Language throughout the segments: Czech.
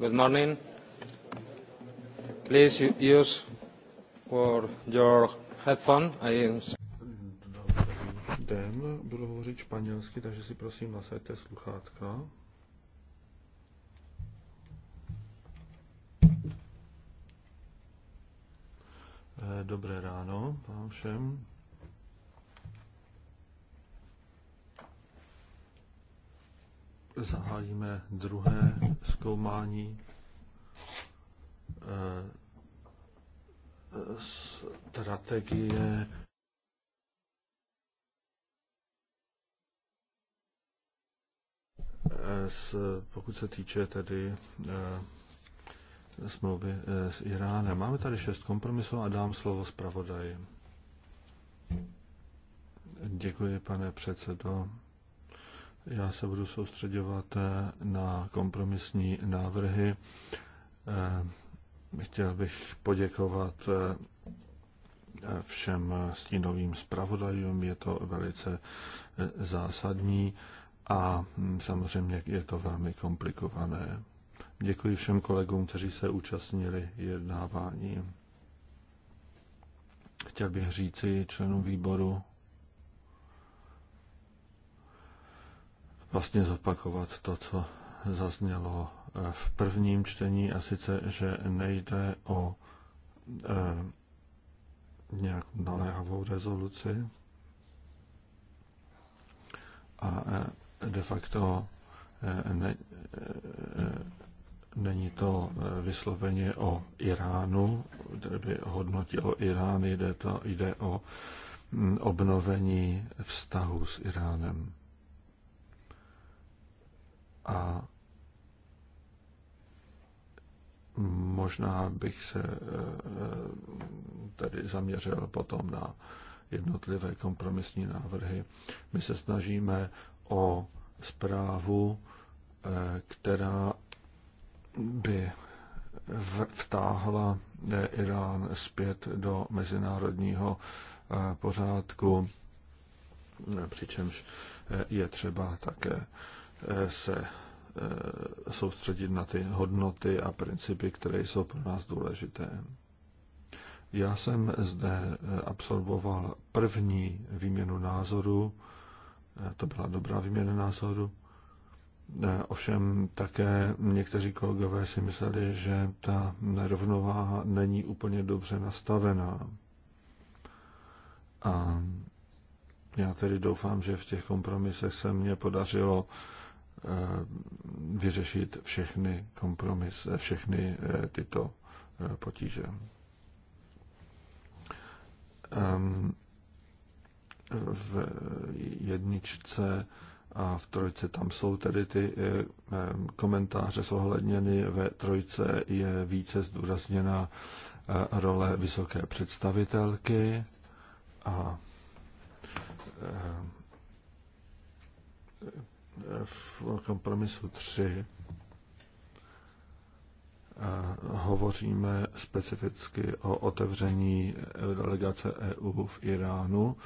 Good morning. Please use for your headphone. I am. Den, budu hovořit španělsky, takže si prosím nasaďte sluchátka. Eh, dobré ráno vám všem. zahájíme druhé zkoumání eh, eh, strategie eh, s, pokud se týče tedy smlouvy s Iránem. Máme tady šest kompromisů a dám slovo zpravodaji. Děkuji, pane předsedo. Já se budu soustředovat eh, na kompromisní návrhy. Eh, chtěl bych poděkovat eh, všem stínovým zpravodajům. Je to velice zásadní a hm, samozřejmě je to velmi komplikované. Děkuji všem kolegům, kteří se účastnili jednávání. Chtěl bych říci členům výboru, vlastně zopakovat to, co zaznělo eh, v prvním čtení, a sice, že nejde o e, eh, nějakou naléhavou rezoluci a eh, de facto ne, není to vysloveně o Iránu, tedy hodnotí o Irán, jde, to, jde o mm, obnovení vztahu s Iránem. A možná bych se e, e, tedy zaměřil potom na jednotlivé kompromisní návrhy. My se snažíme o zprávu, e, která by vtáhla Irán zpět do mezinárodního pořádku, přičemž je třeba také se Eh, soustředit na ty hodnoty a principy, které jsou pro nás důležité. Já jsem zde eh, absolvoval první výměnu názoru, eh, to byla dobrá výměna názoru. Ovšem také někteří kolegové si mysleli, že ta rovnováha není úplně dobře nastavená. A já tedy doufám, že v těch kompromisech se mně podařilo Eh, vyřešit všechny kompromisy, všechny eh, tyto eh, potíže. V jedničce a v trojce tam jsou tedy ty komentáře zohledněny, ve trojce je více zdůrazněna role vysoké představitelky a v kompromisu 3 hovoříme specificky o otevření delegace EU v Iránu.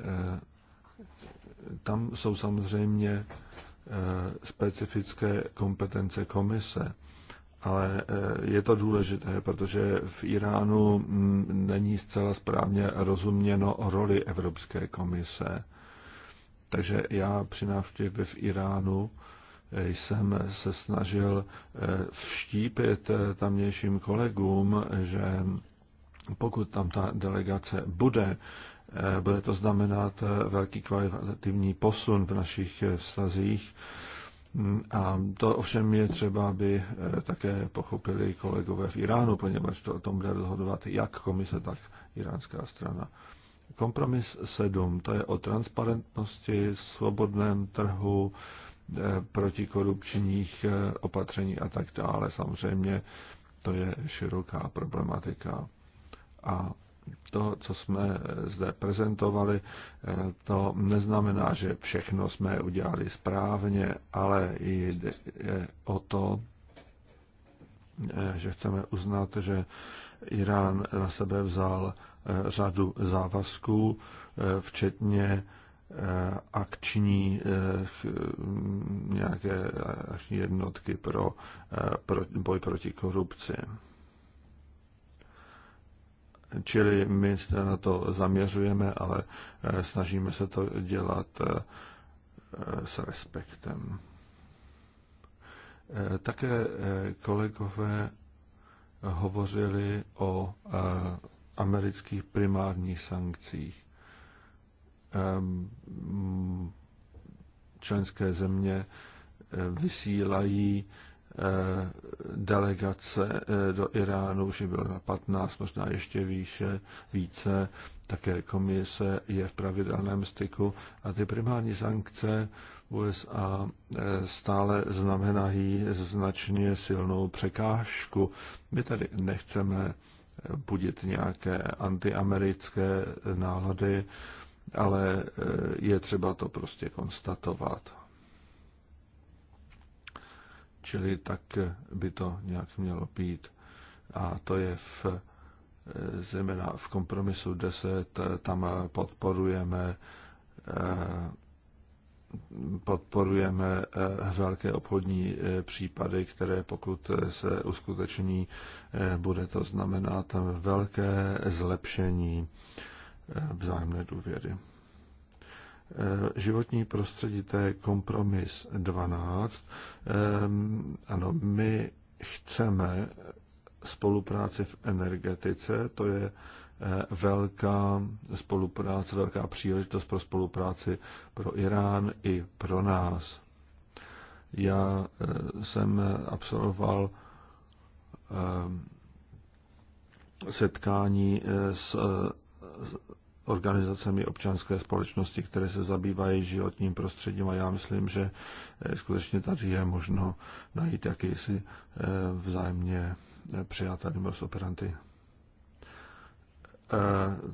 E, tam jsou samozřejmě e, specifické kompetence komise, ale e, je to důležité, protože v Iránu není zcela správně rozuměno roli Evropské komise. Takže já při návštěvě v Iránu eh, jsem se snažil eh, vštípit eh, tamnějším kolegům, že pokud tam ta delegace bude, bude to znamenat velký kvalitativní posun v našich vztazích. Mm, a to ovšem je třeba, aby také pochopili kolegové v Iránu, poněvadž to o tom bude rozhodovat jak komise, tak iránská strana. Kompromis 7, to je o transparentnosti, svobodném trhu, eh, protikorupčních eh, opatření a tak dále. Samozřejmě to je široká problematika. A to, co jsme eh, zde prezentovali, to neznamená, že všechno jsme udělali správně, ale jde o to, že chceme uznat, že Irán na sebe vzal řadu závazků, eh, včetně eh, akční eh, nějaké akční jednotky pro, pro boj proti korupci. Čili my se na to zaměřujeme, ale snažíme se to dělat s respektem. Také kolegové hovořili o amerických primárních sankcích. Ehm, členské země eh, vysílají eh, delegace eh, do Iránu, už bylo na 15, možná ještě výše, více, také komise je v pravidelném styku a ty primární sankce USA stále znamenají značně silnou překážku. My tady nechceme budit nějaké antiamerické nálady, ale eh, je třeba to prostě konstatovat. Čili tak by to nějak mělo být. A to je v, eh, zejména v kompromisu 10, eh, tam podporujeme podporujeme eh, velké obchodní eh, případy, které pokud eh, se uskuteční, bude to znamenat velké zlepšení vzájemné důvěry. Životní prostředí, to je kompromis 12. Ano, my chceme spolupráci v energetice, to je velká spolupráce, velká příležitost pro spolupráci pro Irán i pro nás. Já eh, jsem absolvoval eh, setkání eh, s organizacemi občanské společnosti, které se zabývají životním prostředím a já myslím, že skutečně tady je možno najít jakýsi vzájemně přijatelný operanty.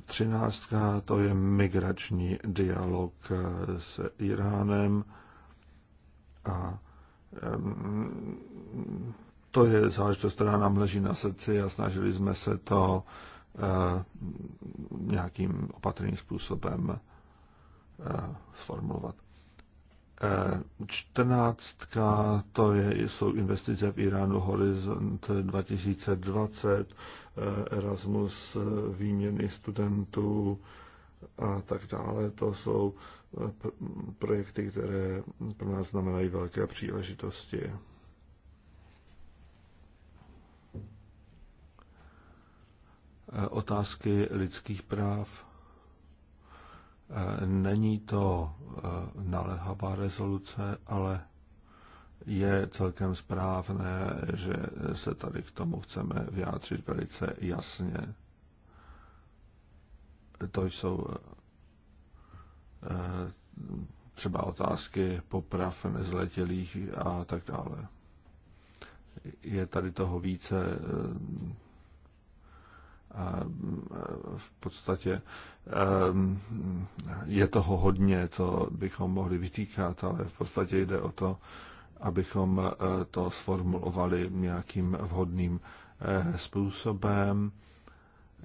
Třináctka to je migrační dialog s Iránem a mm, to je záležitost, která nám leží na srdci a snažili jsme se to e, nějakým opatrným způsobem e, sformulovat. Čtrnáctka to je, jsou investice v Iránu Horizont 2020, eh, Erasmus eh, výměny studentů a tak dále. To jsou eh, projekty, které pro nás znamenají velké příležitosti. Otázky lidských práv Není to eh, naléhavá rezoluce, ale je celkem správné, že se tady k tomu chceme vyjádřit velice jasně. To jsou eh, třeba otázky poprav nezletělých a tak dále. Je tady toho více, eh, v podstatě ehm, je toho hodně, co bychom mohli vytýkat, ale v podstatě jde o to, abychom e, to sformulovali nějakým vhodným e, způsobem.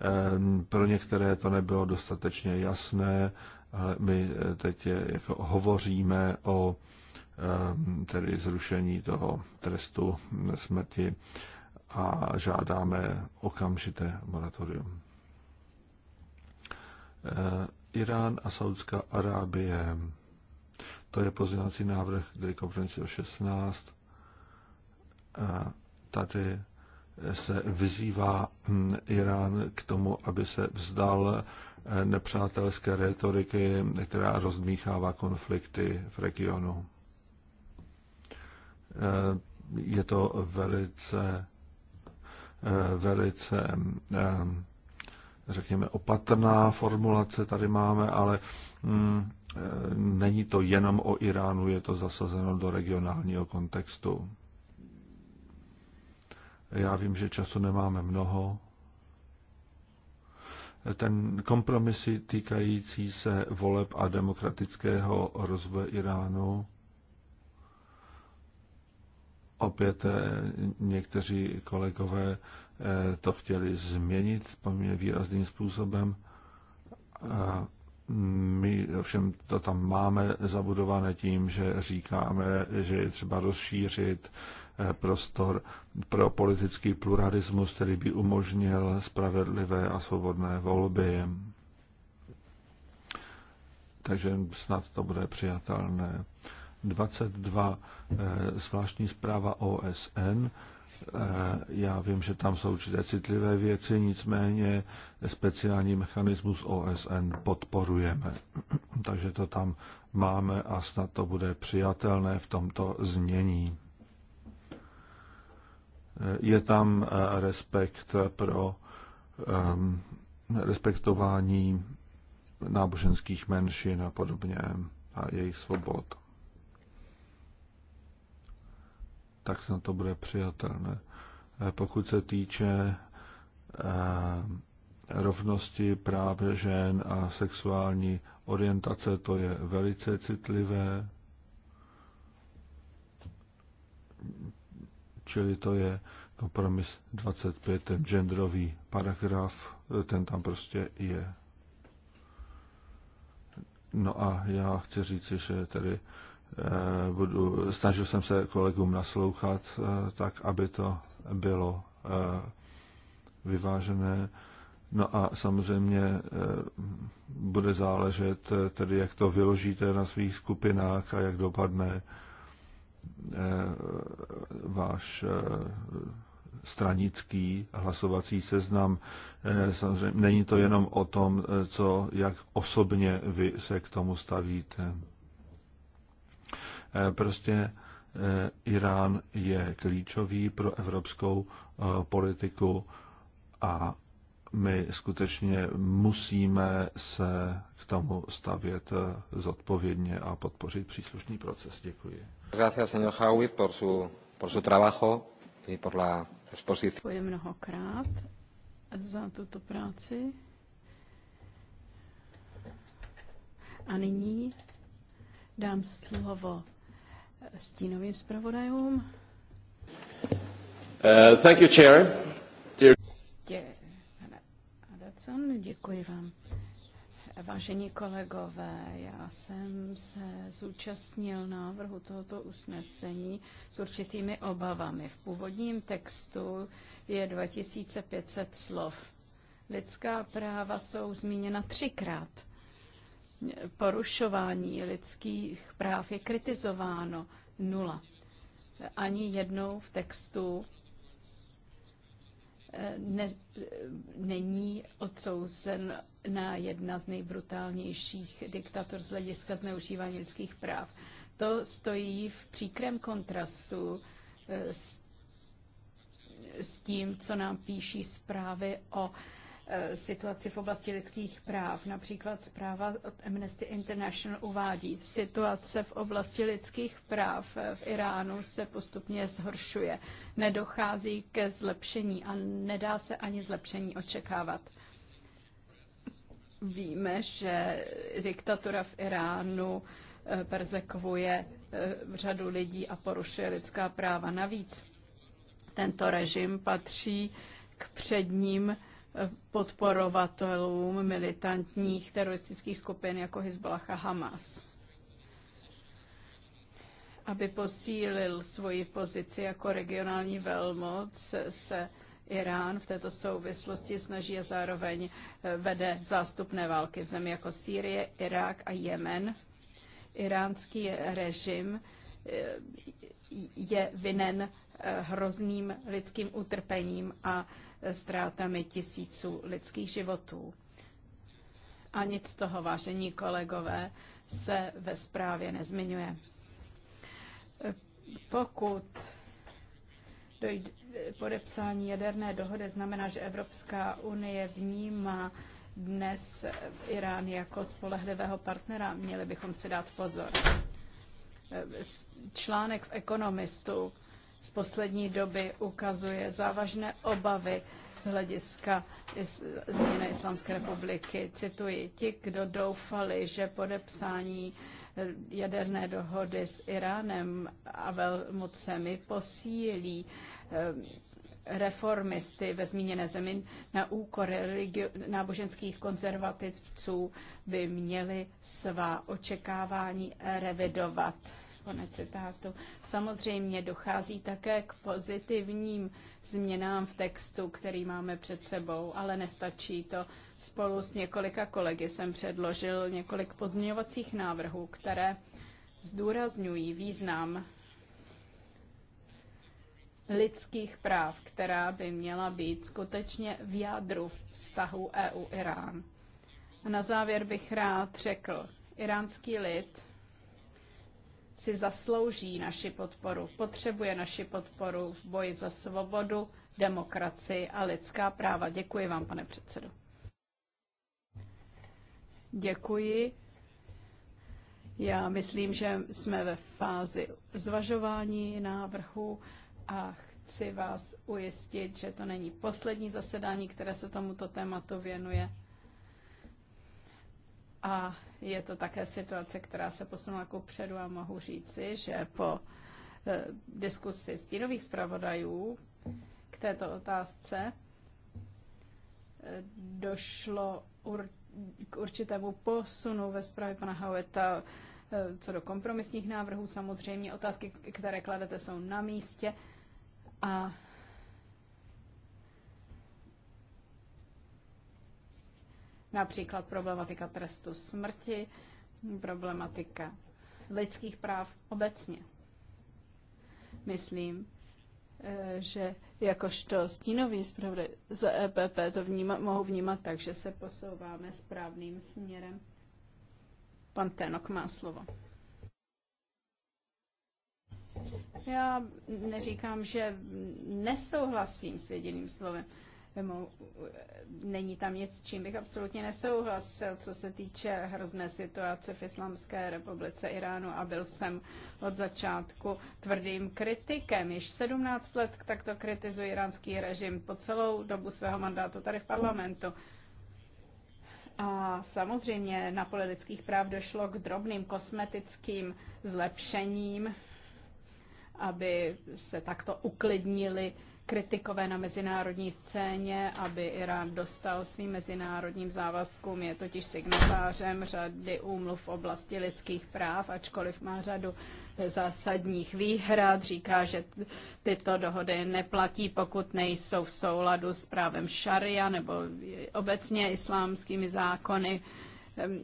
Ehm, pro některé to nebylo dostatečně jasné, ale my e, teď jako hovoříme o ehm, tedy zrušení toho trestu smrti a žádáme okamžité moratorium. Eh, Irán a Saudská Arábie. To je pozměňovací návrh k konferenci o 16. Eh, tady se vyzývá hm, Irán k tomu, aby se vzdal eh, nepřátelské retoriky, která rozmíchává konflikty v regionu. Je to velice Eh, velice, eh, řekněme, opatrná formulace tady máme, ale mm, eh, není to jenom o Iránu, je to zasazeno do regionálního kontextu. Já vím, že času nemáme mnoho. Ten kompromisy týkající se voleb a demokratického rozvoje Iránu Opět eh, někteří kolegové eh, to chtěli změnit poměrně výrazným způsobem. My ovšem to tam máme zabudované tím, že říkáme, že je třeba rozšířit eh, prostor pro politický pluralismus, který by umožnil spravedlivé a svobodné volby. Takže snad to bude přijatelné. 22 eh, zvláštní zpráva OSN. Eh, já vím, že tam jsou určité citlivé věci, nicméně speciální mechanismus OSN podporujeme. Takže to tam máme a snad to bude přijatelné v tomto znění. Eh, je tam respekt pro um, respektování náboženských menšin a podobně a jejich svobod. tak snad to bude přijatelné. Eh, pokud se týče eh, rovnosti práv žen a sexuální orientace, to je velice citlivé. Čili to je kompromis 25, ten genderový paragraf, eh, ten tam prostě je. No a já chci říci, že tedy Eh, budu, snažil jsem se kolegům naslouchat eh, tak, aby to bylo eh, vyvážené. No a samozřejmě bude záležet tedy, jak to vyložíte na svých skupinách a jak dopadne váš stranický hlasovací seznam. Samozřejmě není to jenom o tom, co, jak osobně vy se k tomu stavíte. Eh, prostě eh, Irán je klíčový pro evropskou eh, politiku a my skutečně musíme se k tomu stavět zodpovědně a podpořit příslušný proces. Děkuji. Gracias, señor Howie, por su, por su trabajo y por la exposición. Děkuji mnohokrát za tuto práci. A nyní dám slovo stínovým zpravodajům. Uh, thank you, Chair. Dear... Dě... děkuji vám. Vážení kolegové, já jsem se zúčastnil návrhu tohoto usnesení s určitými obavami. V původním textu je 2500 slov. Lidská práva jsou zmíněna třikrát porušování lidských práv je kritizováno nula. Ani jednou v textu eh, ne, eh, není odsouzen na jedna z nejbrutálnějších diktatur z hlediska zneužívání lidských práv. To stojí v příkrém kontrastu eh, s, s tím, co nám píší zprávy o Eh, situaci v oblasti lidských práv. Například zpráva od Amnesty International uvádí, situace v oblasti lidských práv eh, v Iránu se postupně zhoršuje. Nedochází ke zlepšení a nedá se ani zlepšení očekávat. Víme, že diktatura v Iránu eh, persekvuje řadu lidí a porušuje lidská práva. Navíc tento režim patří k předním podporovatelům militantních teroristických skupin jako Hezbollah a Hamas aby posílil svoji pozici jako regionální velmoc, se Irán v této souvislosti snaží a zároveň eh, vede zástupné války v zemi jako Sýrie, Irák a Jemen. Iránský režim eh, je vinen eh, hrozným lidským utrpením a ztrátami tisíců lidských životů. A nic z toho, vážení kolegové, se ve zprávě nezmiňuje. Pokud dojde podepsání jaderné dohody znamená, že Evropská unie vnímá dnes Irán jako spolehlivého partnera, měli bychom si dát pozor. Článek v Ekonomistu z poslední doby ukazuje závažné obavy z hlediska změny Islámské republiky. Cituji, ti, kdo doufali, že podepsání eh, jaderné dohody s Iránem a velmocemi posílí eh, reformisty ve zmíněné zemi na úkor religio- náboženských konzervativců by měli svá očekávání revidovat. Konec citátu. Samozřejmě dochází také k pozitivním změnám v textu, který máme před sebou, ale nestačí to. Spolu s několika kolegy jsem předložil několik pozměňovacích návrhů, které zdůrazňují význam lidských práv, která by měla být skutečně v jádru vztahu EU-Irán. A na závěr bych rád řekl, iránský lid si zaslouží naši podporu, potřebuje naši podporu v boji za svobodu, demokracii a lidská práva. Děkuji vám, pane předsedo. Děkuji. Já myslím, že jsme ve fázi zvažování návrhu a chci vás ujistit, že to není poslední zasedání, které se tomuto tématu věnuje. A je to také situace, která se posunula ku předu a mohu říci, že po eh, diskusi stínových zpravodajů k této otázce eh, došlo k určitému posunu ve zprávě pana Haueta eh, co do kompromisních návrhů. Samozřejmě otázky, které kladete, jsou na místě a například problematika trestu smrti, problematika lidských práv obecně. Myslím, eh, že jakožto stínový zpravodaj za EPP to vníma, mohu vnímat tak, že se posouváme správným směrem. Pan Tenok má slovo. Já neříkám, že nesouhlasím s jediným slovem. Není tam nic, čím bych absolutně nesouhlasil, co se týče hrozné situace v Islamské republice Iránu a byl jsem od začátku tvrdým kritikem. Již 17 let takto kritizuji iránský režim po celou dobu svého mandátu tady v parlamentu. A samozřejmě na politických práv došlo k drobným kosmetickým zlepšením, aby se takto uklidnili kritikové na mezinárodní scéně, aby Irán dostal svým mezinárodním závazkům. Je totiž signatářem řady úmluv v oblasti lidských práv, ačkoliv má řadu zásadních výhrad. Říká, že tyto dohody neplatí, pokud nejsou v souladu s právem šaria nebo obecně islámskými zákony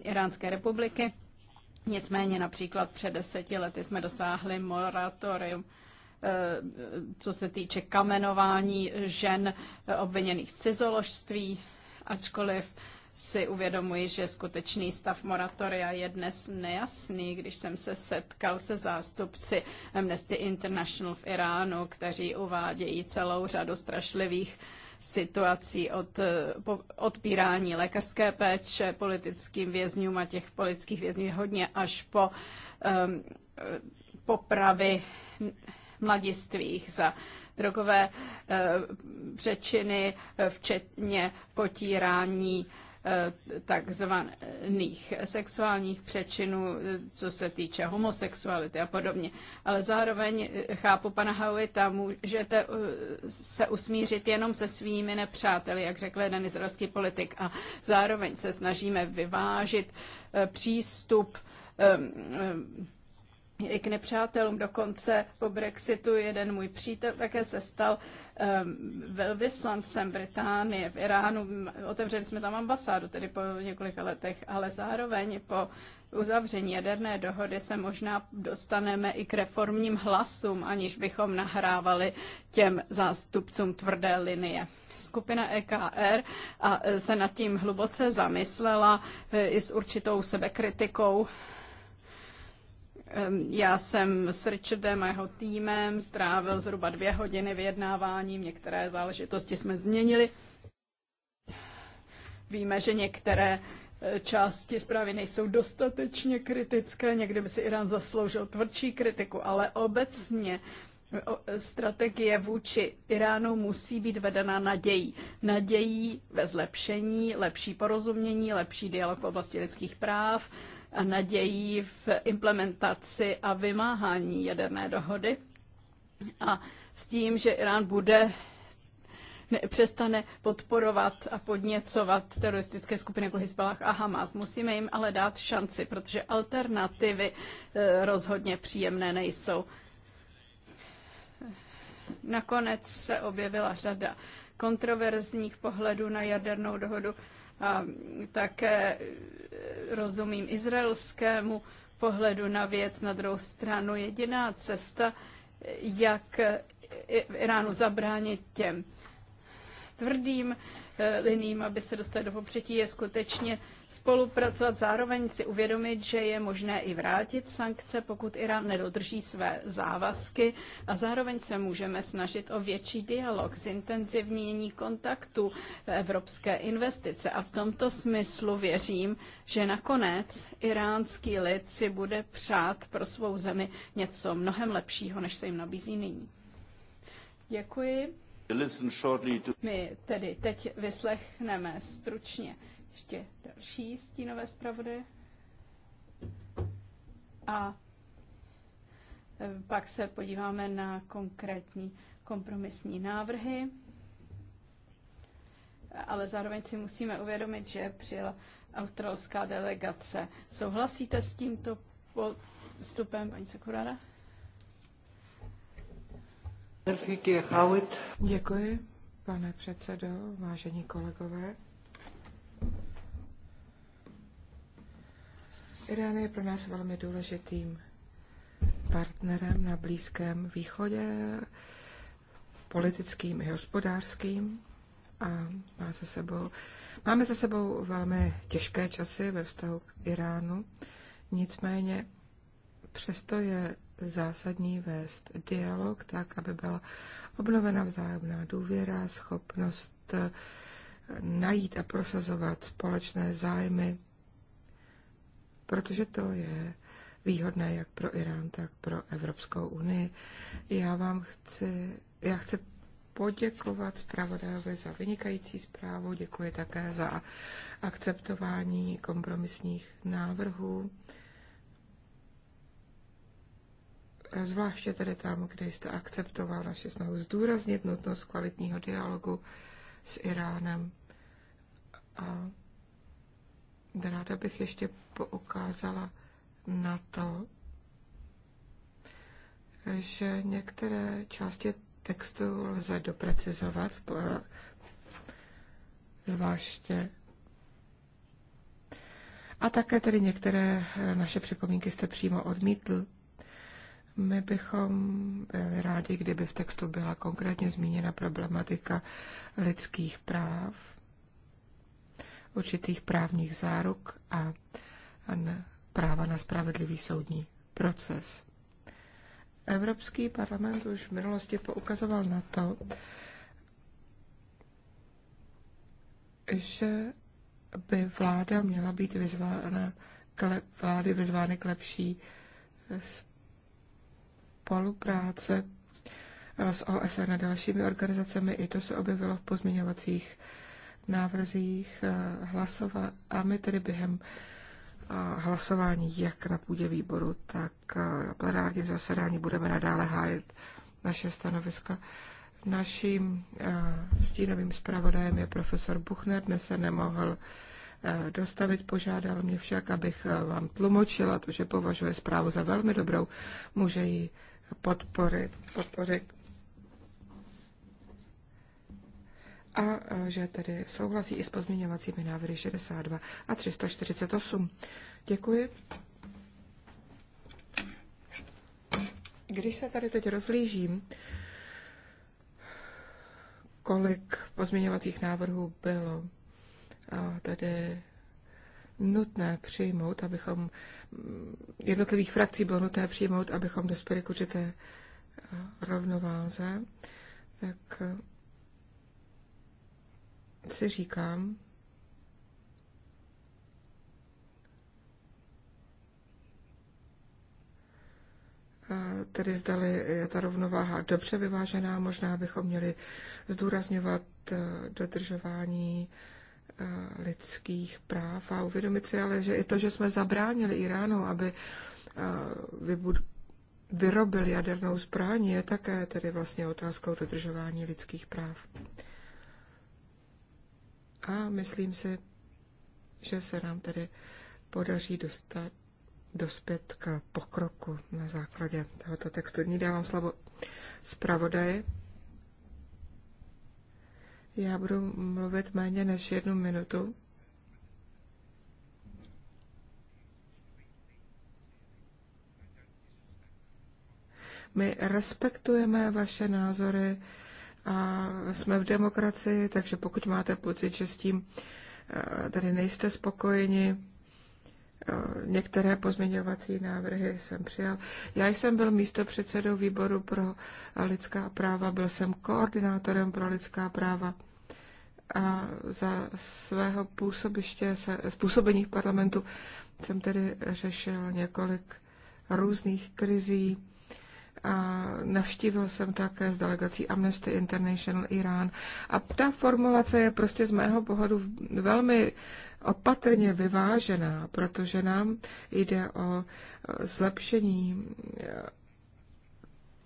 Iránské republiky. Nicméně například před deseti lety jsme dosáhli moratorium co se týče kamenování žen obviněných v cizoložství, ačkoliv si uvědomuji, že skutečný stav moratoria je dnes nejasný, když jsem se setkal se zástupci Amnesty International v Iránu, kteří uvádějí celou řadu strašlivých situací od odpírání lékařské péče politickým vězňům a těch politických vězňů je hodně až po um, popravy mladistvých za drogové eh, přečiny, eh, včetně potírání eh, takzvaných sexuálních přečinů, co se týče homosexuality a podobně. Ale zároveň chápu pana Hauita, můžete se usmířit jenom se svými nepřáteli, jak řekl jeden izraelský politik. A zároveň se snažíme vyvážit přístup i k nepřátelům. Dokonce po Brexitu jeden můj přítel také se stal um, velvyslancem Británie v Iránu. Otevřeli jsme tam ambasádu, tedy po několika letech, ale zároveň po uzavření jaderné dohody se možná dostaneme i k reformním hlasům, aniž bychom nahrávali těm zástupcům tvrdé linie. Skupina EKR a e, se nad tím hluboce zamyslela e, i s určitou sebekritikou já jsem s Richardem a jeho týmem strávil zhruba dvě hodiny vyjednáváním, některé záležitosti jsme změnili. Víme, že některé e, části zprávy nejsou dostatečně kritické, někdy by si Irán zasloužil tvrdší kritiku, ale obecně strategie vůči Iránu musí být vedena nadějí. Nadějí ve zlepšení, lepší porozumění, lepší dialog v oblasti lidských práv, nadějí v implementaci a vymáhání jaderné dohody a s tím, že Irán bude ne, přestane podporovat a podněcovat teroristické skupiny jako Hezbollah a Hamas. Musíme jim ale dát šanci, protože alternativy eh, rozhodně příjemné nejsou. Nakonec se objevila řada kontroverzních pohledů na jadernou dohodu a také rozumím izraelskému pohledu na věc. Na druhou stranu jediná cesta, jak Iránu zabránit těm tvrdým eh, liním, aby se dostali do popřetí, je skutečně spolupracovat, zároveň si uvědomit, že je možné i vrátit sankce, pokud Irán nedodrží své závazky a zároveň se můžeme snažit o větší dialog, zintenzivnění kontaktu evropské investice a v tomto smyslu věřím, že nakonec iránský lid si bude přát pro svou zemi něco mnohem lepšího, než se jim nabízí nyní. Děkuji. My tedy teď vyslechneme stručně ještě další stínové zpravody a e, pak se podíváme na konkrétní kompromisní návrhy, ale zároveň si musíme uvědomit, že přijela australská delegace. Souhlasíte s tímto postupem, paní Sakurada? Děkuji, pane předsedo, vážení kolegové. Irán je pro nás velmi důležitým partnerem na Blízkém východě, politickým i hospodářským. A má za sebou, máme za sebou velmi těžké časy ve vztahu k Iránu. Nicméně přesto je zásadní vést dialog tak, aby byla obnovena vzájemná důvěra, schopnost eh, najít a prosazovat společné zájmy, protože to je výhodné jak pro Irán, tak pro Evropskou unii. Já vám chci, já chci poděkovat zpravodajovi za vynikající zprávu, děkuji také za akceptování kompromisních návrhů. zvláště tedy tam, kde jste akceptoval naši snahu zdůraznit nutnost kvalitního dialogu s Iránem. A ráda bych ještě poukázala na to, že některé části textu lze doprecizovat, eh, zvláště. A také tedy některé eh, naše připomínky jste přímo odmítl. My bychom byli rádi, kdyby v textu byla konkrétně zmíněna problematika lidských práv, určitých právních záruk a práva na spravedlivý soudní proces. Evropský parlament už v minulosti poukazoval na to, že by vláda měla být vyzvána, vlády vyzvány k lepší spolupráce eh, s OSN a dalšími organizacemi. I to se objevilo v pozměňovacích návrzích eh, hlasova a my tedy během eh, hlasování jak na půdě výboru, tak na plenárním zasedání budeme nadále hájit naše stanoviska. Naším stínovým zpravodajem je profesor Buchner, dnes se nemohl dostavit, požádal mě však, abych vám tlumočila, to, že považuje zprávu za velmi dobrou, může ji podpory, podpory a e, že tedy souhlasí i s pozměňovacími návrhy 62 a 348. Děkuji. Když se tady teď rozlížím, kolik pozměňovacích návrhů bylo e, tedy nutné přijmout, abychom jednotlivých frakcí bylo nutné přijmout, abychom dospěli k určité eh, rovnováze, tak eh, si říkám, eh, tedy zdali je ta rovnováha dobře vyvážená, možná bychom měli zdůrazňovat dodržování Eh, lidských práv a uvědomit si ale, že i to, že jsme zabránili Iránu, aby eh, vyrobil jadernou zbraň, je také tedy vlastně otázkou dodržování lidských práv. A myslím si, že se nám tedy podaří dostat dospět k pokroku na základě tohoto textu. Dní dávám slovo zpravodaji. Já budu mluvit méně než jednu minutu. My respektujeme vaše názory a jsme v demokracii, takže pokud máte pocit, že s tím eh, tady nejste spokojeni, Některé pozměňovací návrhy jsem přijal. Já jsem byl místo předsedou výboru pro lidská práva, byl jsem koordinátorem pro lidská práva a za svého působiště, se, působení v parlamentu jsem tedy řešil několik různých krizí, a navštívil jsem také s delegací Amnesty International Irán. A ta formulace je prostě z mého pohledu velmi opatrně vyvážená, protože nám jde o e, zlepšení e,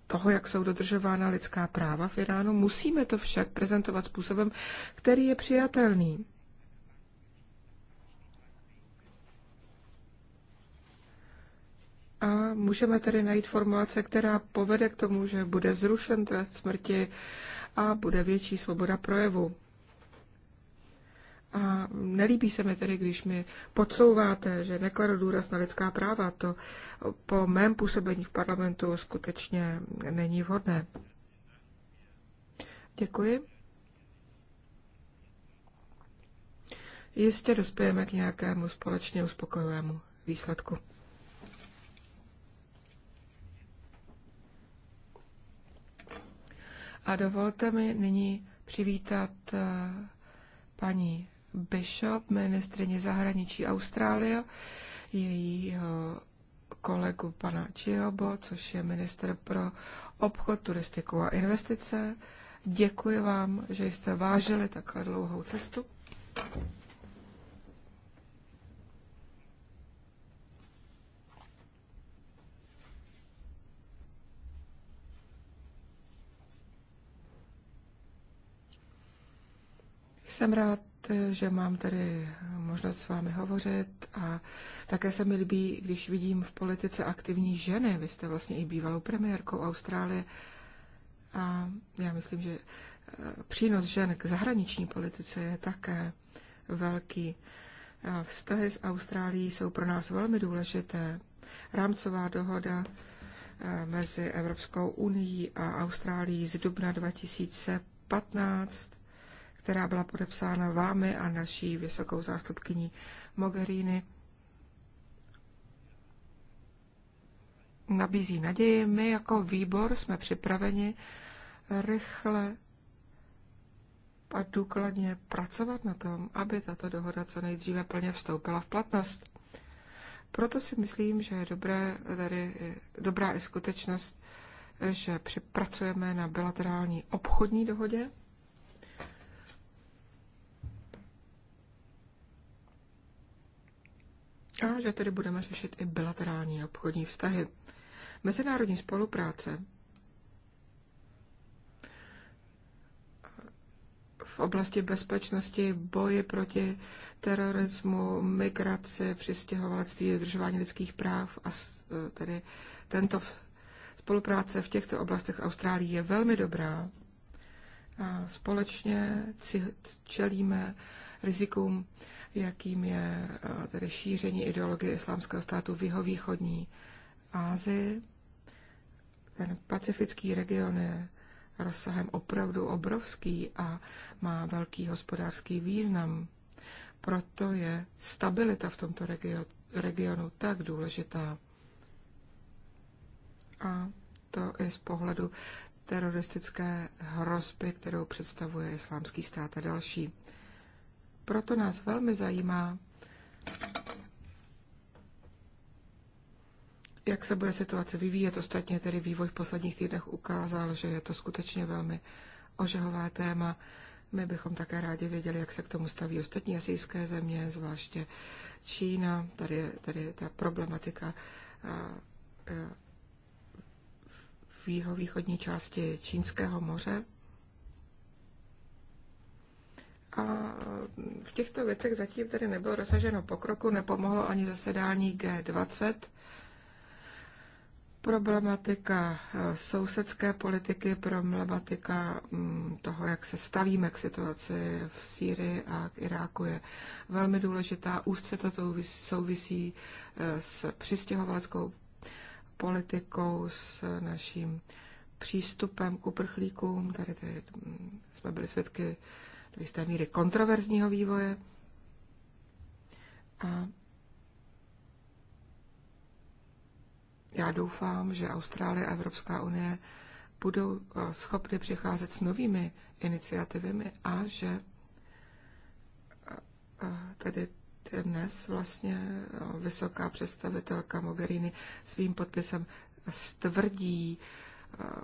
toho, jak jsou dodržována lidská práva v Iránu. Musíme to však prezentovat způsobem, který je přijatelný. A můžeme tedy najít formulace, která povede k tomu, že bude zrušen trest smrti a bude větší svoboda projevu. A nelíbí se mi tedy, když mi podsouváte, že nekladu důraz na lidská práva. To po mém působení v parlamentu skutečně není vhodné. Děkuji. Jistě dospějeme k nějakému společně uspokojivému výsledku. A dovolte mi nyní přivítat eh, paní Bishop, ministrině zahraničí Austrálie, jejího kolegu pana Chiobo, což je minister pro obchod, turistiku a investice. Děkuji vám, že jste vážili takhle dlouhou cestu. Jsem rád, že mám tady možnost s vámi hovořit a také se mi líbí, když vidím v politice aktivní ženy. Vy jste vlastně i bývalou premiérkou Austrálie a já myslím, že eh, přínos žen k zahraniční politice je také velký. Vztahy s Austrálií jsou pro nás velmi důležité. Rámcová dohoda eh, mezi Evropskou unii a Austrálií z dubna 2015 která byla podepsána vámi a naší vysokou zástupkyní Mogherini, nabízí naději. My jako výbor jsme připraveni rychle a důkladně pracovat na tom, aby tato dohoda co nejdříve plně vstoupila v platnost. Proto si myslím, že je dobré, tady, dobrá i skutečnost, že připracujeme na bilaterální obchodní dohodě, a že tedy budeme řešit i bilaterální obchodní vztahy. Mezinárodní spolupráce v oblasti bezpečnosti, boji proti terorismu, migraci, přistěhovalectví, dodržování lidských práv a e, tedy tento spolupráce v těchto oblastech Austrálie je velmi dobrá. A společně čelíme rizikům, jakým je eh, tedy šíření ideologie islámského státu v východní Ázii. Ten pacifický region je rozsahem opravdu obrovský a má velký hospodářský význam. Proto je stabilita v tomto regionu, regionu tak důležitá. A to i z pohledu teroristické hrozby, kterou představuje islámský stát a další. Proto nás velmi zajímá, jak se bude situace vyvíjet. Ostatně tedy vývoj v posledních týdnech ukázal, že je to skutečně velmi ožehové téma. My bychom také rádi věděli, jak se k tomu staví ostatní asijské země, zvláště Čína. Tady je tady ta problematika v východní části Čínského moře. A v těchto věcech zatím tedy nebylo dosaženo pokroku, nepomohlo ani zasedání G20. Problematika eh, sousedské politiky, problematika mm, toho, jak se stavíme k situaci v Sýrii a k Iráku je velmi důležitá. Úzce to souvisí eh, s přistěhovaleckou politikou, s naším přístupem k uprchlíkům. Tady, tady mm, jsme byli svědky do jisté míry kontroverzního vývoje. A já doufám, že Austrálie a Evropská unie budou eh, schopny přicházet s novými iniciativami a že eh, eh, tedy dnes vlastně vysoká představitelka Mogherini svým podpisem stvrdí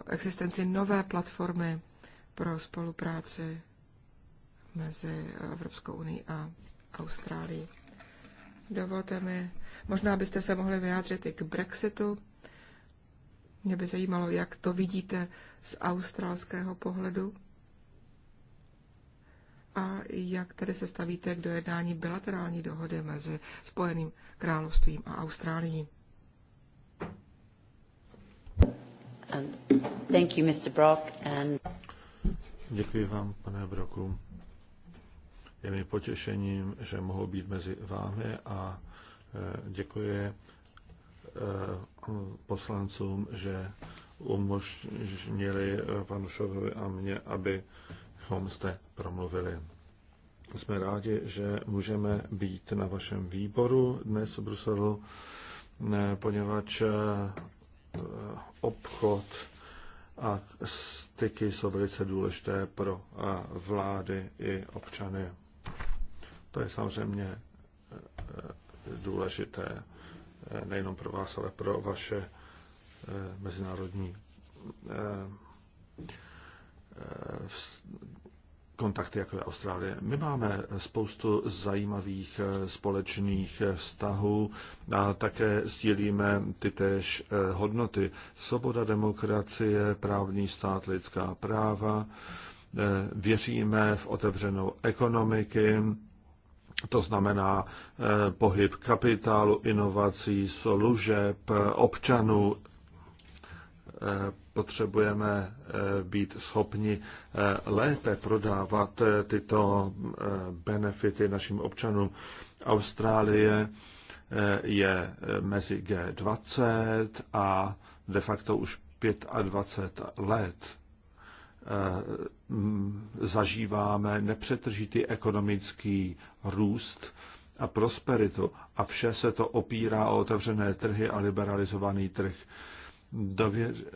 existenci nové platformy pro spolupráci mezi Evropskou unii a Austrálií. Dovolte mi, možná byste se mohli vyjádřit i k Brexitu. Mě by zajímalo, jak to vidíte z australského pohledu a jak tedy se stavíte k dojednání bilaterální dohody mezi Spojeným královstvím a Austrálií. Thank you, Mr. Brock. And... Děkuji vám, pane Brocku. Je mi potěšením, že mohu být mezi vámi a e, děkuji e, poslancům, že umožnili e, panu Šovovi a mně, abychom zde promluvili. Jsme rádi, že můžeme být na vašem výboru dnes v Bruselu, poněvadž obchod a styky jsou velice důležité pro vlády i občany. To je samozřejmě eh, eh, důležité eh, nejenom pro vás, ale pro vaše mezinárodní kontakty, jako je Austrálie. My máme spoustu zajímavých společných vztahů a také sdílíme ty též hodnoty. Svoboda, demokracie, právní stát, lidská práva. Věříme v otevřenou ekonomiky, to znamená eh, pohyb kapitálu, inovací, služeb, občanů. Eh, potřebujeme eh, být schopni lépe prodávat tyto benefity našim občanům. Austrálie je mezi G20 a de facto už 25 let Eh, zažíváme nepřetržitý ekonomický růst a prosperitu a vše se to opírá o otevřené trhy a liberalizovaný trh.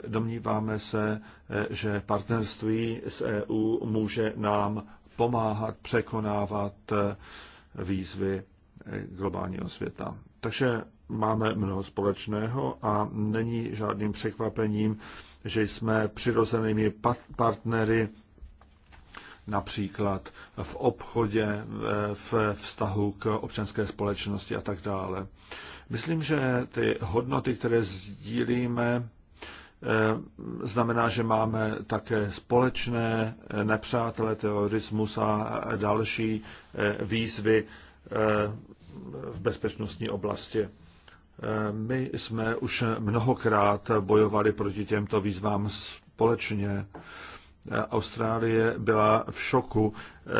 domníváme se, eh, že partnerství s EU může nám pomáhat překonávat eh, výzvy globálního světa. Takže máme mnoho společného a není žádným překvapením, že jsme přirozenými partnery například v obchodě, v vztahu k občanské společnosti a tak dále. Myslím, že ty hodnoty, které sdílíme, eh, znamená, že máme také společné eh, nepřátelé, terorismus a další eh, výzvy v bezpečnostní oblasti. My jsme už mnohokrát bojovali proti těmto výzvám společně. Austrálie byla v šoku eh,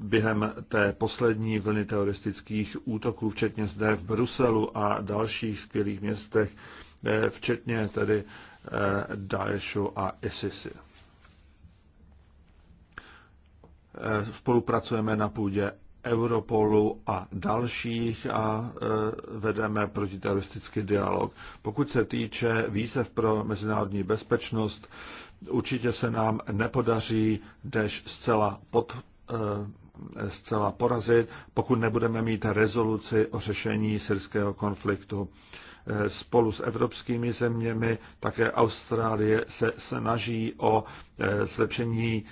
během té poslední vlny teroristických útoků, včetně zde v Bruselu a dalších skvělých městech, eh, včetně tedy eh, Daeshu a ISIS. Spolupracujeme na půdě Europolu a dalších a e, vedeme protiteroristický dialog. Pokud se týče výsev pro mezinárodní bezpečnost, určitě se nám nepodaří dež zcela pod e, zcela porazit, pokud nebudeme mít rezoluci o řešení syrského konfliktu. E, spolu s evropskými zeměmi, také Austrálie se snaží o zlepšení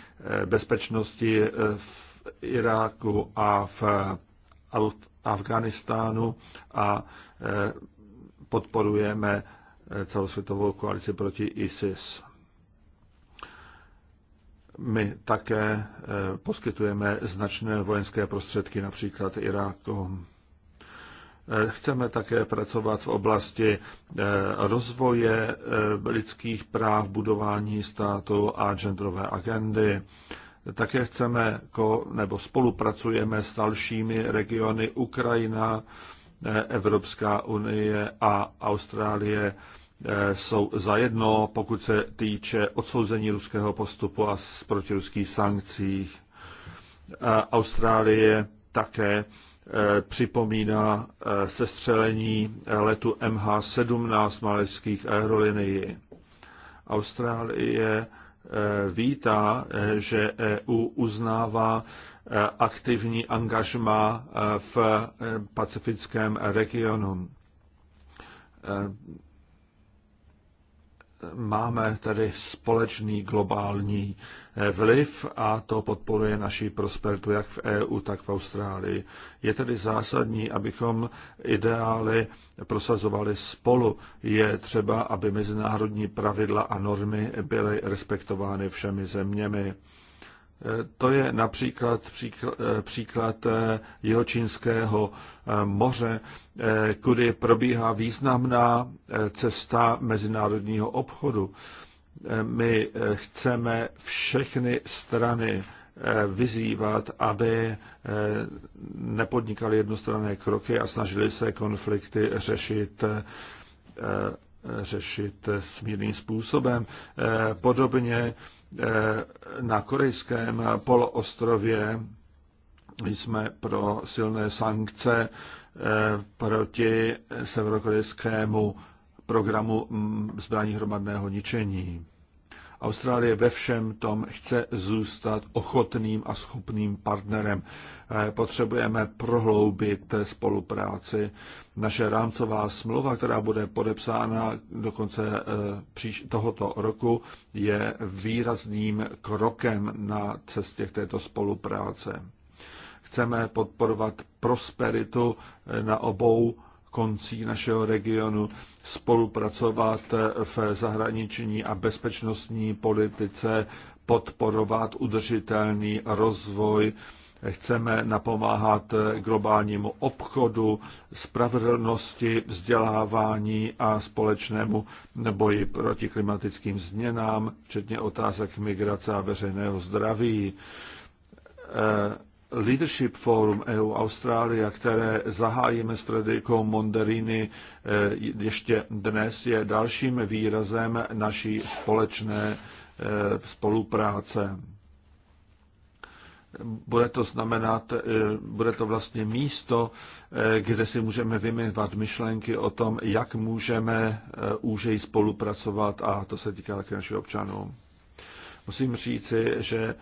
bezpečnosti v Iráku a v Afganistánu a e, podporujeme e, celosvětovou koalici proti ISIS. My také e, poskytujeme značné vojenské prostředky, například Iráku. Chceme také pracovat v oblasti rozvoje lidských práv, budování státu a genderové agendy. Také chceme ko, nebo spolupracujeme s dalšími regiony Ukrajina, eh, Evropská unie a Austrálie eh, jsou zajedno, pokud se týče odsouzení ruského postupu a proti ruských sankcích. Austrálie také eh, připomíná sestřelení letu MH17 malajských aerolinií. Austrálie Eh, vítá, eh, že EU uznává eh, aktivní angažma v pacifickém regionu máme tedy společný globální eh, vliv a to podporuje naši prosperitu jak v EU, tak v Austrálii. Je tedy zásadní, abychom ideály prosazovali spolu. Je třeba, aby mezinárodní pravidla a normy byly respektovány všemi zeměmi. To je například eh, příklad, eh, Jihočínského eh, moře, kudy probíhá významná cesta mezinárodního obchodu. My chceme všechny strany vyzývat, aby nepodnikali jednostranné kroky a snažili se konflikty řešit řešit smírným způsobem. Podobně Eh, na korejském poloostrově jsme pro silné sankce eh, proti severokorejskému programu mm, zbraní hromadného ničení. Austrálie ve všem tom chce zůstat ochotným a schopným partnerem. Eh, potřebujeme prohloubit spolupráci. Naše rámcová smlouva, která bude podepsána do konce eh, tohoto roku, je výrazným krokem na cestě k této spolupráce. Chceme podporovat prosperitu eh, na obou koncích našeho regionu spolupracovat v zahraniční a bezpečnostní politice, podporovat udržitelný rozvoj, chceme napomáhat globálnímu obchodu, spravedlnosti, vzdělávání a společnému boji proti klimatickým změnám, včetně otázek migrace a veřejného zdraví. E Leadership Forum EU Austrálie, které zahájíme s Frederikou Monderini eh, ještě dnes, je dalším výrazem naší společné eh, spolupráce. Bude to znamenat, eh, bude to vlastně místo, kde si můžeme vyměňovat myšlenky o tom, jak můžeme úžej spolupracovat a to se týká také našich občanů. Musím říci, že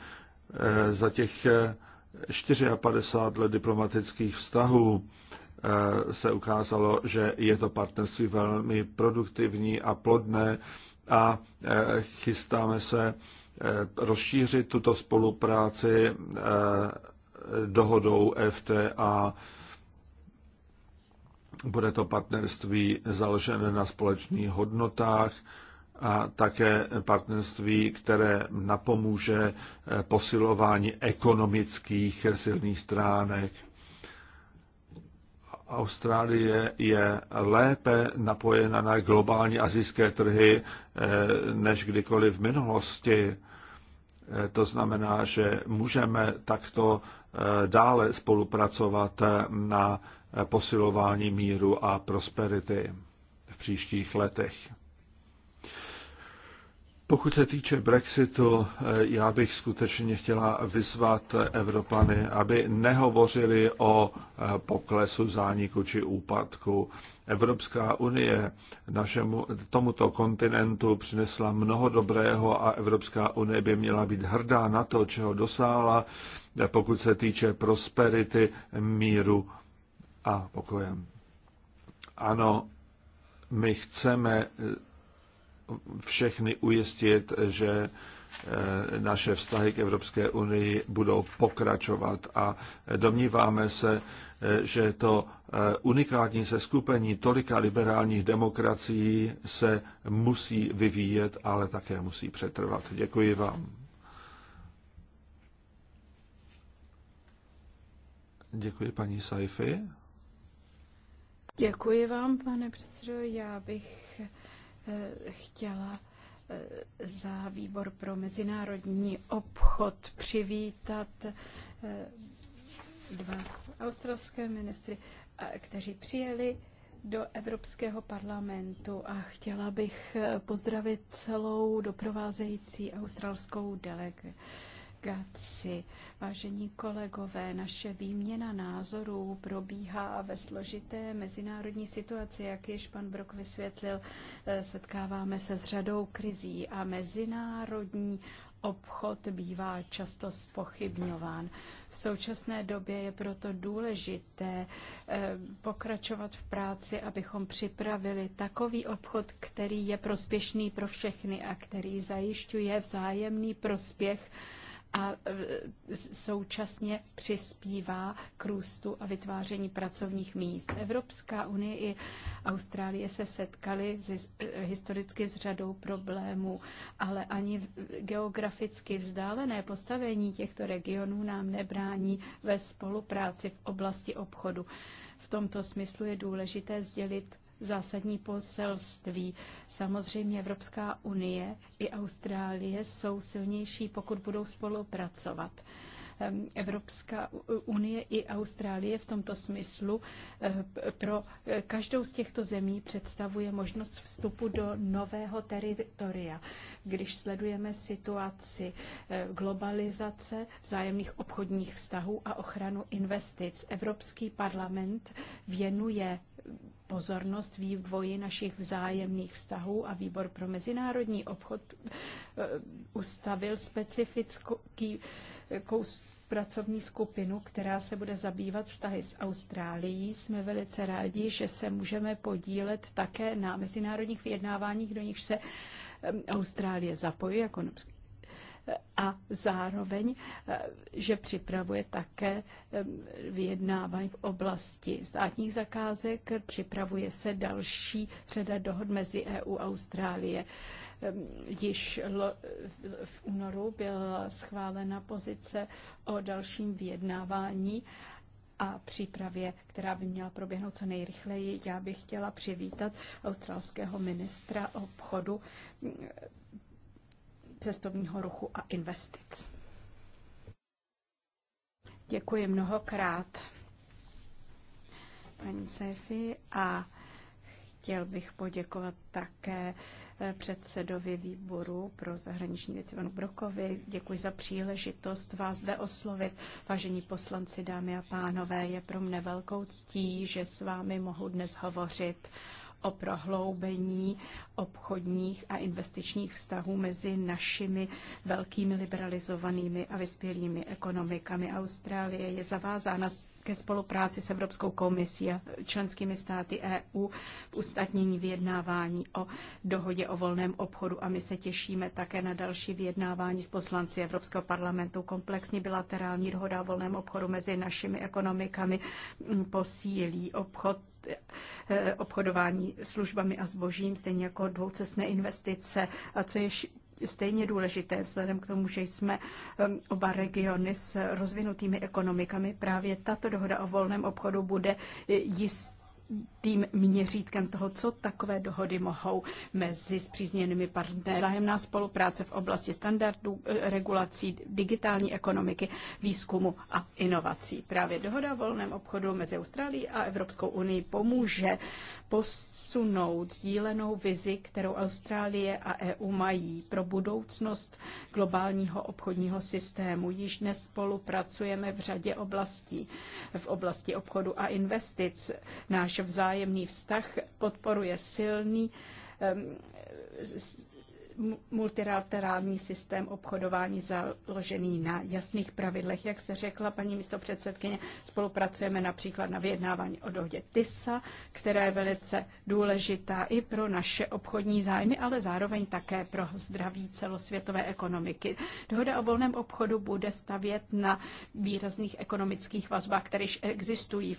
za těch 54 let diplomatických vztahů eh, se ukázalo, že je to partnerství velmi produktivní a plodné a eh, chystáme se eh, rozšířit tuto spolupráci dohodou FTA. Bude to partnerství založené na společných hodnotách, a také partnerství, které napomůže eh, posilování ekonomických silných stránek. Austrálie je lépe napojena na globální azijské trhy eh, než kdykoliv v minulosti. Eh, to znamená, že můžeme takto dále spolupracovat na posilování míru a prosperity v příštích letech. Pokud se týče Brexitu, eh, já bych skutečně chtěla vyzvat Evropany, aby nehovořili o eh, poklesu zániku či úpadku. Evropská unie našemu, tomuto kontinentu přinesla mnoho dobrého a Evropská unie by měla být hrdá na to, čeho dosáhla, eh, pokud se týče prosperity, míru a pokojem, Ano, my chceme všechny ujistit, že eh, naše vztahy k Evropské unii budou pokračovat a domníváme se, eh, že to eh, unikátní seskupení tolika liberálních demokracií se musí vyvíjet, ale také musí přetrvat. Děkuji vám. Děkuji paní Saifi. Děkuji vám, pane předsedo. Já bych Eh, chtěla eh, za výbor pro mezinárodní obchod přivítat eh, dva australské ministry, kteří přijeli do Evropského parlamentu a chtěla bych pozdravit celou doprovázející australskou delegaci Gaci, Vážení kolegové, naše výměna názorů probíhá ve složité mezinárodní situaci, jak již pan Brok vysvětlil. Eh, setkáváme se s řadou krizí a mezinárodní obchod bývá často spochybňován. V současné době je proto důležité eh, pokračovat v práci, abychom připravili takový obchod, který je prospěšný pro všechny a který zajišťuje vzájemný prospěch a e, současně přispívá k růstu a vytváření pracovních míst. Evropská unie i Austrálie se setkaly e, historicky s řadou problémů, ale ani geograficky vzdálené postavení těchto regionů nám nebrání ve spolupráci v oblasti obchodu. V tomto smyslu je důležité sdělit zásadní poselství. Samozřejmě Evropská unie i Austrálie jsou silnější, pokud budou spolupracovat. Evropská unie i Austrálie v tomto smyslu eh, pro eh, každou z těchto zemí představuje možnost vstupu do nového teritoria. Když sledujeme situaci eh, globalizace, vzájemných obchodních vztahů a ochranu investic, Evropský parlament věnuje pozornost vývoji našich vzájemných vztahů a výbor pro mezinárodní obchod ustavil specifický jakou pracovní skupinu, která se bude zabývat vztahy s Austrálií. Jsme velice rádi, že se můžeme podílet také na mezinárodních vyjednáváních, do nichž se Austrálie zapojí jako a zároveň, eh, že připravuje také vyjednávání v oblasti státních zakázek, připravuje se další řada dohod mezi EU a Austrálie. Ehm, již v únoru byla schválena pozice o dalším vyjednávání a přípravě, která by měla proběhnout co nejrychleji. Já bych chtěla přivítat australského ministra obchodu, ehm, cestovního ruchu a investic. Děkuji mnohokrát paní Sefi a chtěl bych poděkovat také předsedovi výboru pro zahraniční věci panu Brokovi. Děkuji za příležitost vás zde oslovit. Vážení poslanci, dámy a pánové, je pro mne velkou ctí, že s vámi mohu dnes hovořit o prohloubení obchodních a investičních vztahů mezi našimi velkými liberalizovanými a vyspělými ekonomikami. Austrálie je zavázána ke spolupráci s Evropskou komisí a členskými státy EU v ustatnění vyjednávání o dohodě o volném obchodu a my se těšíme také na další vyjednávání s poslanci Evropského parlamentu. Komplexní bilaterální dohoda o volném obchodu mezi našimi ekonomikami mm, posílí obchod eh, obchodování službami a zbožím, stejně jako dvoucestné investice. A co je stejně důležité, vzhledem k tomu, že jsme um, oba regiony s rozvinutými ekonomikami. Právě tato dohoda o volném obchodu bude jistě tím měřítkem toho, co takové dohody mohou mezi zpřízněnými partnery. Zájemná spolupráce v oblasti standardů, eh, regulací, digitální ekonomiky, výzkumu a inovací. Právě dohoda o volném obchodu mezi Austrálií a Evropskou unii pomůže posunout dílenou vizi, kterou Austrálie a EU mají pro budoucnost globálního obchodního systému. Již dnes spolupracujeme v řadě oblastí. V oblasti obchodu a investic náš vzájemný vzájemný vztah podporuje silný ehm, multilaterální systém obchodování založený na jasných pravidlech. Jak jste řekla, paní místopředsedkyně, spolupracujeme například na vyjednávání o dohodě TISA, která je velice důležitá i pro naše obchodní zájmy, ale zároveň také pro zdraví celosvětové ekonomiky. Dohoda o volném obchodu bude stavět na výrazných ekonomických vazbách, které existují existují.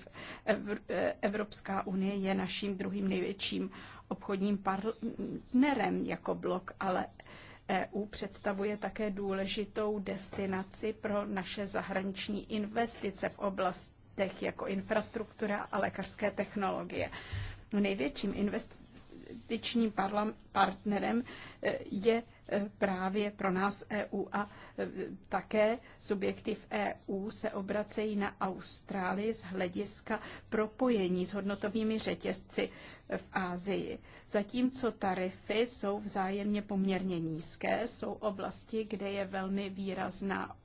Evropská unie je naším druhým největším obchodním partnerem jako blok, ale EU představuje také důležitou destinaci pro naše zahraniční investice v oblastech jako infrastruktura a lékařské technologie. Největším invest investičním partnerem eh, je eh, právě pro nás EU a eh, také subjekty v EU se obracejí na Austrálii z hlediska propojení s hodnotovými řetězci v Ázii. Zatímco tarify jsou vzájemně poměrně nízké, jsou oblasti, kde je velmi výrazná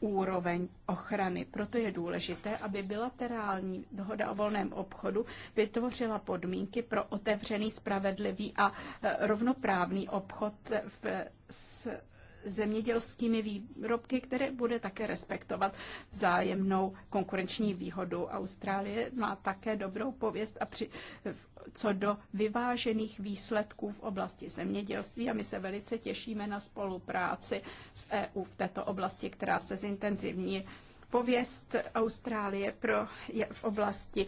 úroveň ochrany. Proto je důležité, aby bilaterální dohoda o volném obchodu vytvořila podmínky pro otevřený, spravedlivý a e, rovnoprávný obchod v, s zemědělskými výrobky, které bude také respektovat vzájemnou konkurenční výhodu. Austrálie má také dobrou pověst a při, co do vyvážených výsledků v oblasti zemědělství a my se velice těšíme na spolupráci s EU v této oblasti, která se zintenzivní pověst Austrálie pro, je v oblasti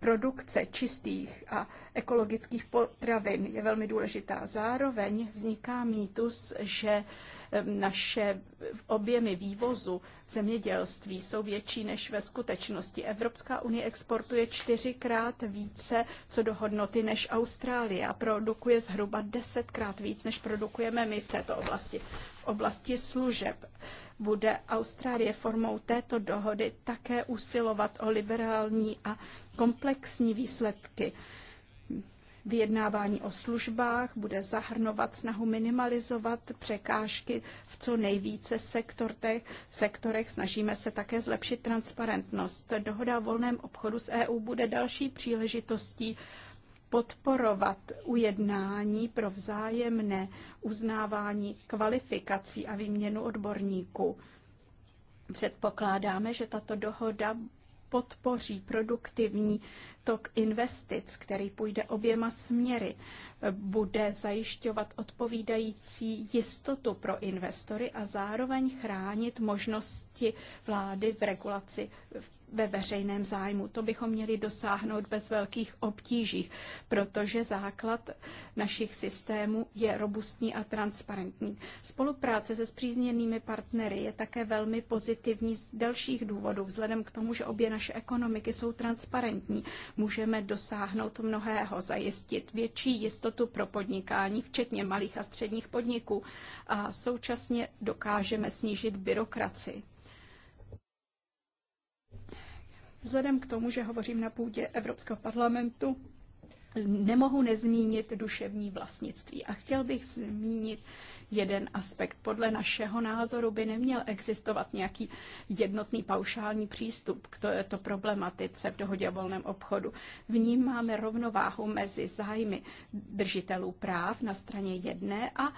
produkce čistých a ekologických potravin je velmi důležitá. Zároveň vzniká mýtus, že naše objemy vývozu zemědělství jsou větší než ve skutečnosti. Evropská unie exportuje čtyřikrát více co do hodnoty než Austrálie a produkuje zhruba desetkrát víc, než produkujeme my v této oblasti. V oblasti služeb bude Austrálie formou této dohody také usilovat o liberální a komplexní výsledky. Vyjednávání o službách bude zahrnovat snahu minimalizovat překážky v co nejvíce sektortech, sektorech. Snažíme se také zlepšit transparentnost. Dohoda o volném obchodu s EU bude další příležitostí podporovat ujednání pro vzájemné uznávání kvalifikací a výměnu odborníků. Předpokládáme, že tato dohoda podpoří produktivní tok investic, který půjde oběma směry, bude zajišťovat odpovídající jistotu pro investory a zároveň chránit možnosti vlády v regulaci v ve veřejném zájmu. To bychom měli dosáhnout bez velkých obtíží, protože základ našich systémů je robustní a transparentní. Spolupráce se zpřízněnými partnery je také velmi pozitivní z dalších důvodů. Vzhledem k tomu, že obě naše ekonomiky jsou transparentní, můžeme dosáhnout mnohého, zajistit větší jistotu pro podnikání, včetně malých a středních podniků a současně dokážeme snížit byrokracii. Vzhledem k tomu, že hovořím na půdě Evropského parlamentu, nemohu nezmínit duševní vlastnictví. A chtěl bych zmínit jeden aspekt. Podle našeho názoru by neměl existovat nějaký jednotný paušální přístup k této problematice v dohodě o volném obchodu. V ní máme rovnováhu mezi zájmy držitelů práv na straně jedné a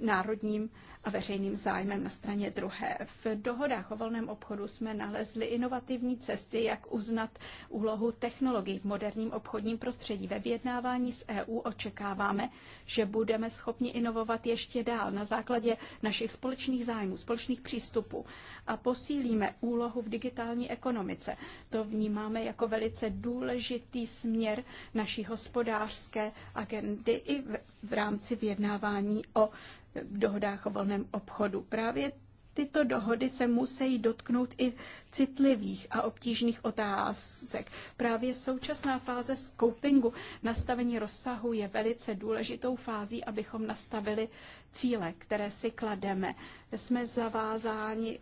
národním a veřejným zájmem na straně druhé. V dohodách o volném obchodu jsme nalezli inovativní cesty, jak uznat úlohu technologií v moderním obchodním prostředí. Ve vyjednávání s EU očekáváme, že budeme schopni inovovat ještě dál na základě našich společných zájmů, společných přístupů a posílíme úlohu v digitální ekonomice. To vnímáme jako velice důležitý směr naší hospodářské agendy i v rámci vyjednávání o dohodách o volném obchodu. Právě tyto dohody se musí dotknout i citlivých a obtížných otázek. Právě současná fáze scopingu nastavení rozsahu je velice důležitou fází, abychom nastavili cíle, které si klademe. Jsme zavázáni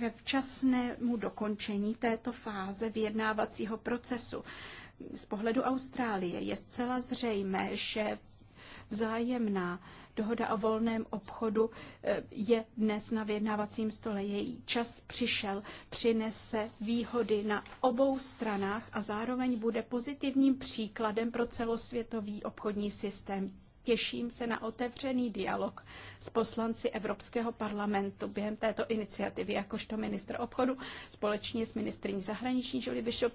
k včasnému dokončení této fáze vyjednávacího procesu. Z pohledu Austrálie je zcela zřejmé, že vzájemná Dohoda o volném obchodu eh, je dnes na vyjednávacím stole. Její čas přišel, přinese výhody na obou stranách a zároveň bude pozitivním příkladem pro celosvětový obchodní systém. Těším se na otevřený dialog s poslanci Evropského parlamentu během této iniciativy, jakožto ministr obchodu, společně s ministrní zahraniční Julie Bishop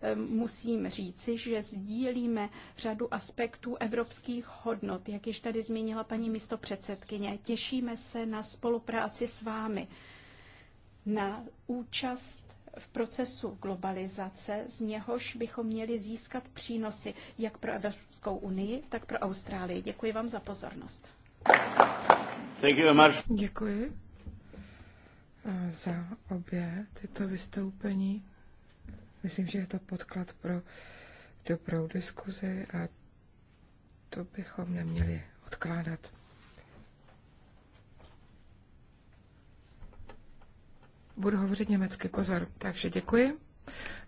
Ehm, musím říci, že sdílíme řadu aspektů evropských hodnot, jak již tady zmínila paní místopředsedkyně. Těšíme se na spolupráci s vámi, na účast v procesu globalizace, z něhož bychom měli získat přínosy jak pro Evropskou unii, tak pro Austrálii. Děkuji vám za pozornost. Thank you very much. Děkuji eh, za obě tyto vystoupení. Myslím, že je to podklad pro dobrou diskuzi a to bychom neměli odkládat. Budu hovořit německy, pozor. Takže děkuji.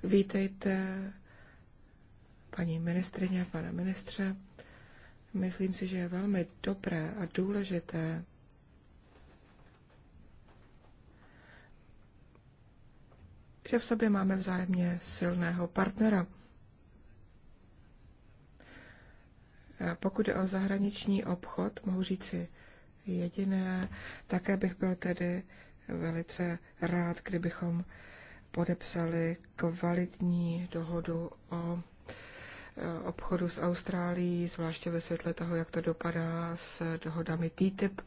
Vítejte paní ministrině, pane ministře. Myslím si, že je velmi dobré a důležité že v sobě máme vzájemně silného partnera. Pokud jde o zahraniční obchod, mohu říci jediné, také bych byl tedy velice rád, kdybychom podepsali kvalitní dohodu o obchodu s Austrálií, zvláště ve světle toho, jak to dopadá s dohodami TTIP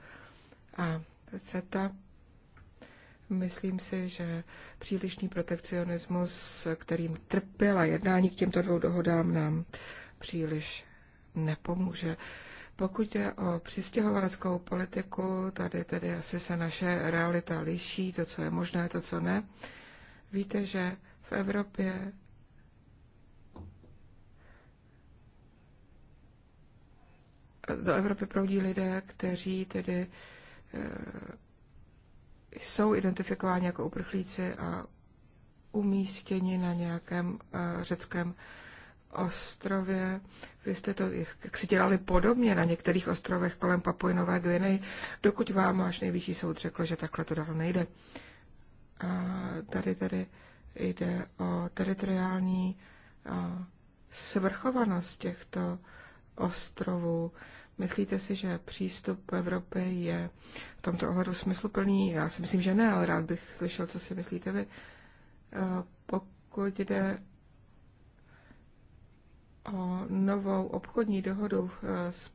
a CETA. Myslím si, že přílišný protekcionismus, kterým trpěla jednání k těmto dvou dohodám, nám příliš nepomůže. Pokud je o přistěhovaleckou politiku, tady tedy asi se naše realita liší, to, co je možné, to, co ne. Víte, že v Evropě do Evropy proudí lidé, kteří tedy eh, jsou identifikováni jako uprchlíci a umístěni na nějakém eh, řeckém ostrově. Vy jste to jak si dělali podobně na některých ostrovech kolem Papuinové Gviny, dokud vám až nejvyšší soud řekl, že takhle to dál nejde. A tady tedy jde o teritoriální eh, svrchovanost těchto ostrovů. Myslíte si, že přístup Evropy je v tomto ohledu smysluplný? Já si myslím, že ne, ale rád bych slyšel, co si myslíte vy. Eh, pokud jde o novou obchodní dohodu eh, v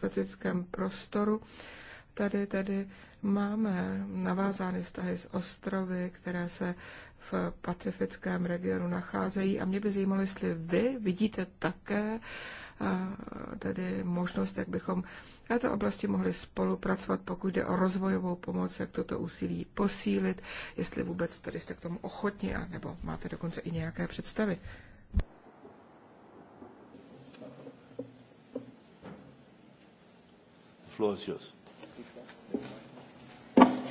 pacifickém prostoru, tady tady máme navázány vztahy s ostrovy, které se v pacifickém regionu nacházejí. A mě by zajímalo, jestli vy vidíte také eh, tedy možnost, jak bychom v této oblasti mohli spolupracovat, pokud jde o rozvojovou pomoc, jak toto úsilí posílit, jestli vůbec tady jste k tomu ochotni, a nebo máte dokonce i nějaké představy. Floor is yours.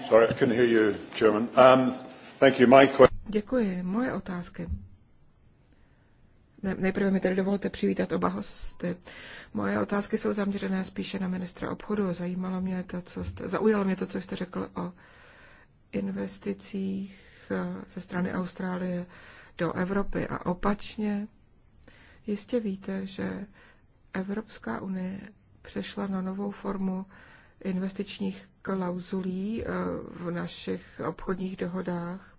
Sorry, I couldn't hear you, Chairman. Um, thank you. My question. Děkuji. Moje otázky. Nejprve mi tedy dovolte přivítat oba hosty. Moje otázky jsou zaměřené spíše na ministra obchodu. Zajímalo mě to, co jste, zaujalo mě to, co jste řekl o investicích eh, ze strany Austrálie do Evropy a opačně. Jistě víte, že Evropská unie přešla na novou formu investičních klauzulí eh, v našich obchodních dohodách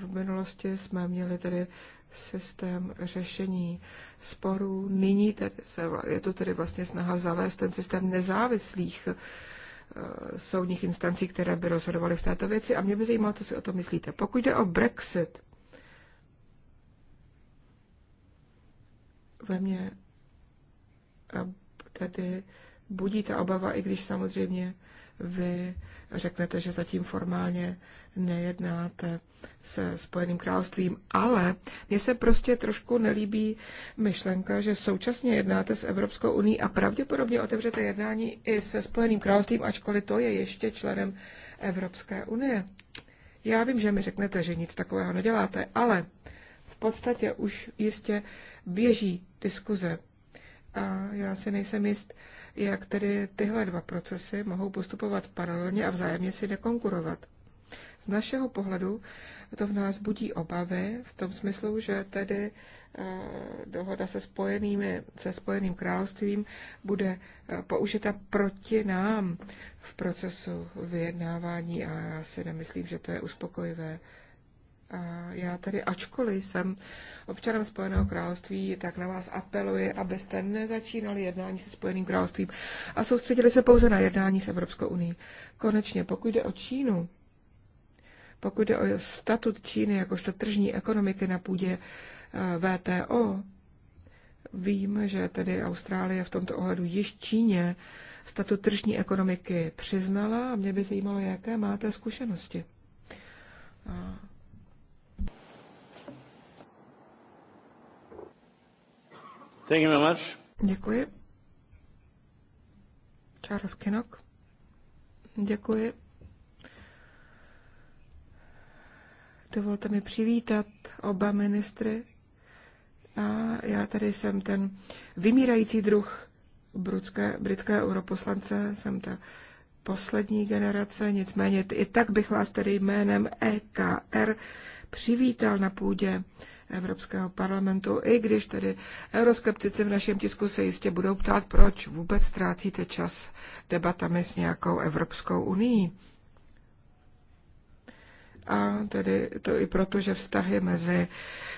v minulosti jsme měli tedy systém řešení sporů. Nyní tedy se, je to tedy vlastně snaha zavést ten systém nezávislých eh, soudních instancí, které by rozhodovaly v této věci. A mě by zajímalo, co si o to myslíte. Pokud jde o Brexit, ve mně eh, tedy budí ta obava, i když samozřejmě vy řeknete, že zatím formálně nejednáte se Spojeným královstvím, ale mně se prostě trošku nelíbí myšlenka, že současně jednáte s Evropskou uní a pravděpodobně otevřete jednání i se Spojeným královstvím, ačkoliv to je ještě členem Evropské unie. Já vím, že mi řeknete, že nic takového neděláte, ale v podstatě už jistě běží diskuze. A já si nejsem jist, jak tedy tyhle dva procesy mohou postupovat paralelně a vzájemně si nekonkurovat. Z našeho pohledu to v nás budí obavy v tom smyslu, že tedy eh, dohoda se, spojenými, se Spojeným královstvím bude eh, použita proti nám v procesu vyjednávání a já si nemyslím, že to je uspokojivé já tedy, ačkoliv jsem občanem Spojeného království, tak na vás apeluji, abyste nezačínali jednání se Spojeným královstvím a soustředili se pouze na jednání s Evropskou unii. Konečně, pokud jde o Čínu, pokud jde o statut Číny jakožto tržní ekonomiky na půdě eh, VTO, vím, že tedy Austrálie v tomto ohledu již Číně statut tržní ekonomiky přiznala a mě by zajímalo, jaké máte zkušenosti. Thank you very much. Děkuji. Charles Kinnock. Děkuji. Dovolte mi přivítat oba ministry. A já tady jsem ten vymírající druh brudské, britské europoslance, jsem ta poslední generace, nicméně i tak bych vás tady jménem EKR přivítal na půdě Evropského parlamentu, i když tedy euroskeptici v našem tisku se jistě budou ptát, proč vůbec ztrácíte čas debatami s nějakou Evropskou unii. A tedy to i proto, že vztahy mezi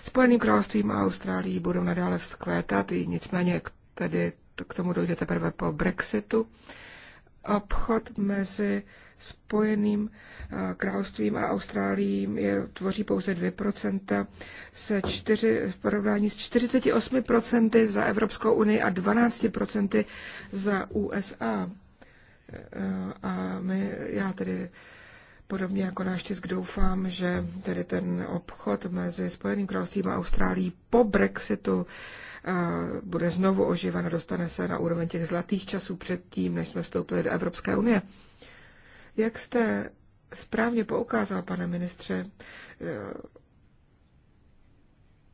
Spojeným královstvím a Austrálií budou nadále vzkvétat, i nicméně tedy k tomu dojde teprve po Brexitu. Obchod mezi spojeným eh, královstvím a Austrálií je, tvoří pouze 2%, se čtyři, v porovnání s 48% za Evropskou unii a 12% za USA. Eh, a my, já tedy podobně jako náš tisk doufám, že tedy ten obchod mezi Spojeným královstvím a Austrálií po Brexitu eh, bude znovu oživen a dostane se na úroveň těch zlatých časů předtím, než jsme vstoupili do Evropské unie. Jak jste správně poukázal, pane ministře, eh,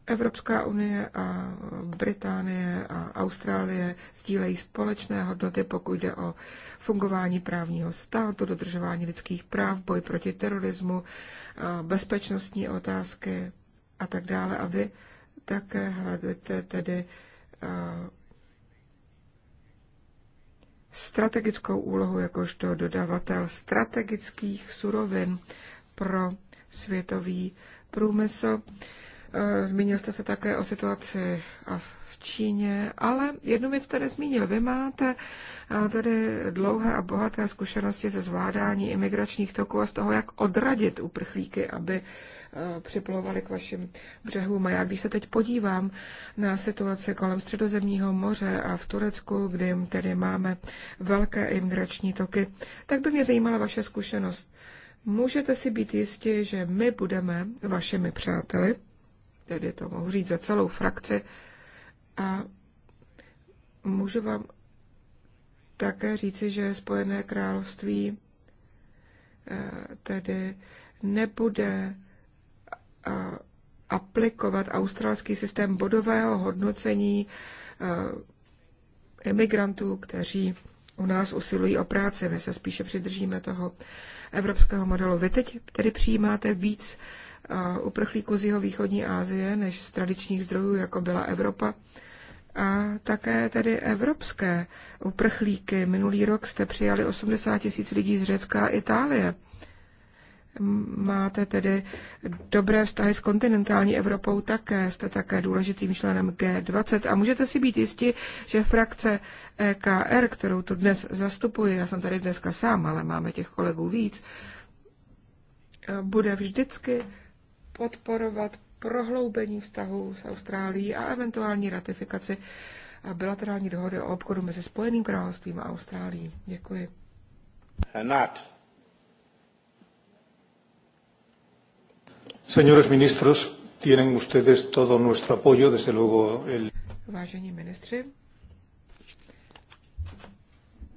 Evropská unie a Británie a Austrálie sdílejí společné hodnoty, pokud jde o fungování právního státu, dodržování lidských práv, boj proti terorismu, eh, bezpečnostní otázky a tak dále. A vy také hledáte tedy eh, strategickou úlohu jakožto dodavatel strategických surovin pro světový průmysl. E, zmínil jste se také o situaci v Číně, ale jednu věc tady zmínil. Vy máte e, tady dlouhé a bohaté zkušenosti ze zvládání imigračních toků a z toho, jak odradit uprchlíky, aby Eh, připlovali k vašim břehům. A já, když se teď podívám na situaci kolem Středozemního moře a v Turecku, kde tedy máme velké imigrační toky, tak by mě zajímala vaše zkušenost. Můžete si být jistí, že my budeme vašimi přáteli, tedy to mohu říct za celou frakci, a můžu vám také říci, že Spojené království eh, tedy nebude aplikovat australský systém bodového hodnocení emigrantů, kteří u nás usilují o práci. My se spíše přidržíme toho evropského modelu. Vy teď tedy přijímáte víc uprchlíků z jeho východní Asie než z tradičních zdrojů, jako byla Evropa. A také tedy evropské uprchlíky. Minulý rok jste přijali 80 tisíc lidí z Řecka a Itálie máte tedy dobré vztahy s kontinentální Evropou také, jste také důležitým členem G20 a můžete si být jisti, že frakce EKR, kterou tu dnes zastupuji, já jsem tady dneska sám, ale máme těch kolegů víc, bude vždycky podporovat prohloubení vztahu s Austrálií a eventuální ratifikaci a bilaterální dohody o obchodu mezi Spojeným královstvím a Austrálií. Děkuji. Not. Señores ministros, tienen ustedes todo nuestro apoyo, desde luego el... Vážení ministři,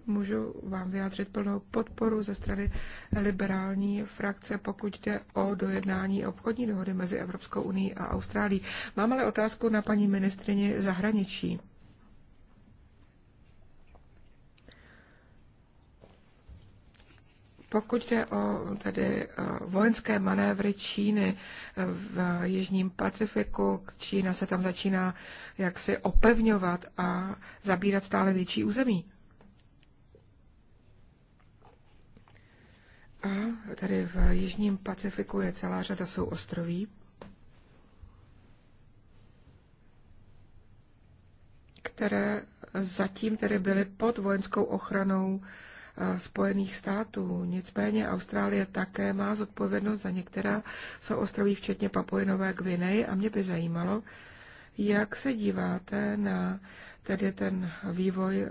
můžu vám vyjádřit plnou podporu ze strany liberální frakce, pokud jde o dojednání obchodní dohody mezi Evropskou unii a Austrálií. Mám ale otázku na paní ministrině zahraničí. Pokud jde o tedy eh, vojenské manévry Číny eh, v Jižním Pacifiku, Čína se tam začíná jaksi opevňovat a zabírat stále větší území. A tady v Jižním Pacifiku je celá řada souostroví, které zatím tedy byly pod vojenskou ochranou Spojených států. Nicméně Austrálie také má zodpovědnost za některá souostroví, včetně Papuinové Gviny. a mě by zajímalo, jak se díváte na tedy ten vývoj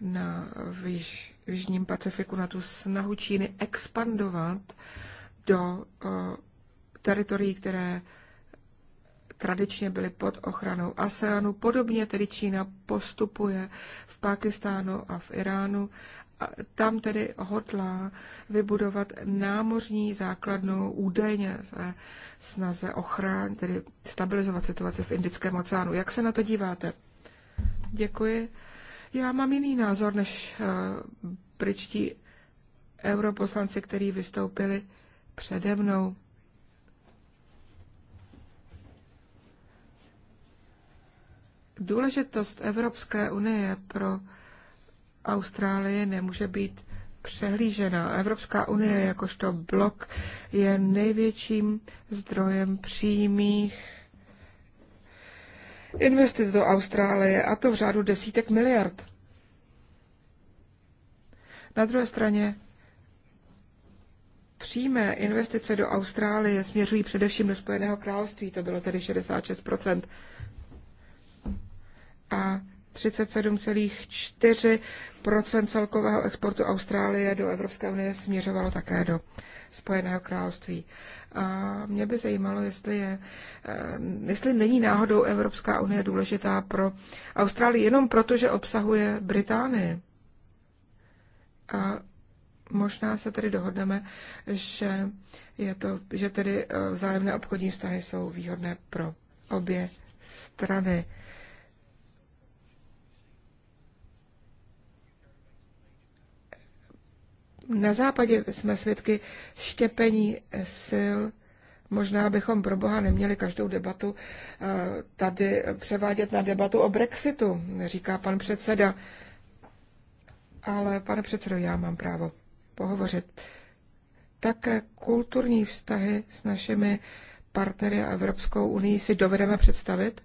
na, v, již, v Jižním Pacifiku, na tu snahu Číny expandovat do teritorií, které tradičně byly pod ochranou ASEANu. Podobně tedy Čína postupuje v Pakistánu a v Iránu tam tedy hodlá vybudovat námořní základnu údajně ve snaze ochrán, tedy stabilizovat situaci v Indickém oceánu. Jak se na to díváte? Děkuji. Já mám jiný názor než uh, britští europoslanci, kteří vystoupili přede mnou. Důležitost Evropské unie pro Austrálie nemůže být přehlížena. Evropská unie jakožto blok je největším zdrojem přímých investic do Austrálie, a to v řádu desítek miliard. Na druhé straně přímé investice do Austrálie směřují především do Spojeného království, to bylo tedy 66%. A 37,4 celkového exportu Austrálie do Evropské unie směřovalo také do Spojeného království. A mě by zajímalo, jestli, je, eh, jestli není náhodou Evropská unie důležitá pro Austrálii jenom proto, že obsahuje Británii. A možná se tedy dohodneme, že, je to, že tedy eh, vzájemné obchodní vztahy jsou výhodné pro obě strany. Na západě jsme svědky štěpení sil. Možná bychom pro boha neměli každou debatu eh, tady převádět na debatu o Brexitu, říká pan předseda. Ale pane předsedo, já mám právo pohovořit. Také kulturní vztahy s našimi partnery a Evropskou unii si dovedeme představit?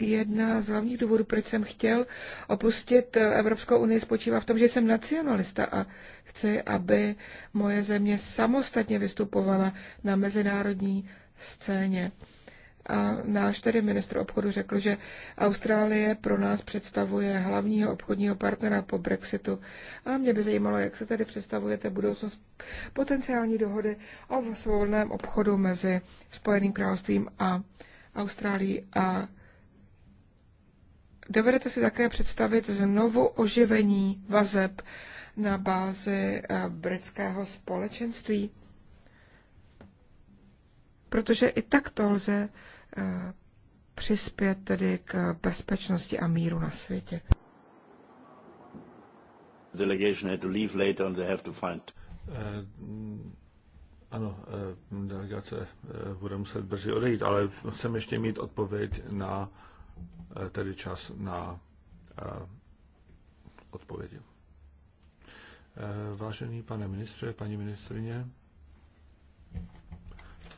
jedna z hlavních důvodů, proč jsem chtěl opustit eh, Evropskou unii, spočívá v tom, že jsem nacionalista a chci, aby moje země samostatně vystupovala na mezinárodní scéně. A náš tedy ministr obchodu řekl, že Austrálie pro nás představuje hlavního obchodního partnera po Brexitu. A mě by zajímalo, jak se tedy představujete budoucnost potenciální dohody o svobodném obchodu mezi Spojeným královstvím a Austrálií a Dovedete si také představit znovu oživení vazeb na bázi eh, britského společenství? Protože i takto lze eh, přispět tedy k bezpečnosti a míru na světě. Delegation had to leave later and they have to find. Eh, ano, delegace bude muset brzy odejít, ale chceme ještě mít odpověď na Eh, tedy čas na eh, odpovědi. Eh, vážený pane ministře, paní ministrině,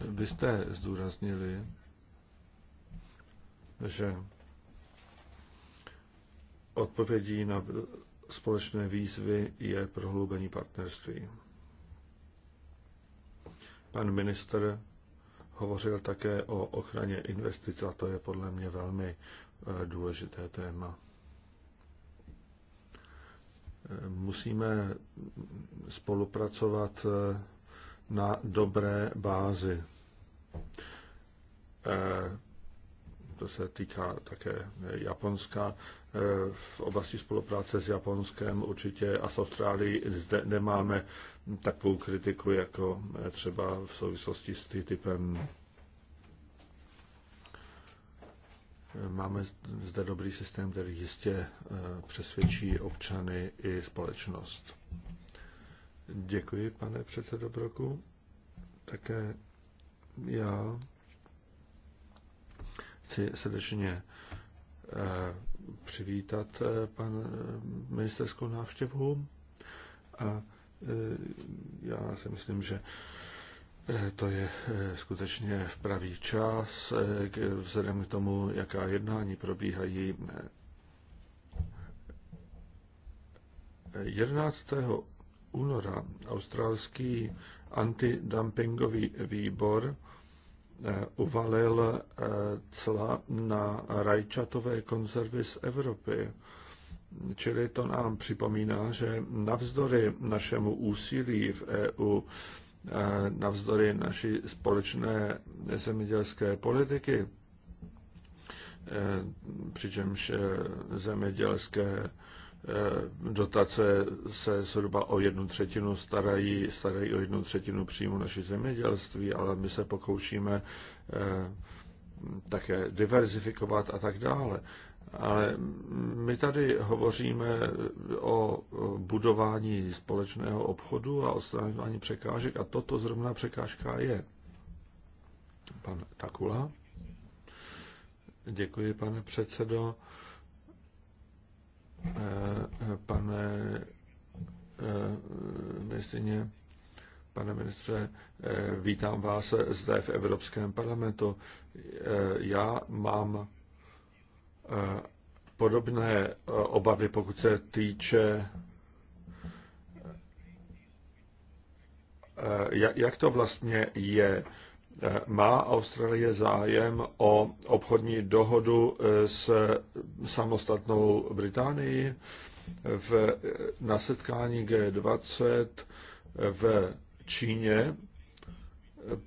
vy jste zdůraznili, že odpovědí na společné výzvy je prohloubení partnerství. Pan minister hovořil také o ochraně investic a to je podle mě velmi Eh, důležité téma. Eh, musíme spolupracovat eh, na dobré bázi. To se týká také Japonska. V oblasti spolupráce s Japonskem určitě a s Austrálií zde nemáme takovou kritiku jako třeba v souvislosti s TTIPem. typem Máme zde dobrý systém, který jistě eh, přesvědčí občany i společnost. Děkuji, pane předsedo Broku. Také já chci srdečně eh, přivítat eh, pan ministerskou návštěvu a já si myslím, že Eh, to je eh, skutečně v pravý čas, eh, vzhledem k tomu, jaká jednání probíhají. 11. února australský antidumpingový výbor uvalil cla na rajčatové konzervy z Evropy. Čili to nám připomíná, že navzdory našemu úsilí v EU navzdory naší společné zemědělské politiky, e, přičemž zemědělské e, dotace se zhruba o jednu třetinu starají, starají o jednu třetinu příjmu naší zemědělství, ale my se pokoušíme e, také diverzifikovat a tak dále. Ale my tady hovoříme o budování společného obchodu a odstraňování překážek a toto zrovna překážka je. Pan Takula. Děkuji, pane předsedo. Eh, pane eh, ministrině, Pane ministře, eh, vítám vás zde v Evropském parlamentu. Já mám podobné eh, obavy, pokud se týče eh, jak to vlastně je. Eh, má Austrálie zájem o obchodní dohodu s samostatnou Británií? V, nasetkání G20 v Číně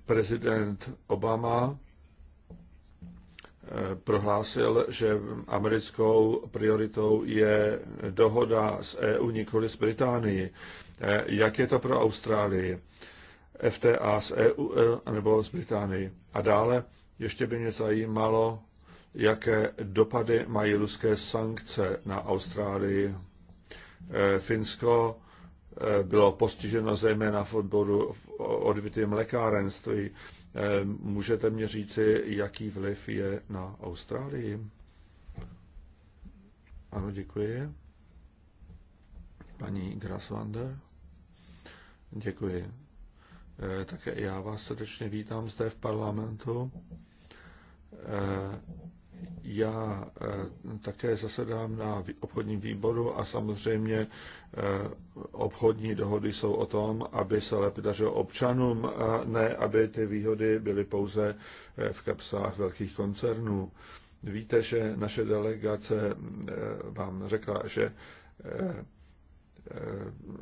prezident Obama prohlásil, že americkou prioritou je dohoda s EU, nikoli s Británií. E, jak je to pro Austrálii? FTA s EU e, nebo s Británií? A dále ještě by mě zajímalo, jaké dopady mají ruské sankce na Austrálii. E, Finsko bylo postiženo zejména v odboru odbytým mlékárenství. Ehm, můžete mě říci, jaký vliv je na Austrálii? Ano, děkuji. Paní Graswander. Děkuji. Ehm, Také já vás srdečně vítám zde v parlamentu. Ehm, já eh, také zasedám na obchodním výboru a samozřejmě eh, obchodní dohody jsou o tom, aby se lépe dařilo občanům, a ne aby ty výhody byly pouze eh, v kapsách velkých koncernů. Víte, že naše delegace vám řekla, že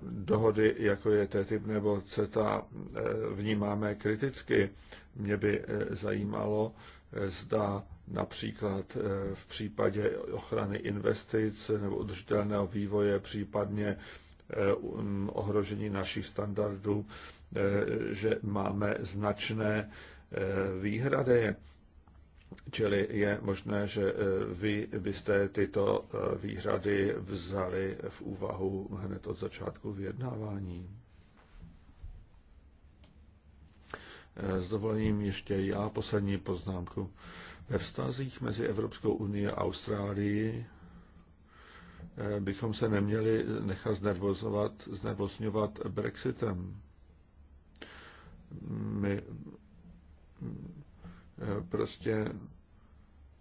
dohody, jako je TTIP nebo CETA, vnímáme kriticky. Mě by zajímalo, zda například eh, v případě ochrany investic nebo udržitelného vývoje, případně eh, ohrožení našich standardů, eh, že máme značné výhrady. Čili je možné, že vy byste tyto výhrady vzali v úvahu hned od začátku vyjednávání. Eh, s dovolením ještě já poslední poznámku. Ve vztazích mezi Evropskou unii a Austrálií eh, bychom se neměli nechat znervozovat, znervozňovat Brexitem. My eh, prostě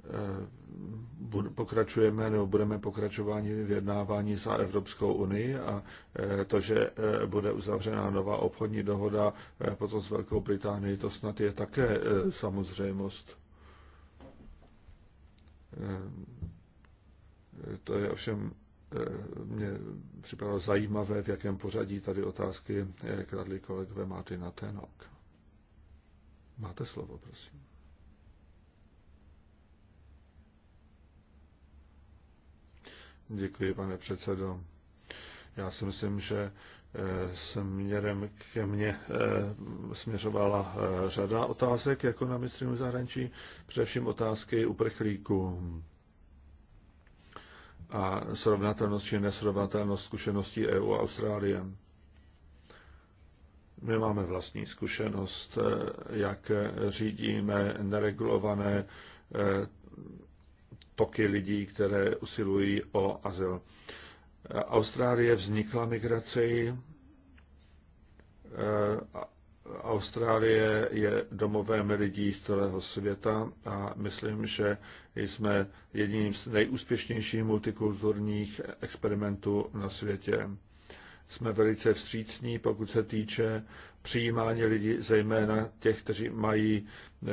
Eh, pokračujeme nebo budeme pokračování vyjednávání za Evropskou unii a eh, to, že eh, bude uzavřena nová obchodní dohoda potom s Velkou Británií, to snad je také samozřejmost. To je ovšem mě připadalo zajímavé, v jakém pořadí tady otázky kladli kolegové Martina Tenok. Máte slovo, prosím. Děkuji, pane předsedo. Já si myslím, že eh, směrem ke mně eh, směřovala eh, řada otázek jako na ministrinu zahraničí, především otázky uprchlíků a srovnatelnost či nesrovnatelnost zkušeností EU a Austrálie. My máme vlastní zkušenost, jak řídíme neregulované toky lidí, které usilují o azyl. Austrálie vznikla migrací. Eh, Austrálie je domovem lidí z celého světa a myslím, že jsme jedním z nejúspěšnějších multikulturních experimentů na světě. Jsme velice vstřícní, pokud se týče přijímání lidí, zejména těch, kteří mají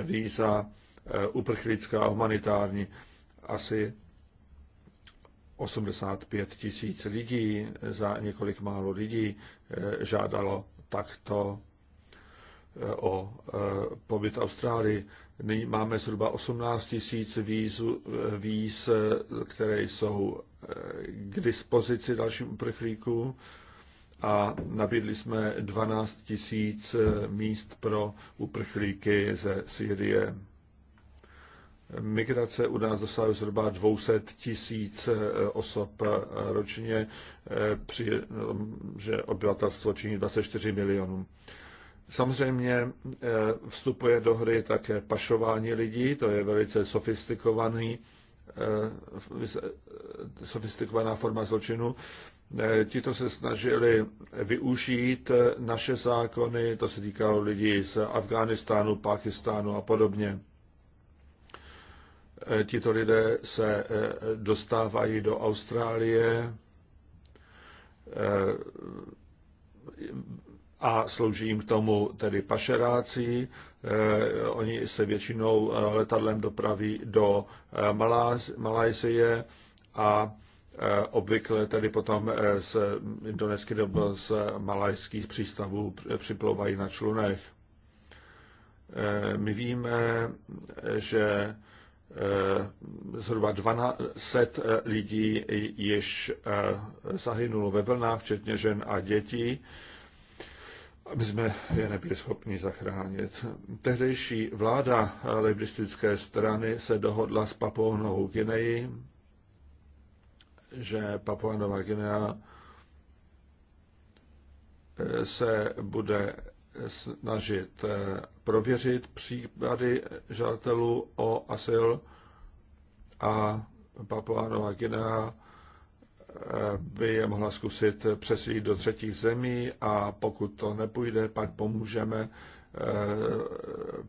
víza eh, uprchlická a humanitární asi 85 tisíc lidí, za několik málo lidí eh, žádalo takto eh, o eh, pobyt v Austrálii. Nyní máme zhruba 18 tisíc víz, víz, které jsou k dispozici dalším uprchlíkům a nabídli jsme 12 tisíc míst pro uprchlíky ze Syrie. Migrace u nás dosahuje zhruba 200 tisíc eh, osob eh, ročně, eh, při, že obyvatelstvo činí 24 milionů. Samozřejmě vstupuje do hry také pašování lidí, to je velice sofistikovaný, sofistikovaná forma zločinu. Tito se snažili využít naše zákony, to se týkalo lidí z Afghánistánu, Pakistánu a podobně. Eh, tito lidé se eh, dostávají do Austrálie eh, a slouží jim k tomu tedy pašeráci. Oni se většinou letadlem dopraví do Malajsie a obvykle tedy potom z indonésky nebo z malajských přístavů připlouvají na člunech. My víme, že Eh, zhruba 12 eh, lidí již eh, zahynulo ve vlnách, včetně žen a dětí. My jsme je nebyli schopni zachránit. Tehdejší vláda libristické strany se dohodla s Papou Novou Gineji, že Papua Nová Guinea se bude snažit eh, prověřit případy žadatelů o asyl a Papua Nová Guinea eh, by je mohla zkusit přesvít do třetích zemí a pokud to nepůjde, pak pomůžeme eh,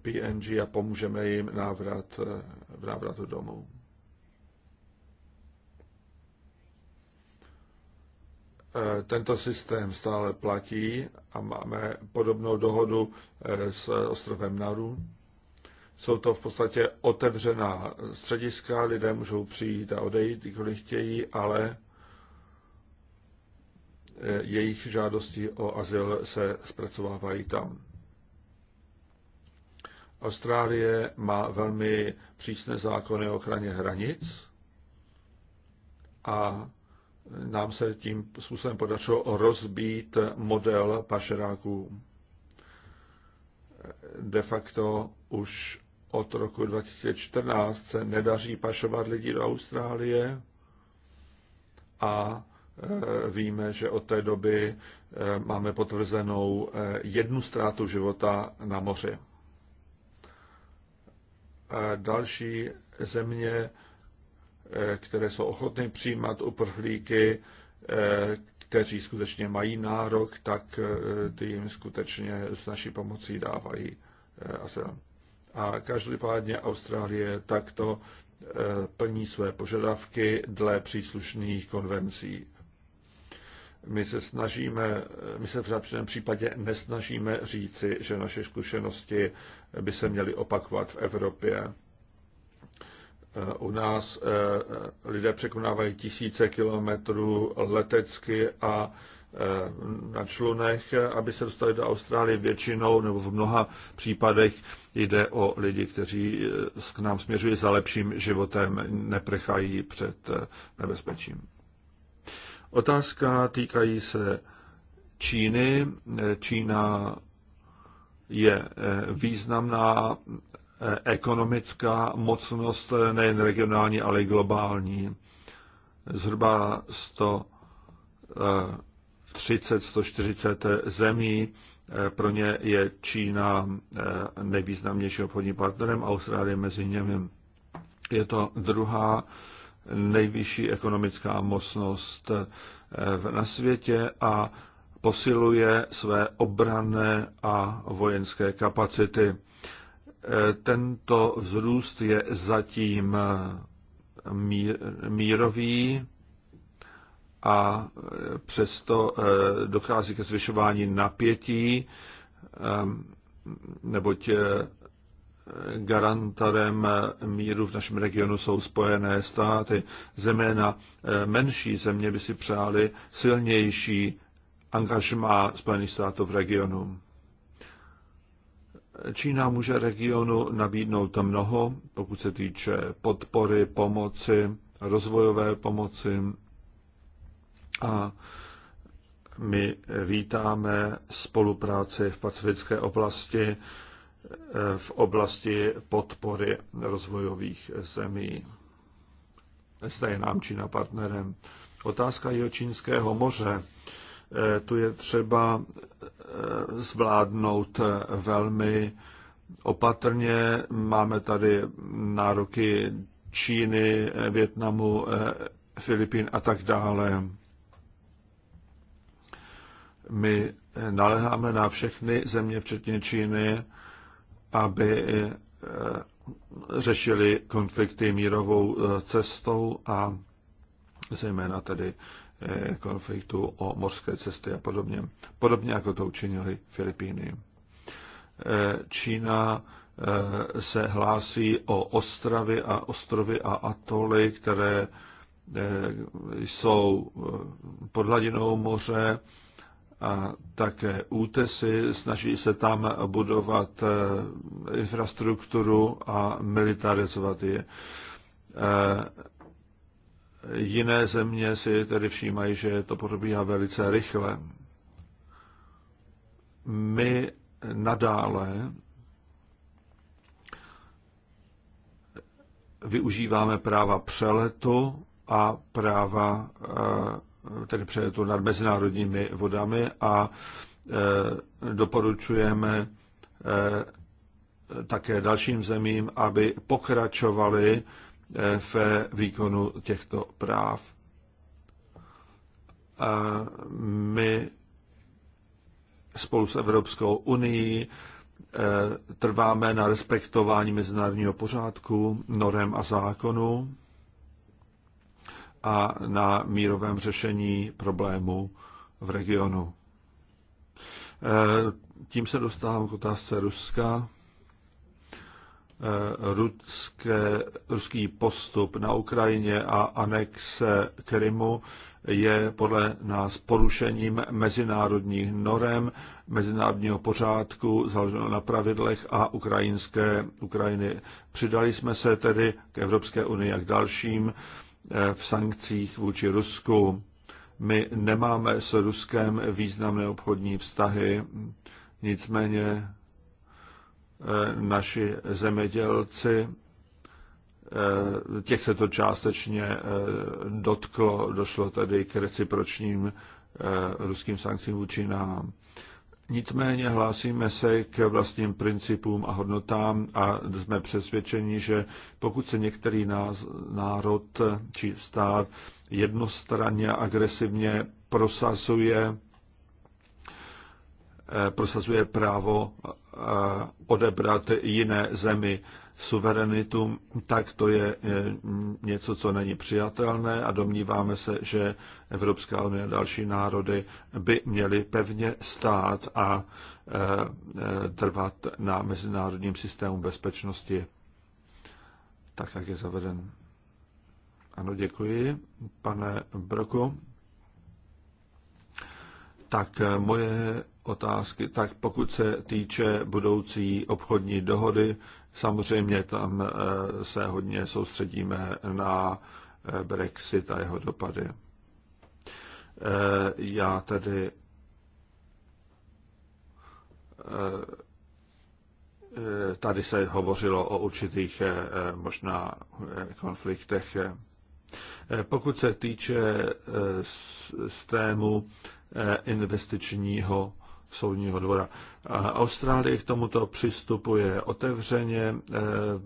PNG a pomůžeme jim návrat, v návratu domů. E, tento systém stále platí a máme podobnou dohodu e, s ostrovem Naru. Jsou to v podstatě otevřená střediska, lidé můžou přijít a odejít, kdykoliv chtějí, ale e, jejich žádosti o azyl se zpracovávají tam. Austrálie má velmi přísné zákony o ochraně hranic a nám se tím způsobem podařilo rozbít model pašeráků. De facto už od roku 2014 se nedaří pašovat lidi do Austrálie a e, víme, že od té doby e, máme potvrzenou e, jednu ztrátu života na moři. Další země Eh, které jsou ochotny přijímat uprchlíky, eh, kteří skutečně mají nárok, tak eh, ty jim skutečně s naší pomocí dávají azyl. A každopádně Austrálie takto plní své požadavky dle příslušných konvencí. My se snažíme, my se v žádném případě nesnažíme říci, že naše zkušenosti by se měly opakovat v Evropě. U nás eh, eh, lidé překonávají tisíce kilometrů letecky a eh, na člunech, aby se dostali do Austrálie většinou nebo v mnoha případech jde o lidi, kteří k nám směřují za lepším životem, neprechají před nebezpečím. Otázka týkají se Číny. Čína je významná Eh, ekonomická mocnost, eh, nejen regionální, ale i globální. Zhruba 130-140 eh, zemí. Pro ně je Čína nejvýznamnějším obchodním partnerem, Austrálie mezi nimi. Je to druhá nejvyšší ekonomická mocnost na světě a posiluje své obranné a vojenské kapacity tento vzrůst je zatím eh, mírový a eh, přesto eh, dochází ke zvyšování napětí, neboť garantarem míru v našem regionu jsou spojené státy. Zeměna menší země by si přáli silnější angažmá Spojených států v regionu. Čína může regionu nabídnout mnoho, pokud se týče podpory, pomoci, rozvojové pomoci. A my vítáme spolupráci v pacifické oblasti, eh, v oblasti podpory rozvojových zemí. Zde je nám Čína partnerem. Otázka jeho čínského moře Eh, tu je třeba eh, zvládnout eh, velmi opatrně. Máme tady nároky Číny, Větnamu, Filipín a tak dále. My naleháme na všechny země, včetně Číny, aby řešili konflikty mírovou cestou a zejména tedy Eh, konfliktu o mořské cesty a podobně. Podobně jako to učinili Filipíny. Eh, Čína eh, se hlásí o ostravy a ostrovy a atoly, které jsou pod hladinou moře a také útesy. Snaží se tam budovat infrastrukturu a militarizovat je. Jiné země si tedy všímají, že to probíhá velice rychle. My nadále využíváme práva přeletu a práva eh, tedy přeletu nad mezinárodními vodami a eh, doporučujeme eh, také dalším zemím, aby pokračovali v výkonu těchto práv. A my spolu s Evropskou unii eh, trváme na respektování mezinárodního pořádku, norem a zákonu a na mírovém řešení problému v regionu. Eh, tím se dostávám k otázce Ruska. Eh, ruské, ruský postup na Ukrajině a anexe Krymu je podle nás porušením mezinárodních norem, mezinárodního pořádku založeného na pravidlech a ukrajinské Ukrajiny. Přidali jsme se tedy k Evropské unii a k dalším eh, v sankcích vůči Rusku. My nemáme s Ruskem významné obchodní vztahy, nicméně Eh, naši zemědělci, eh, těch se to částečně eh, dotklo, došlo tedy k recipročním ruským sankcím vůči nám. Nicméně hlásíme se k vlastním principům a hodnotám a jsme přesvědčeni, že pokud se některý národ či stát jednostranně agresivně prosazuje, prosazuje právo odebrat jiné zemi suverenitu, tak to je něco, co není přijatelné a domníváme se, že Evropská unie a další národy by měly pevně stát a e, e, trvat na mezinárodním systému bezpečnosti, tak jak je zaveden. Ano, děkuji, pane Broku. Tak e, moje otázky, tak pokud se týče budoucí obchodní dohody, samozřejmě tam eh, se hodně soustředíme na eh, Brexit a jeho dopady. Eh, já tedy tady se hovořilo o určitých možná konfliktech. Pokud se týče systému investičního soudního dvora. A Austrálie k tomuto přistupuje otevřeně, eh,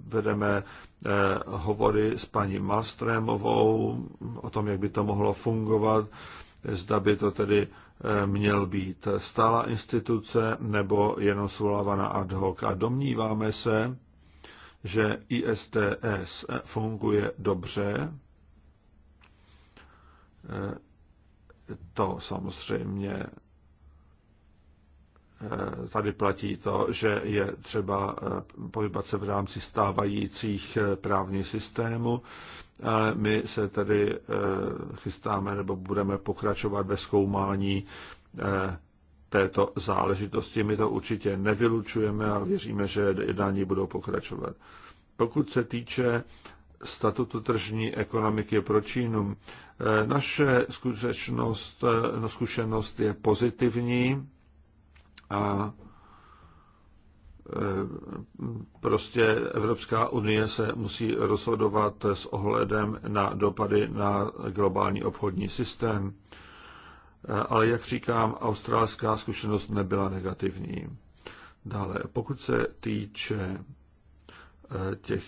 vedeme eh, hovory s paní Malstrémovou o tom, jak by to mohlo fungovat, zda by to tedy eh, měl být stála instituce nebo jenom svolávaná ad hoc. A domníváme se, že ISTS funguje dobře. To samozřejmě Eh, tady platí to, že je třeba eh, pohybat se v rámci stávajících eh, právních systémů, ale my se tedy chystáme nebo budeme pokračovat ve zkoumání této záležitosti. My to určitě nevylučujeme a věříme, že jednání budou pokračovat. Pokud se týče statutu tržní ekonomiky pro Čínu, naše skutečnost, no, zkušenost je pozitivní a e, prostě Evropská unie se musí rozhodovat s ohledem na dopady na globální obchodní systém. E, ale jak říkám, australská zkušenost nebyla negativní. Dále, pokud se týče e, těch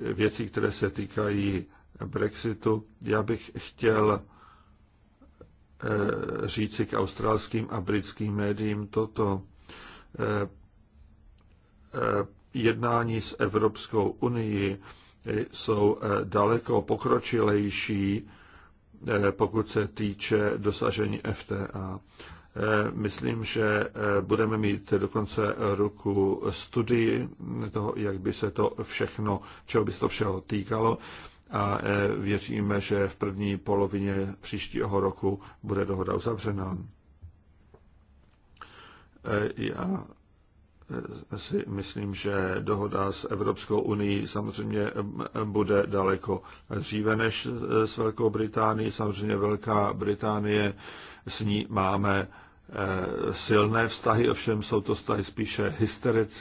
věcí, které se týkají Brexitu, já bych chtěl Eh, říci k australským a britským médiím toto. Eh, eh, jednání s Evropskou unii jsou daleko pokročilejší, pokud se týče dosažení FTA. Myslím, že budeme mít do konce roku studii toho, jak by se to všechno, čeho by se to všeho týkalo a e, věříme, že v první polovině příštího roku bude dohoda uzavřena. E, já e, si myslím, že dohoda s Evropskou unii samozřejmě bude daleko dříve než s Velkou Británií. Samozřejmě Velká Británie, s ní máme silné vztahy, ovšem jsou to vztahy spíše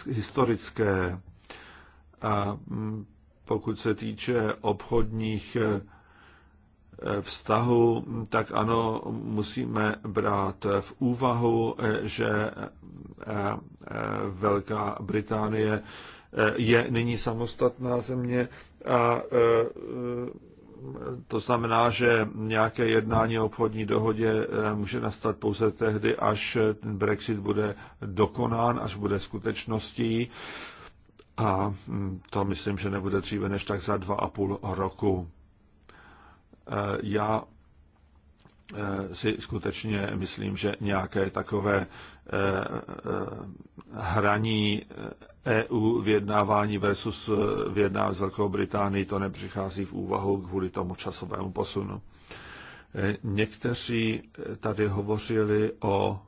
historické. A pokud se týče obchodních eh, vztahu, tak ano, musíme brát v úvahu, eh, že eh, Velká Británie je nyní samostatná země a to znamená, že nějaké jednání o obchodní dohodě může nastat pouze tehdy, až ten Brexit bude dokonán, až bude skutečností. A hm, to myslím, že nebude dříve než tak za dva a půl roku. E, já e, si skutečně myslím, že nějaké takové e, hraní EU vyjednávání versus vyjednávání s Velkou Británií, to nepřichází v úvahu kvůli tomu časovému posunu. Někteří tady hovořili o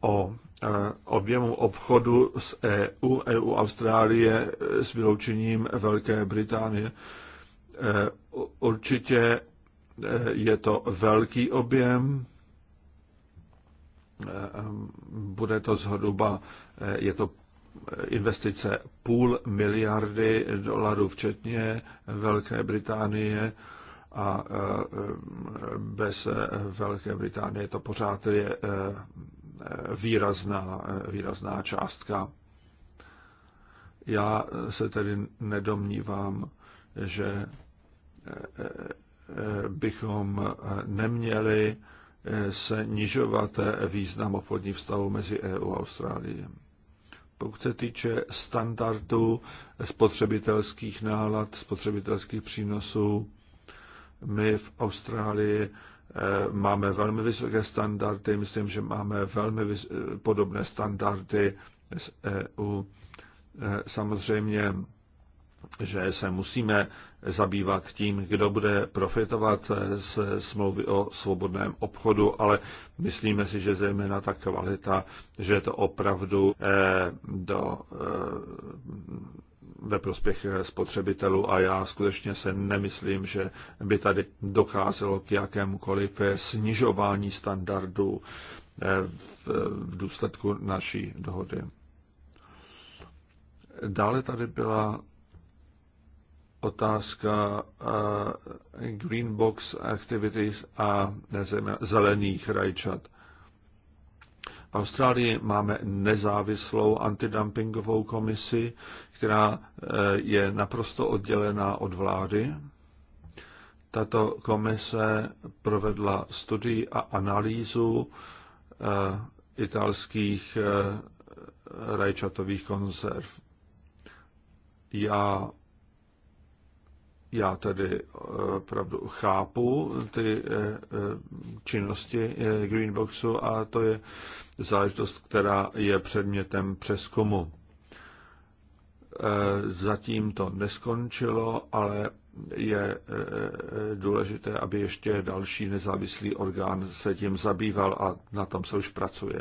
o e, objemu obchodu s EU, EU Austrálie e, s vyloučením Velké Británie. E, určitě je to velký objem, bude to zhruba, je to investice půl miliardy dolarů, včetně Velké Británie a bez Velké Británie to pořád je výrazná, výrazná částka. Já se tedy nedomnívám, že eh, eh, bychom neměli eh, se nižovat význam obchodních vztahů mezi EU a Austrálií. Pokud se týče standardů spotřebitelských nálad, spotřebitelských přínosů, my v Austrálii Eh, máme velmi vysoké standardy, myslím, že máme velmi eh, podobné standardy z EU. Eh, samozřejmě, že se musíme zabývat tím, kdo bude profitovat z smlouvy o svobodném obchodu, ale myslíme si, že zejména ta kvalita, že je to opravdu do ve prospěch eh, spotřebitelů a já skutečně se nemyslím, že by tady docházelo k jakémukoliv eh, snižování standardů eh, v důsledku naší dohody. Dále tady byla otázka Green Box Activities a zelených rajčat. V Austrálii máme nezávislou antidumpingovou komisi, která e, je naprosto oddělená od vlády. Tato komise provedla studii a analýzu e, italských e, rajčatových konzerv. Já, já tedy opravdu chápu ty činnosti Greenboxu a to je záležitost, která je předmětem přeskumu. E, zatím to neskončilo, ale je e, důležité, aby ještě další nezávislý orgán se tím zabýval a na tom se už pracuje.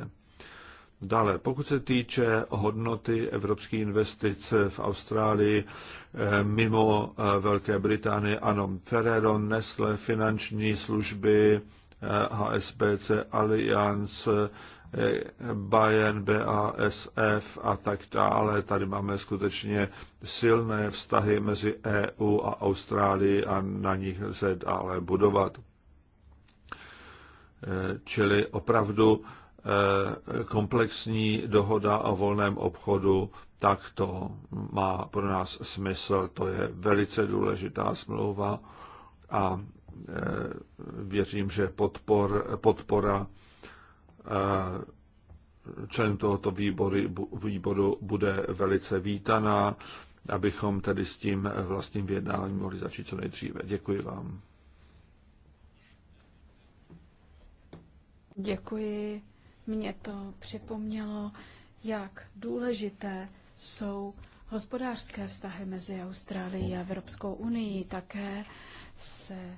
Dále, pokud se týče hodnoty evropských investic v Austrálii e, mimo Velké Británie, ano, Ferrero, Nestle, finanční služby, HSBC, Allianz, Bayern, BASF a tak dále. Tady máme skutečně silné vztahy mezi EU a Austrálií a na nich se dále budovat. Eh, čili opravdu eh, komplexní dohoda o volném obchodu, tak to má pro nás smysl. To je velice důležitá smlouva a eh, věřím, že podpor, podpora člen tohoto výboru, výboru bude velice vítaná, abychom tedy s tím vlastním vyjednáním mohli začít co nejdříve. Děkuji vám. Děkuji. Mě to připomnělo, jak důležité jsou hospodářské vztahy mezi Austrálií a Evropskou unii. Také se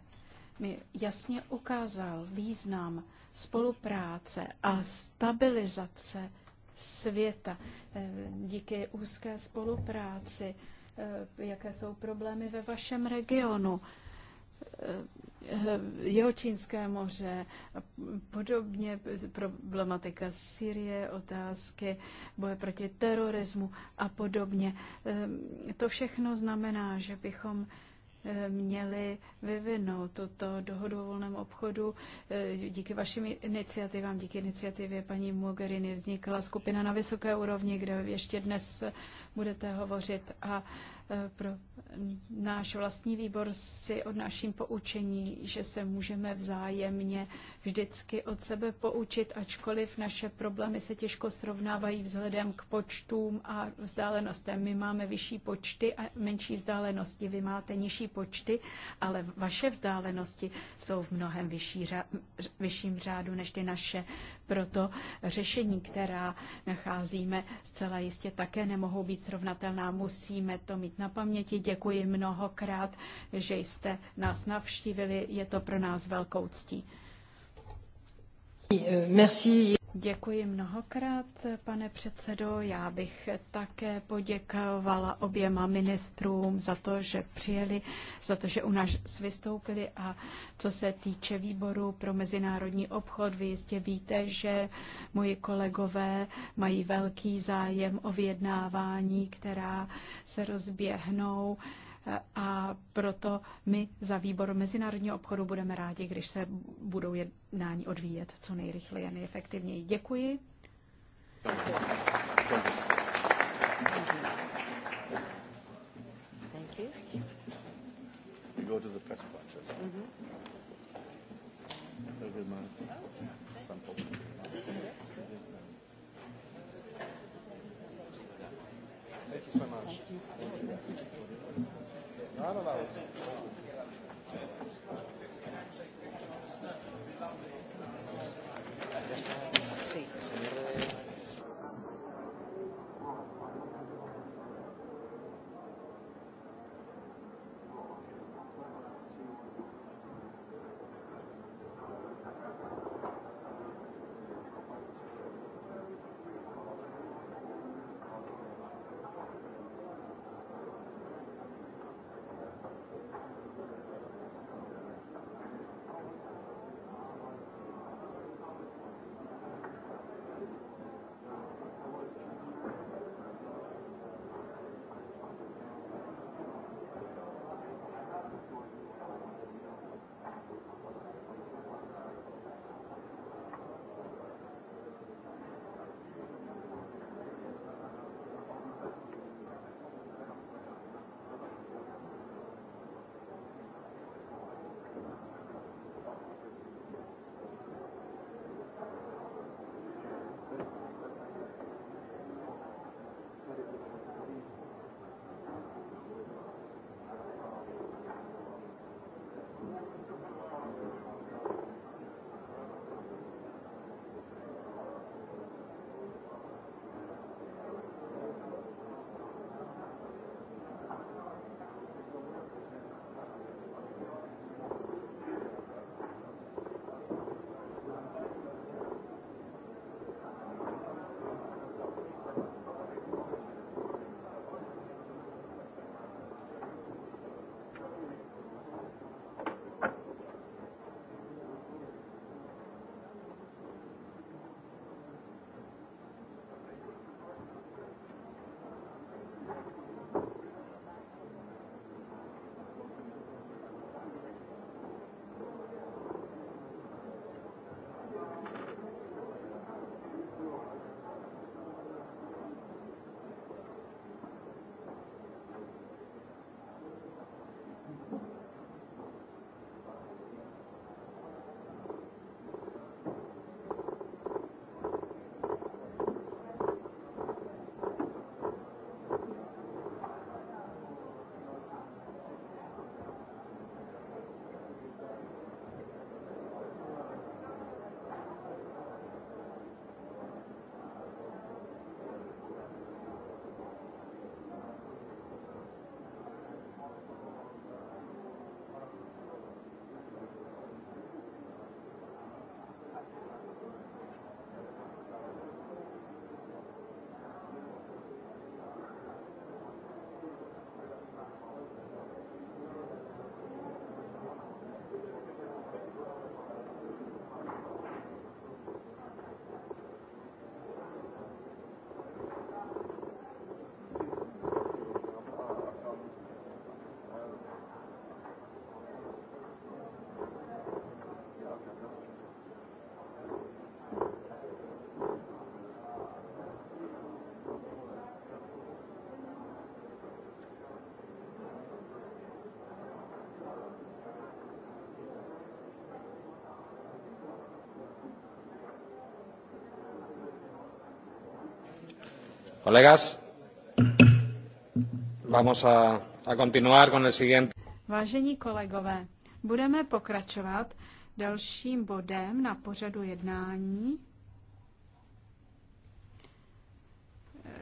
mi jasně ukázal význam spolupráce a stabilizace světa eh, díky úzké spolupráci, eh, jaké jsou problémy ve vašem regionu, eh, Čínské moře, podobně problematika Syrie, otázky boje proti terorismu a podobně. To všechno znamená, že bychom měli vyvinout tuto dohodu o volném obchodu. E, díky vašim iniciativám, díky iniciativě paní Mogherini vznikla skupina na vysoké úrovni, kde ještě dnes budete hovořit a Eh, pro náš vlastní výbor si od naším poučení, že se můžeme vzájemně vždycky od sebe poučit, ačkoliv naše problémy se těžko srovnávají vzhledem k počtům a vzdálenostem. My máme vyšší počty a menší vzdálenosti, vy máte nižší počty, ale vaše vzdálenosti jsou v mnohem vyšší řa- vyšším řádu než ty naše. Proto řešení, která nacházíme, zcela jistě také nemohou být srovnatelná. Musíme to mít na paměti. Děkuji mnohokrát, že jste nás navštívili. Je to pro nás velkou ctí. Merci. Děkuji mnohokrát, pane předsedo. Já bych také poděkovala oběma ministrům za to, že přijeli, za to, že u nás vystoupili a co se týče výboru pro mezinárodní obchod, vy jistě víte, že moji kolegové mají velký zájem o vyjednávání, která se rozběhnou a proto my za výbor mezinárodního obchodu budeme rádi, když se budou jednání odvíjet co nejrychleji a nejefektivněji. Děkuji. Thank you. Mm-hmm. Oh, so much. No, no, no. Colegas, vamos a, a continuar con el siguiente. Vážení kolegové, budeme pokračovat dalším bodem na pořadu jednání. Eh,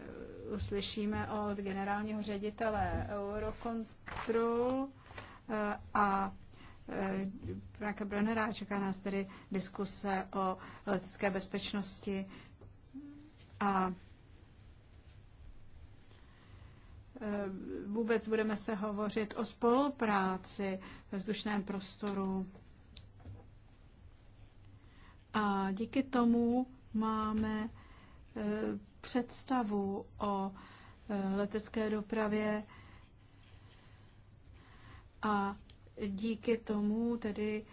uslyšíme od generálního ředitele Eurocontrol eh, a Franka eh, Brennera. Čeká nás tedy diskuse o letecké bezpečnosti a Eh, vůbec budeme se hovořit o spolupráci ve vzdušném prostoru. A díky tomu máme eh, představu o eh, letecké dopravě a díky tomu tedy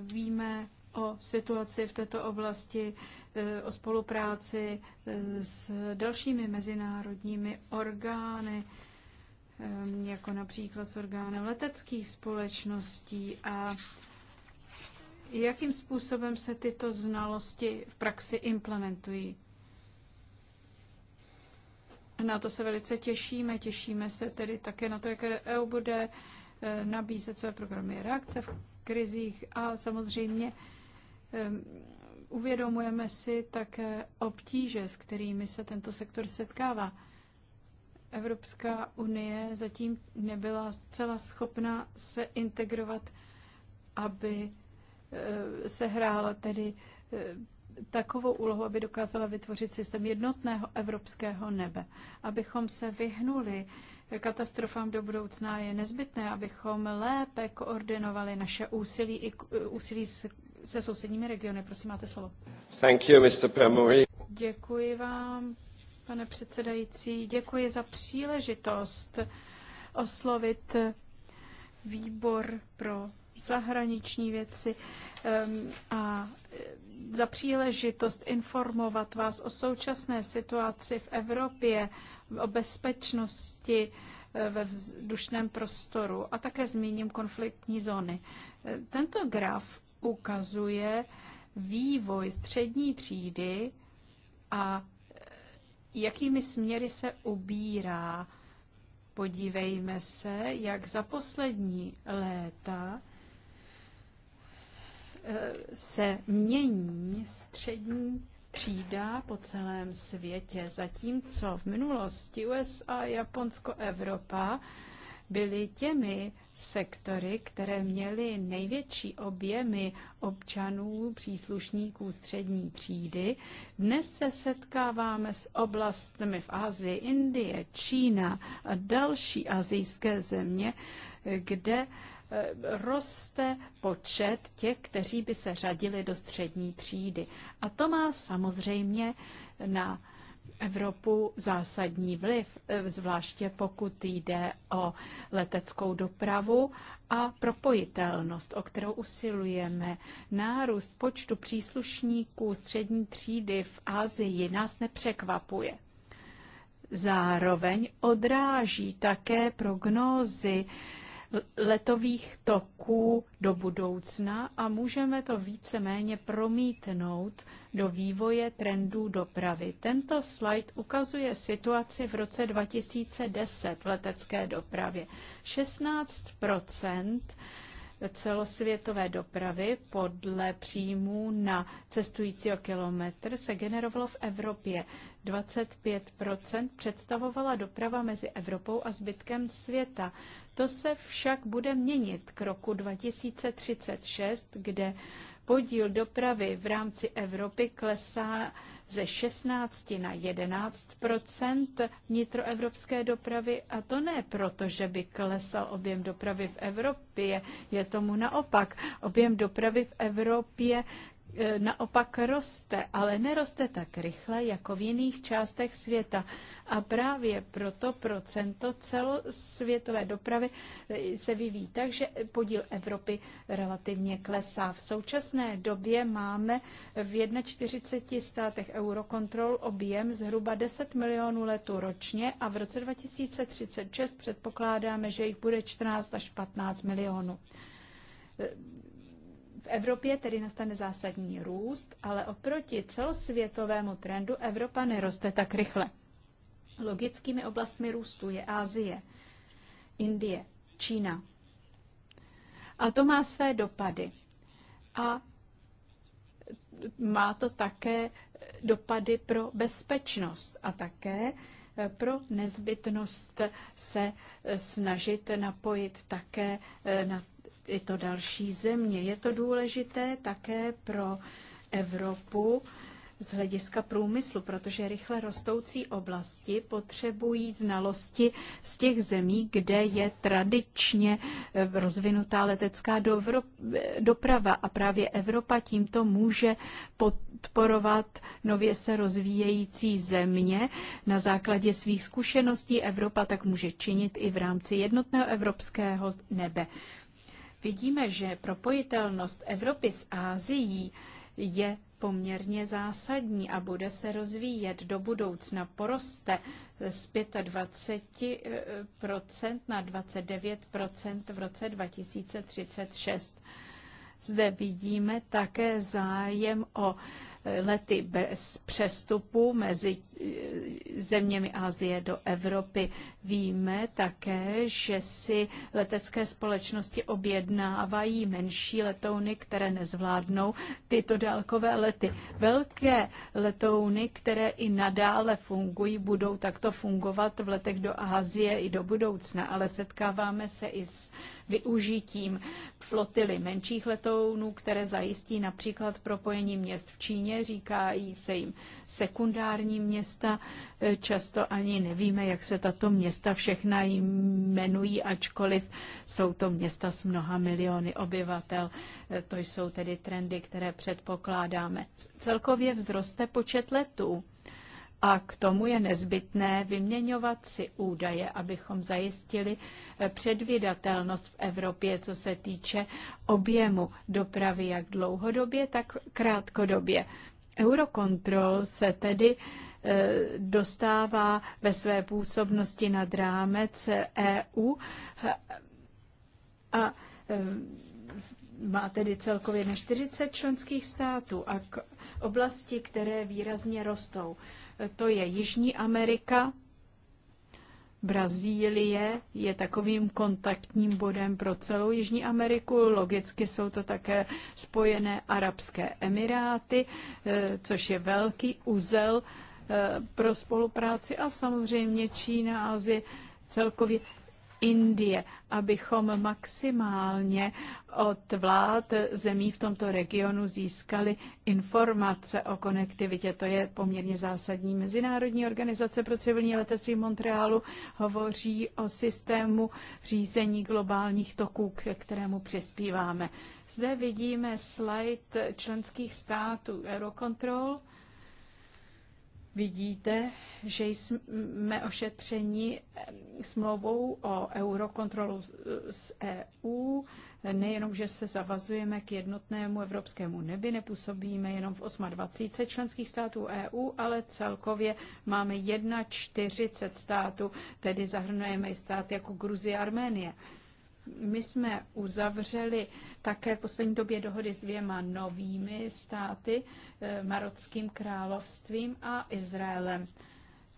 víme o situaci v této oblasti E, o spolupráci e, s dalšími mezinárodními orgány, e, jako například s orgánem leteckých společností a jakým způsobem se tyto znalosti v praxi implementují. Na to se velice těšíme. Těšíme se tedy také na to, jak EU bude nabízet své programy reakce v krizích a samozřejmě Uvědomujeme si také obtíže, s kterými se tento sektor setkává. Evropská unie zatím nebyla zcela schopna se integrovat, aby eh, se hrála tedy eh, takovou úlohu, aby dokázala vytvořit systém jednotného evropského nebe. Abychom se vyhnuli katastrofám do budoucna, je nezbytné, abychom lépe koordinovali naše úsilí i úsilí s se sousedními regiony. Prosím, máte slovo. Thank you, Mr. Permory. Děkuji vám, pane předsedající. Děkuji za příležitost oslovit výbor pro zahraniční věci ehm, a e, za příležitost informovat vás o současné situaci v Evropě, o bezpečnosti e, ve vzdušném prostoru a také zmíním konfliktní zóny. E, tento graf ukazuje vývoj střední třídy a jakými směry se ubírá. Podívejme se, jak za poslední léta eh, se mění střední třída po celém světě, zatímco v minulosti USA, Japonsko, Evropa byly těmi sektory, které měly největší objemy občanů, příslušníků střední třídy. Dnes se setkáváme s oblastmi v Asii, Indie, Čína a další azijské země, kde eh, roste počet těch, kteří by se řadili do střední třídy. A to má samozřejmě na Evropu zásadní vliv, e, zvláště pokud jde o leteckou dopravu a propojitelnost, o kterou usilujeme. Nárůst počtu příslušníků střední třídy v Asii nás nepřekvapuje. Zároveň odráží také prognózy letových toků do budoucna a můžeme to víceméně promítnout do vývoje trendů dopravy. Tento slide ukazuje situaci v roce 2010 v letecké dopravě. 16 celosvětové dopravy podle příjmů na cestujícího kilometr se generovalo v Evropě. 25 představovala doprava mezi Evropou a zbytkem světa. To se však bude měnit k roku 2036, kde podíl dopravy v rámci Evropy klesá ze 16 na 11 vnitroevropské dopravy a to ne proto, že by klesal objem dopravy v Evropě, je tomu naopak. Objem dopravy v Evropě E, naopak roste, ale neroste tak rychle jako v jiných částech světa. A právě proto procento celosvětové dopravy e, se vyvíjí tak, že podíl Evropy relativně klesá. V současné době máme v 41 státech Eurocontrol objem zhruba 10 milionů letů ročně a v roce 2036 předpokládáme, že jich bude 14 až 15 milionů Evropě tedy nastane zásadní růst, ale oproti celosvětovému trendu Evropa neroste tak rychle. Logickými oblastmi růstu je Ázie, Indie, Čína. A to má své dopady. A má to také dopady pro bezpečnost a také eh, pro nezbytnost se eh, snažit napojit také eh, na i to další země. Je to důležité také pro Evropu z hlediska průmyslu, protože rychle rostoucí oblasti potřebují znalosti z těch zemí, kde je tradičně eh, rozvinutá letecká doprava a právě Evropa tímto může podporovat nově se rozvíjející země. Na základě svých zkušeností Evropa tak může činit i v rámci jednotného evropského nebe vidíme, že propojitelnost Evropy s Ázií je poměrně zásadní a bude se rozvíjet do budoucna. Poroste z 25% eh, na 29% v roce 2036. Zde vidíme také zájem o lety bez přestupu mezi eh, zeměmi Asie do Evropy. Víme také, že si letecké společnosti objednávají menší letouny, které nezvládnou tyto dálkové lety. Velké letouny, které i nadále fungují, budou takto fungovat v letech do Asie i do budoucna, ale setkáváme se i s využitím flotily menších letounů, které zajistí například propojení měst v Číně, říkají se jim sekundární města. E, často ani nevíme, jak se tato města všechna jmenují, ačkoliv jsou to města s mnoha miliony obyvatel. E, to jsou tedy trendy, které předpokládáme. Celkově vzroste počet letů a k tomu je nezbytné vyměňovat si údaje, abychom zajistili eh, předvydatelnost v Evropě, co se týče objemu dopravy jak dlouhodobě, tak krátkodobě. Eurocontrol se tedy eh, dostává ve své působnosti nad rámec EU eh, a má tedy celkově na 40 členských států a oblasti, které výrazně rostou to je Jižní Amerika. Brazílie je takovým kontaktním bodem pro celou Jižní Ameriku. Logicky jsou to také spojené Arabské Emiráty, eh, což je velký uzel eh, pro spolupráci a samozřejmě Čína, Azie celkově Indie, abychom maximálně od vlád zemí v tomto regionu získali informace o konektivitě. To je poměrně zásadní. Mezinárodní organizace pro civilní letectví v Montrealu hovoří o systému řízení globálních toků, ke kterému přispíváme. Zde vidíme slide členských států Eurocontrol. Vidíte, že jsme ošetřeni eh, smlouvou o eurokontrolu z EU. Eh, e Nejenom, že se zavazujeme k jednotnému evropskému nebi, nepůsobíme jenom v 28 členských států EU, ale celkově máme 140 států, tedy zahrnujeme i stát jako Gruzie a Arménie. My jsme uzavřeli také v poslední době dohody s dvěma novými státy, eh, Marockým královstvím a Izraelem.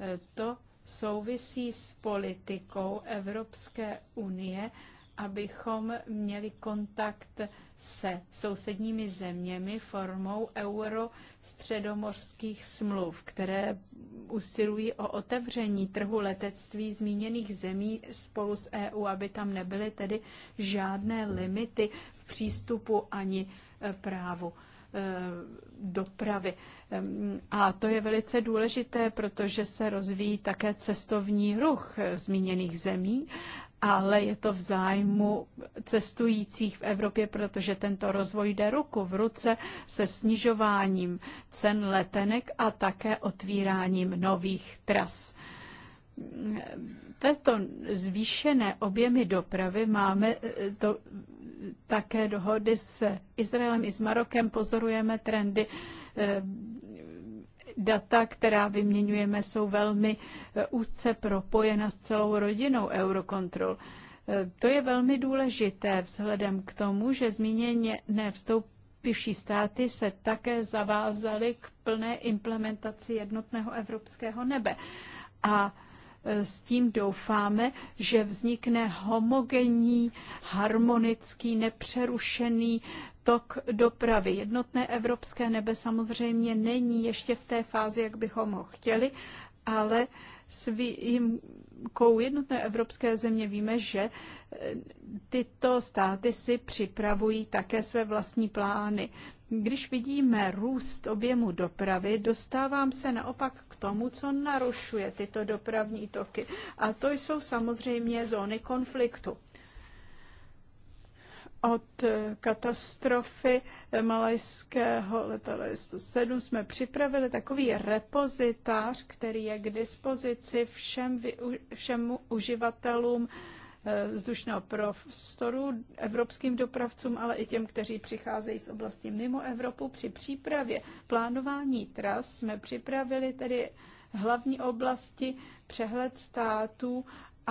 Eh, to souvisí s politikou Evropské unie abychom měli kontakt se sousedními zeměmi formou euro-středomorských smluv, které usilují o otevření trhu letectví zmíněných zemí spolu s EU, aby tam nebyly tedy žádné limity v přístupu ani e, právu e, dopravy. E, a to je velice důležité, protože se rozvíjí také cestovní ruch zmíněných zemí ale je to v zájmu cestujících v Evropě, protože tento rozvoj jde ruku v ruce se snižováním cen letenek a také otvíráním nových tras. Této zvýšené objemy dopravy máme do, e, také dohody s Izraelem i s Marokem, pozorujeme trendy e, data, která vyměňujeme, jsou velmi eh, úzce propojena s celou rodinou Eurocontrol. Eh, to je velmi důležité vzhledem k tomu, že zmíněné vstoupivší státy se také zavázaly k plné implementaci jednotného evropského nebe. A eh, s tím doufáme, že vznikne homogenní, harmonický, nepřerušený tok dopravy. Jednotné evropské nebe samozřejmě není ještě v té fázi, jak bychom ho chtěli, ale s výjimkou jednotné evropské země víme, že eh, tyto státy si připravují také své vlastní plány. Když vidíme růst objemu dopravy, dostávám se naopak k tomu, co narušuje tyto dopravní toky. A to jsou samozřejmě zóny konfliktu od katastrofy malajského letadla 107 jsme připravili takový repozitář, který je k dispozici všem, všem uživatelům eh, vzdušného prostoru, evropským dopravcům, ale i těm, kteří přicházejí z oblasti mimo Evropu. Při přípravě plánování tras jsme připravili tedy hlavní oblasti přehled států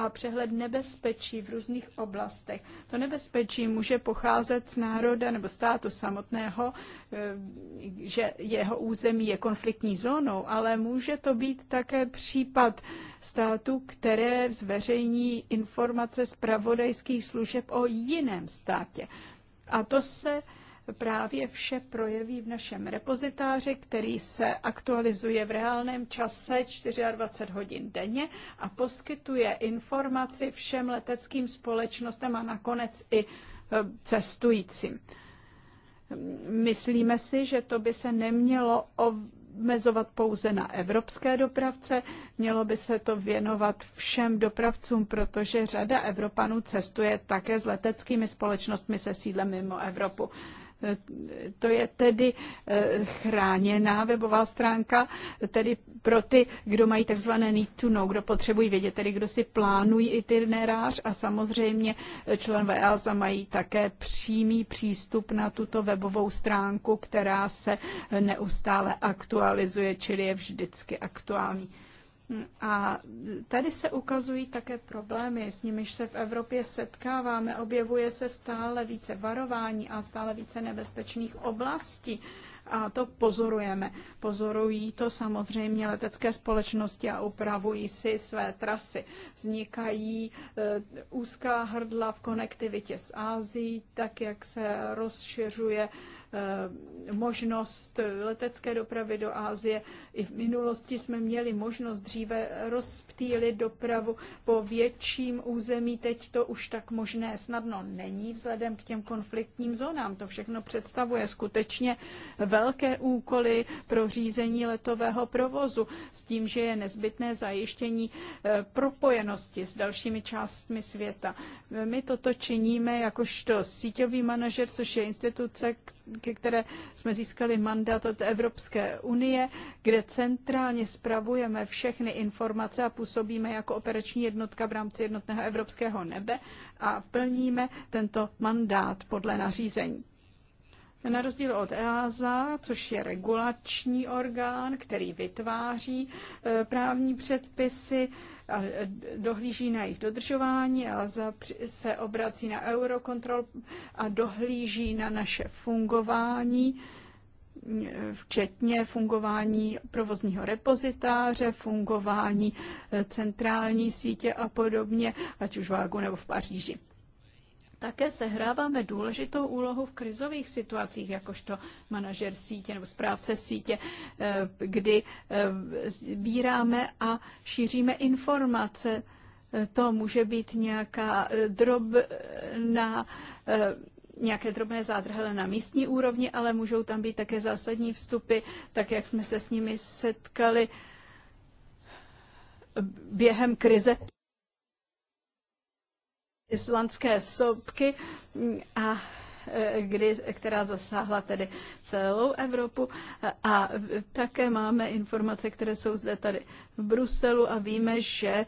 a přehled nebezpečí v různých oblastech. To nebezpečí může pocházet z národa nebo státu samotného, eh, že jeho území je konfliktní zónou, ale může to být také případ státu, které zveřejní informace zpravodajských služeb o jiném státě. A to se právě vše projeví v našem repozitáři, který se aktualizuje v reálném čase 24 hodin denně a poskytuje informaci všem leteckým společnostem a nakonec i e, cestujícím. Myslíme si, že to by se nemělo omezovat pouze na evropské dopravce, mělo by se to věnovat všem dopravcům, protože řada Evropanů cestuje také s leteckými společnostmi se sídlem mimo Evropu. To je tedy eh, chráněná webová stránka, tedy pro ty, kdo mají takzvané need to know, kdo potřebují vědět, tedy kdo si plánují itinerář a samozřejmě členové EASA mají také přímý přístup na tuto webovou stránku, která se neustále aktualizuje, čili je vždycky aktuální. A tady se ukazují také problémy, s nimiž se v Evropě setkáváme. Objevuje se stále více varování a stále více nebezpečných oblastí. A to pozorujeme. Pozorují to samozřejmě letecké společnosti a upravují si své trasy. Vznikají e, úzká hrdla v konektivitě s Ázií, tak jak se rozšiřuje Eh, možnost letecké dopravy do Ázie. I v minulosti jsme měli možnost dříve rozptýlit dopravu po větším území. Teď to už tak možné snadno není vzhledem k těm konfliktním zónám. To všechno představuje skutečně velké úkoly pro řízení letového provozu s tím, že je nezbytné zajištění eh, propojenosti s dalšími částmi světa. My toto činíme jakožto síťový manažer, což je instituce, ke které jsme získali mandát od Evropské unie, kde centrálně spravujeme všechny informace a působíme jako operační jednotka v rámci jednotného evropského nebe a plníme tento mandát podle nařízení. Na rozdíl od EASA, což je regulační orgán, který vytváří e, právní předpisy, a dohlíží na jejich dodržování a za, se obrací na Eurocontrol a dohlíží na naše fungování včetně fungování provozního repozitáře, fungování eh, centrální sítě a podobně, ať už v Hágu nebo v Paříži také sehráváme důležitou úlohu v krizových situacích, jakožto manažer sítě nebo správce sítě, eh, kdy eh, sbíráme a šíříme informace. Eh, to může být nějaká drobná nějaké drobné zádrhele na místní úrovni, ale můžou tam být také zásadní vstupy, tak jak jsme se s nimi setkali během krize islandské sopky, a e, kdy, která zasáhla tedy celou Evropu. A také máme informace, které jsou zde tady v Bruselu a víme, že e,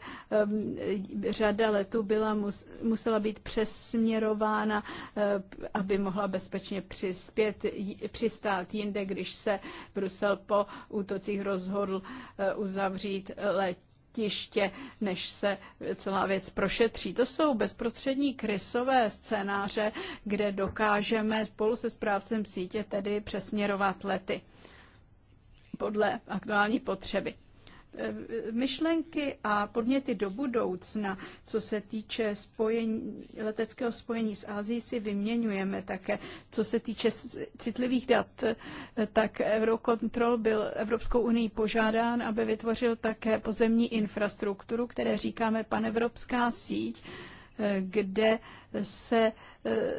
řada letů byla, musela být přesměrována, e, aby mohla bezpečně přispět, přistát jinde, když se Brusel po útocích rozhodl uzavřít let letiště, než se celá věc prošetří. To jsou bezprostřední krysové scénáře, kde dokážeme spolu se správcem sítě tedy přesměrovat lety podle aktuální potřeby. Eh, myšlenky a podněty do budoucna, co se týče spojení, leteckého spojení s Ázií, si vyměňujeme také. Co se týče citlivých dat, eh, tak Eurocontrol byl Evropskou unii požádán, aby vytvořil také pozemní infrastrukturu, které říkáme panevropská síť, eh, kde se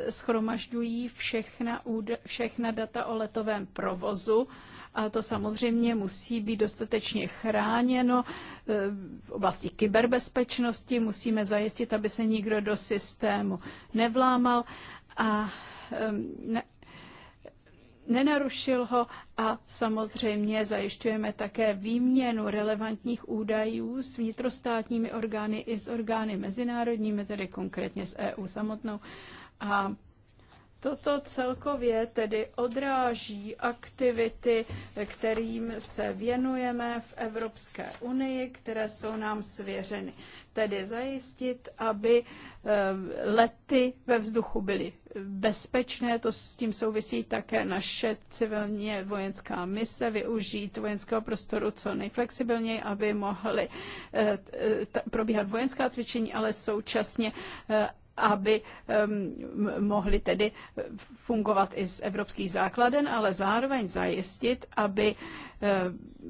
schromažďují všechna, všechna data o letovém provozu, a to samozřejmě musí být dostatečně chráněno. Eh, v oblasti kyberbezpečnosti musíme zajistit, aby se nikdo do systému nevlámal a ne, nenarušil ho a samozřejmě zajišťujeme také výměnu relevantních údajů s vnitrostátními orgány i s orgány mezinárodními, tedy konkrétně s EU samotnou. A Toto celkově tedy odráží aktivity, kterým se věnujeme v Evropské unii, které jsou nám svěřeny. Tedy zajistit, aby eh, lety ve vzduchu byly bezpečné, to s tím souvisí také naše civilně vojenská mise, využít vojenského prostoru co nejflexibilněji, aby mohly eh, eh, probíhat vojenská cvičení, ale současně aby mohli tedy fungovat i z evropských základen, ale zároveň zajistit, aby eh,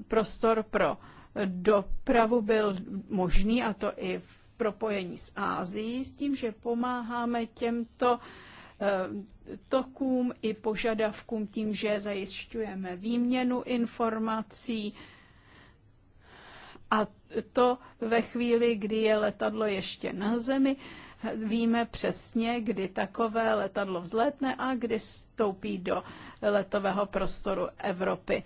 prostor pro dopravu byl možný, a to i v propojení s Ázií, s tím, že pomáháme těmto eh, tokům i požadavkům tím, že zajišťujeme výměnu informací. A to ve chvíli, kdy je letadlo ještě na zemi, Víme přesně, kdy takové letadlo vzlétne a kdy stoupí do letového prostoru Evropy.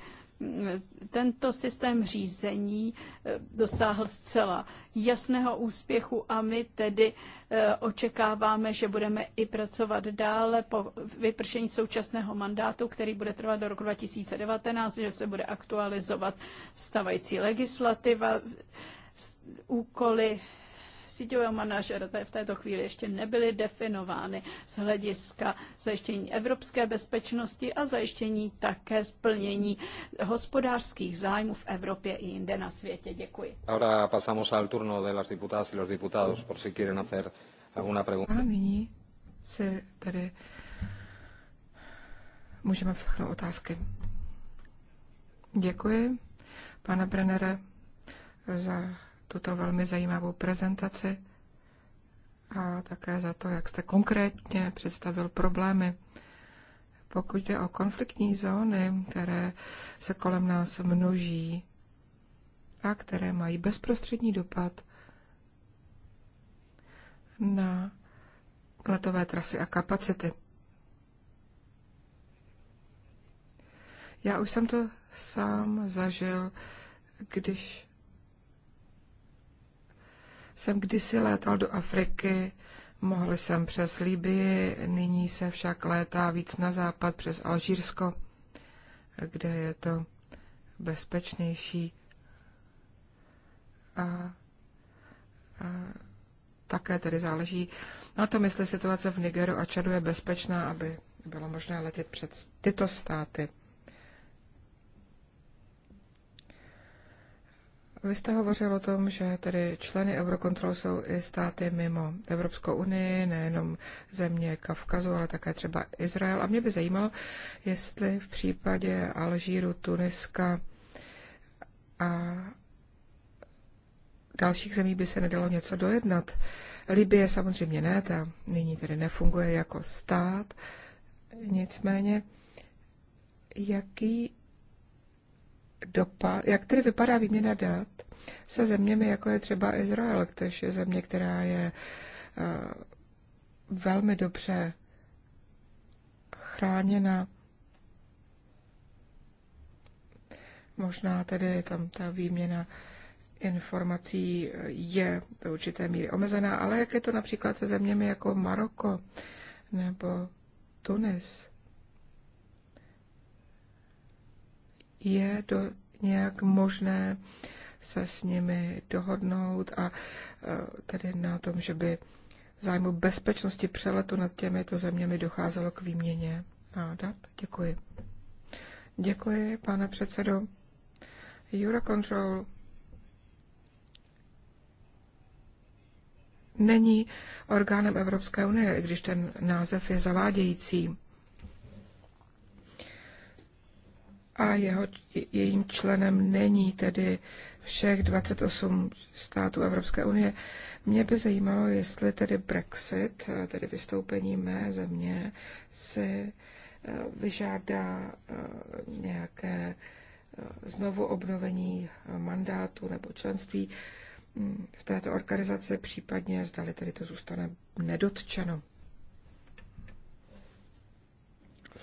Tento systém řízení eh, dosáhl zcela jasného úspěchu a my tedy eh, očekáváme, že budeme i pracovat dále po vypršení současného mandátu, který bude trvat do roku 2019, že se bude aktualizovat stavající legislativa, úkoly síťového manažera v této chvíli ještě nebyly definovány z hlediska zajištění evropské bezpečnosti a zajištění také splnění hospodářských zájmů v Evropě i jinde na světě. Děkuji. Ahora pasamos al turno de las diputadas y los diputados, por si quieren hacer alguna pregunta. A nyní se tady můžeme vzchnout otázky. Děkuji, pane Brennere, za tuto velmi zajímavou prezentaci a také za to, jak jste konkrétně představil problémy. Pokud jde o konfliktní zóny, které se kolem nás množí a které mají bezprostřední dopad na letové trasy a kapacity. Já už jsem to sám zažil, když jsem kdysi létal do Afriky, mohl jsem přes Libii, nyní se však létá víc na západ přes Alžírsko, kde je to bezpečnější. A, a také tedy záleží na tom, jestli situace v Nigeru a Čadu je bezpečná, aby bylo možné letět přes tyto státy. Vy jste hovořil o tom, že tedy členy Eurokontrol jsou i státy mimo Evropskou unii, nejenom země Kavkazu, ale také třeba Izrael. A mě by zajímalo, jestli v případě Alžíru, Tuniska a dalších zemí by se nedalo něco dojednat. Libie samozřejmě ne, ta nyní tedy nefunguje jako stát. Nicméně, jaký dopa, jak tedy vypadá výměna dat se zeměmi, jako je třeba Izrael, což je země, která je eh, velmi dobře chráněna. Možná tedy tam ta výměna informací je do určité míry omezená, ale jak je to například se zeměmi jako Maroko nebo Tunis? je do, nějak možné se s nimi dohodnout a e, tedy na tom, že by zájmu bezpečnosti přeletu nad těmito zeměmi docházelo k výměně dat. Děkuji. Děkuji, pane předsedo. Eurocontrol není orgánem Evropské unie, i když ten název je zavádějící. a jeho, jejím členem není tedy všech 28 států Evropské unie. Mě by zajímalo, jestli tedy Brexit, eh, tedy vystoupení mé země, si eh, vyžádá eh, nějaké znovu obnovení mandátu nebo členství hm, v této organizaci, případně zdali tedy to zůstane nedotčeno.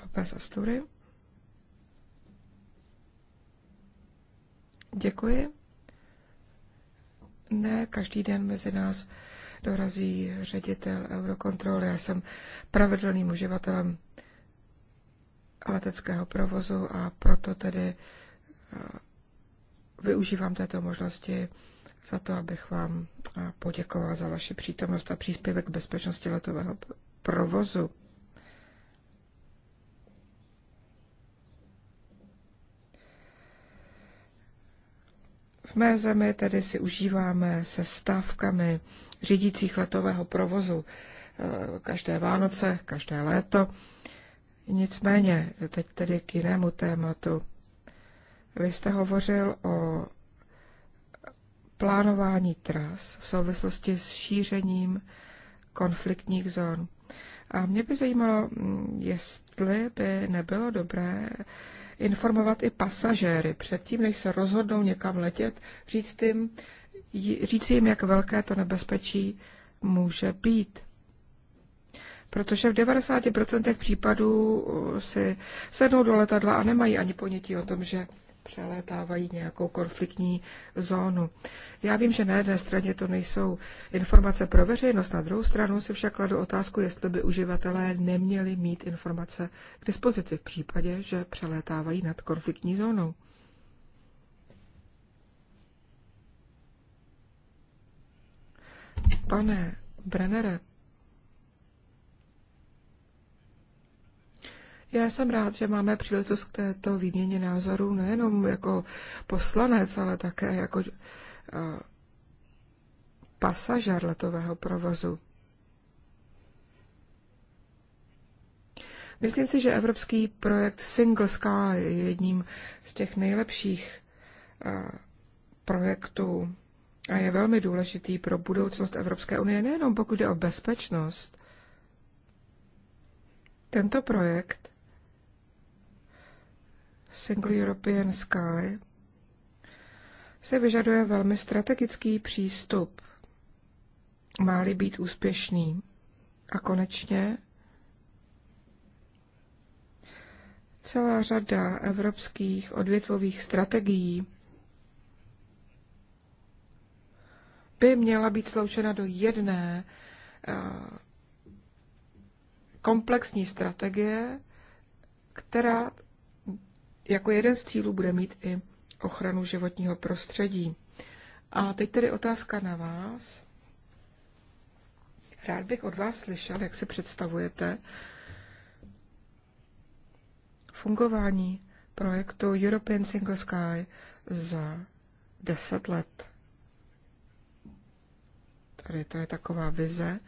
López Astury. Děkuji. Ne, každý den mezi nás dorazí ředitel Eurokontroly. Já jsem pravidelným uživatelem leteckého provozu a proto tedy eh, využívám této možnosti za to, abych vám eh, poděkoval za vaši přítomnost a příspěvek bezpečnosti letového provozu. mé zemi tedy si užíváme se stávkami řídících letového provozu eh, každé Vánoce, každé léto. Nicméně, teď tedy k jinému tématu. Vy jste hovořil o plánování tras v souvislosti s šířením konfliktních zón. A mě by zajímalo, mm, jestli by nebylo dobré informovat i pasažéry předtím, než se rozhodnou někam letět, říct jim, říct jim, jak velké to nebezpečí může být. Protože v 90% případů uh, si sednou do letadla a nemají ani ponětí o tom, že přelétávají nějakou konfliktní zónu. Já vím, že na jedné straně to nejsou informace pro veřejnost, na druhou stranu si však kladu otázku, jestli by uživatelé neměli mít informace k dispozici v případě, že přelétávají nad konfliktní zónou. Pane Brennere, Já jsem rád, že máme příležitost k této výměně názorů nejenom jako poslanec, ale také jako eh, pasažer letového provozu. Myslím si, že evropský projekt Single Sky je jedním z těch nejlepších eh, projektů a je velmi důležitý pro budoucnost Evropské unie, nejenom pokud jde o bezpečnost. Tento projekt Single European Sky se vyžaduje velmi strategický přístup, má-li být úspěšný. A konečně celá řada evropských odvětvových strategií by měla být sloučena do jedné eh, komplexní strategie, která jako jeden z cílů bude mít i ochranu životního prostředí. A teď tedy otázka na vás. Rád bych od vás slyšel, jak si představujete fungování projektu European Single Sky za deset let. Tady to je taková vize.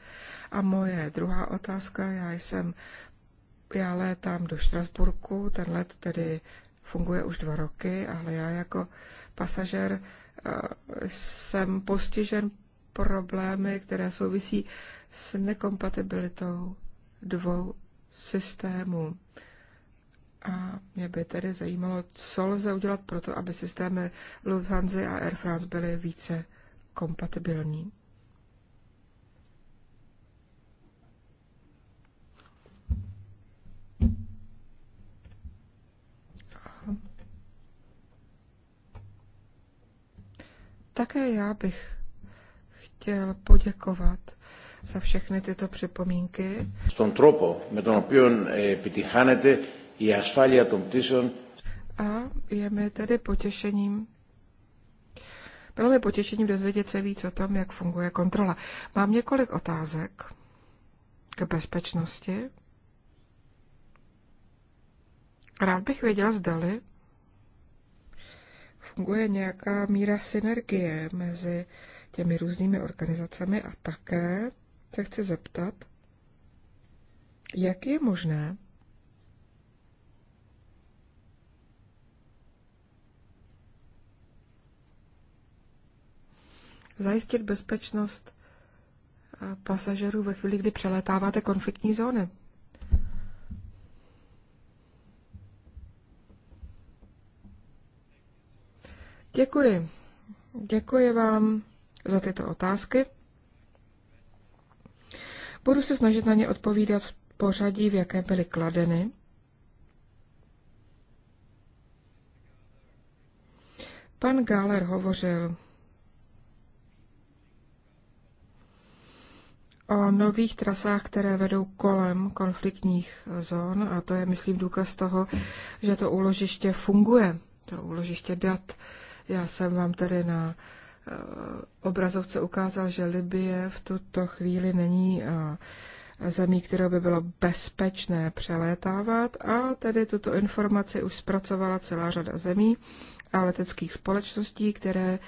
A moje druhá otázka, já jsem, já létám do Štrasburku, ten let tedy funguje už dva roky, ale já jako pasažer eh, jsem postižen problémy, které souvisí s nekompatibilitou dvou systémů. A mě by tedy zajímalo, co lze udělat pro to, aby systémy Lufthansa a Air France byly více kompatibilní. Také já bych chtěl poděkovat za všechny tyto připomínky. Στον tropo, με τον οποίο επιτυχάνεται η ασφάλεια A je mi tedy potěšením, bylo mi potěšením dozvědět se víc o tom, jak funguje kontrola. Mám několik otázek k bezpečnosti. Rád bych věděl, zdali funguje nějaká míra synergie mezi těmi různými organizacemi a také se chci zeptat, jak je možné, zajistit bezpečnost pasažerů ve chvíli, kdy přelétáváte konfliktní zóny. Děkuji. Děkuji vám za tyto otázky. Budu se snažit na ně odpovídat v pořadí, v jaké byly kladeny. Pan Gáler hovořil o nových trasách, které vedou kolem konfliktních zón a to je, myslím, důkaz toho, že to úložiště funguje, to úložiště dat. Já jsem vám tady na eh, obrazovce ukázal, že Libie v tuto chvíli není eh, zemí, kterou by bylo bezpečné přelétávat a tedy tuto informaci už zpracovala celá řada zemí a leteckých společností, které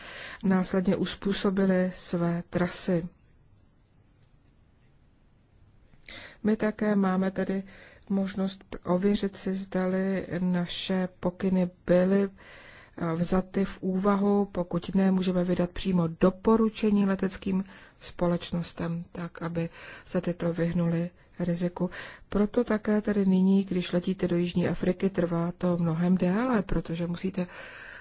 následně uspůsobily své trasy. My také máme tedy možnost ověřit si, zdali naše pokyny byly vzaty v úvahu, pokud ne, můžeme vydat přímo doporučení leteckým společnostem, tak aby se tyto vyhnuli riziku. Proto také tedy nyní, když letíte do Jižní Afriky, trvá to mnohem déle, protože musíte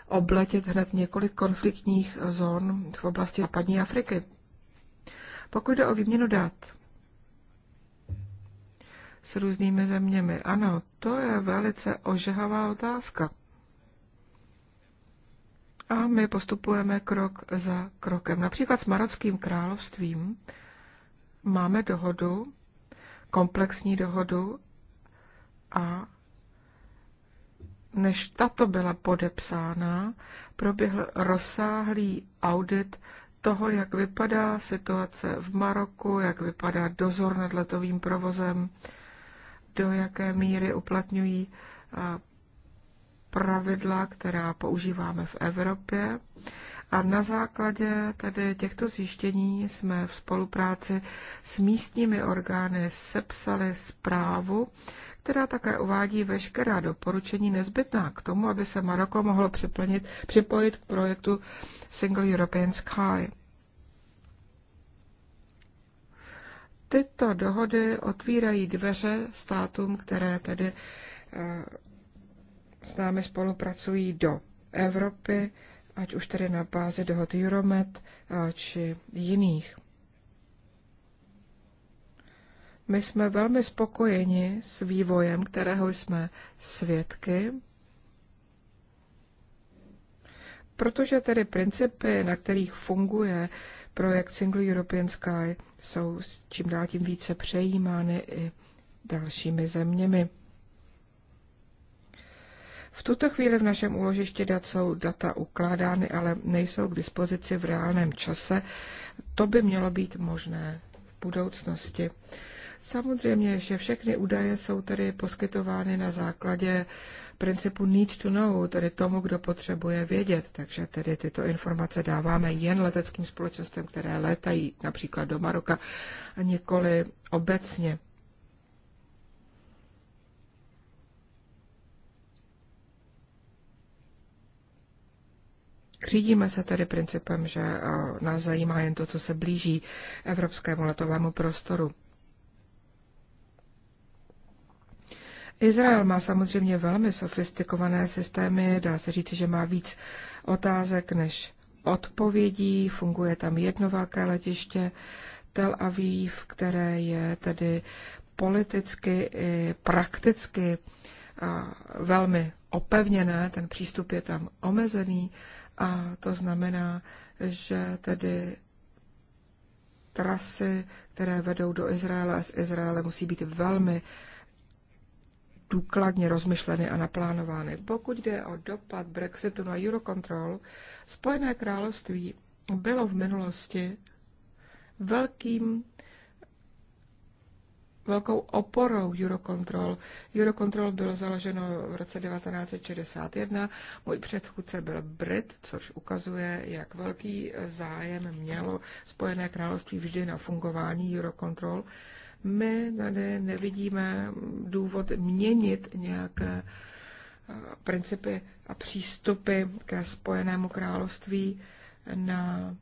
obletět hned několik konfliktních zón v oblasti západní Afriky. Pokud jde o výměnu dat s různými zeměmi, ano, to je velice ožehavá otázka. A my postupujeme krok za krokem. Například s Marockým královstvím máme dohodu, komplexní dohodu a než tato byla podepsána, proběhl rozsáhlý audit toho, jak vypadá situace v Maroku, jak vypadá dozor nad letovým provozem, do jaké míry uplatňují pravidla, která používáme v Evropě. A na základě tedy těchto zjištění jsme v spolupráci s místními orgány sepsali zprávu, která také uvádí veškerá doporučení nezbytná k tomu, aby se Maroko mohlo připlnit, připojit k projektu Single European Sky. Tyto dohody otvírají dveře státům, které tedy eh, s námi spolupracují do Evropy, ať už tedy na bázi dohod Euromed či jiných. My jsme velmi spokojeni s vývojem, kterého jsme svědky, protože tedy principy, na kterých funguje projekt Single European Sky, jsou čím dál tím více přejímány i dalšími zeměmi. V tuto chvíli v našem úložišti dat jsou data ukládány, ale nejsou k dispozici v reálném čase. To by mělo být možné v budoucnosti. Samozřejmě, že všechny údaje jsou tedy poskytovány na základě principu need to know, tedy tomu, kdo potřebuje vědět. Takže tedy tyto informace dáváme jen leteckým společnostem, které létají například do Maroka, a nikoli obecně. Řídíme se tedy principem, že eh, nás zajímá jen to, co se blíží evropskému letovému prostoru. Izrael má samozřejmě velmi sofistikované systémy, dá se říci, že má víc otázek než odpovědí, funguje tam jedno velké letiště, Tel Aviv, které je tedy politicky i prakticky eh, velmi opevněné, ten přístup je tam omezený a to znamená, že tedy trasy, které vedou do Izraele a z Izraele, musí být velmi důkladně rozmyšleny a naplánovány. Pokud jde o dopad Brexitu na Eurocontrol, Spojené království bylo v minulosti velkým velkou oporou Eurocontrol. Eurocontrol bylo založeno v roce 1961. Můj předchůdce byl Brit, což ukazuje, jak velký zájem mělo Spojené království vždy na fungování Eurocontrol. My tady nevidíme důvod měnit nějaké eh, principy a přístupy ke Spojenému království na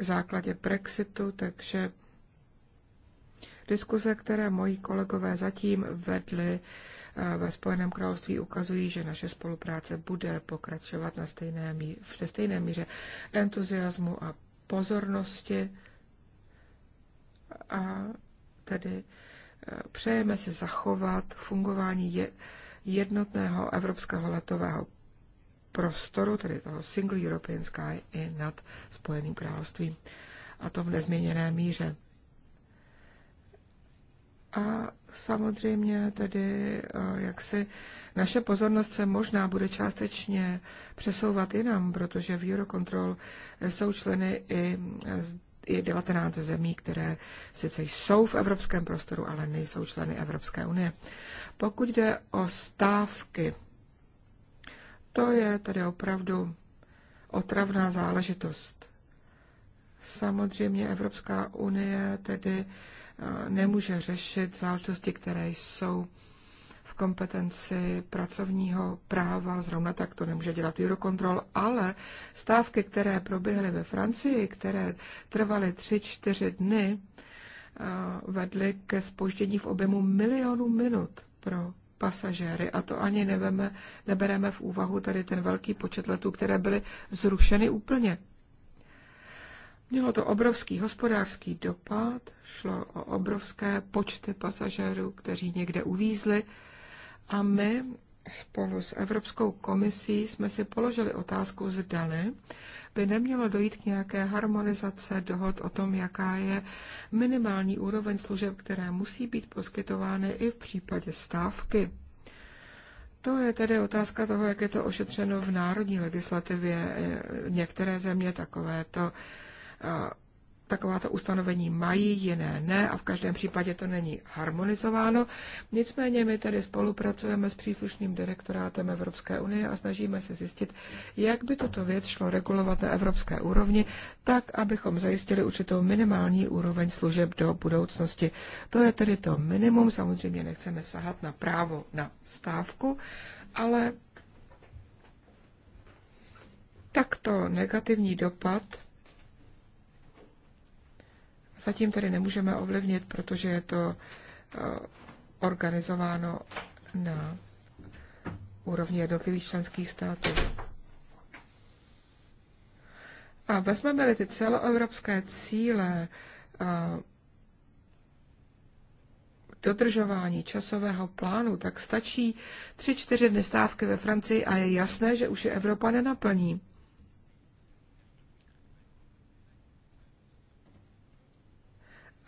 základě Brexitu, takže Diskuze, které moji kolegové zatím vedli eh, ve Spojeném království, ukazují, že naše spolupráce bude pokračovat na stejné míře, té stejné míře entuziasmu a pozornosti. A tedy eh, přejeme se zachovat fungování jednotného evropského letového prostoru, tedy toho Single European Sky, i nad Spojeným královstvím. A to v nezměněné míře. A samozřejmě tedy, eh, jak si naše pozornost se možná bude částečně přesouvat jinam, protože v Eurocontrol eh, jsou členy i eh, i 19 zemí, které sice jsou v evropském prostoru, ale nejsou členy Evropské unie. Pokud jde o stávky, to je tedy opravdu otravná záležitost. Samozřejmě Evropská unie tedy nemůže řešit záležitosti, které jsou v kompetenci pracovního práva, zrovna tak to nemůže dělat Eurocontrol, ale stávky, které proběhly ve Francii, které trvaly 3-4 dny, vedly ke spoždění v objemu milionů minut pro pasažéry a to ani neveme, nebereme v úvahu tady ten velký počet letů, které byly zrušeny úplně. Mělo to obrovský hospodářský dopad, šlo o obrovské počty pasažérů, kteří někde uvízli a my spolu s Evropskou komisí jsme si položili otázku, zdali by nemělo dojít k nějaké harmonizace dohod o tom, jaká je minimální úroveň služeb, které musí být poskytovány i v případě stávky. To je tedy otázka toho, jak je to ošetřeno v národní legislativě. Některé země takovéto takováto ustanovení mají, jiné ne a v každém případě to není harmonizováno. Nicméně my tedy spolupracujeme s příslušným direktorátem Evropské unie a snažíme se zjistit, jak by tuto věc šlo regulovat na evropské úrovni, tak, abychom zajistili určitou minimální úroveň služeb do budoucnosti. To je tedy to minimum, samozřejmě nechceme sahat na právo na stávku, ale takto negativní dopad zatím tedy nemůžeme ovlivnit, protože je to eh, organizováno na úrovni jednotlivých členských států. A vezmeme-li ty celoevropské cíle eh, dodržování časového plánu, tak stačí tři čtyři dny stávky ve Francii a je jasné, že už je Evropa nenaplní.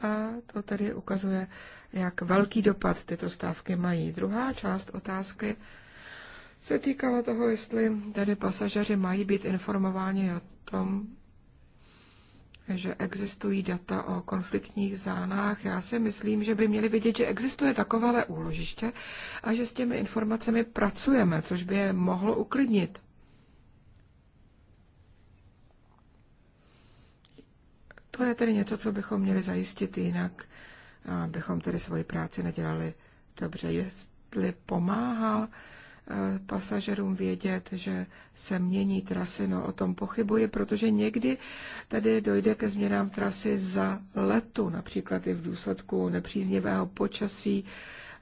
A to tedy ukazuje, jak velký dopad tyto stávky mají. Druhá část otázky se týkala toho, jestli tedy pasažeři mají být informováni o tom, že existují data o konfliktních zánách. Já si myslím, že by měli vidět, že existuje takovéhle úložiště a že s těmi informacemi pracujeme, což by je mohlo uklidnit. To je tedy něco, co bychom měli zajistit, jinak bychom tedy svoji práci nedělali dobře. Jestli pomáhá eh, pasažerům vědět, že se mění trasy, no o tom pochybuji, protože někdy tady dojde ke změnám trasy za letu, například i v důsledku nepříznivého počasí,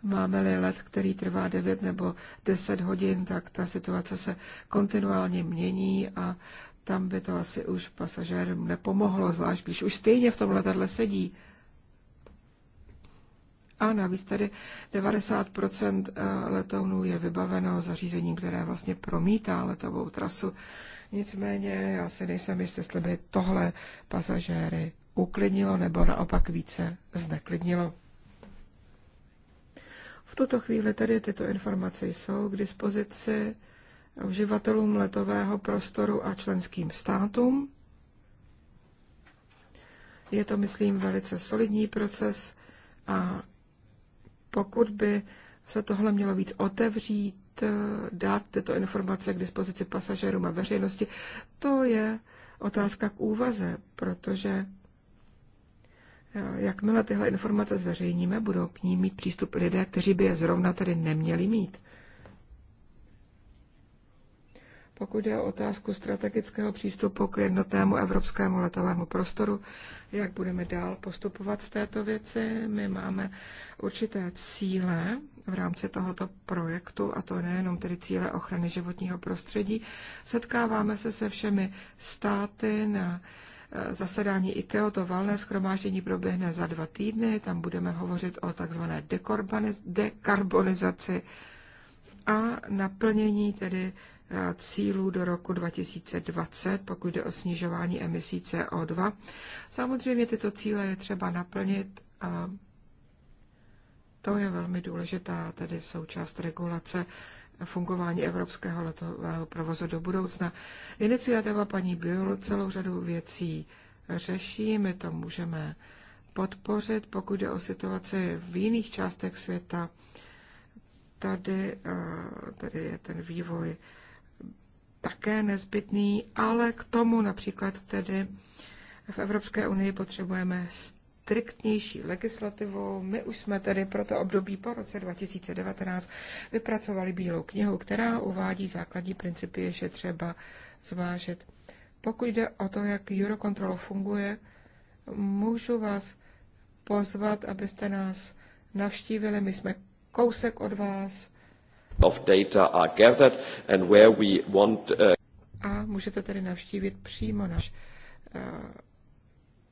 máme-li let, který trvá 9 nebo 10 hodin, tak ta situace se kontinuálně mění a tam by to asi už pasažérům nepomohlo, zvlášť když už stejně v tom letadle sedí. A navíc tady 90 eh, letounů je vybaveno zařízením, které vlastně promítá letovou trasu. Nicméně já si nejsem jistý, jestli by tohle pasažéry uklidnilo nebo naopak více zneklidnilo. V tuto chvíli tedy tyto informace jsou k dispozici uživatelům letového prostoru a členským státům. Je to, myslím, velice solidní proces a pokud by se tohle mělo víc otevřít, eh, dát tyto informace k dispozici pasažérům a veřejnosti, to je otázka k úvaze, protože eh, jakmile tyhle informace zveřejníme, budou k ní mít přístup lidé, kteří by je zrovna tedy neměli mít. Pokud je o otázku strategického přístupu k jednotnému evropskému letovému prostoru, jak budeme dál postupovat v této věci, my máme určité cíle v rámci tohoto projektu, a to nejenom tedy cíle ochrany životního prostředí. Setkáváme se se všemi státy na eh, zasedání IKEA, to valné schromáždění proběhne za dva týdny, tam budeme hovořit o takzvané dekarbonizaci a naplnění tedy cílů do roku 2020, pokud jde o snižování emisí CO2. Samozřejmě tyto cíle je třeba naplnit a to je velmi důležitá tedy součást regulace fungování evropského letového provozu do budoucna. Iniciativa paní Biolu celou řadu věcí řeší, my to můžeme podpořit, pokud jde o situaci v jiných částech světa. Tady, eh, tady je ten vývoj také nezbytný, ale k tomu například tedy v Evropské unii potřebujeme striktnější legislativu. My už jsme tedy pro to období po roce 2019 vypracovali bílou knihu, která uvádí základní principy, jež je třeba zvážit. Pokud jde o to, jak Eurocontrol funguje, můžu vás pozvat, abyste nás navštívili. My jsme kousek od vás of data are gathered and where we want uh... a můžete tedy navštívit přímo naš, eh,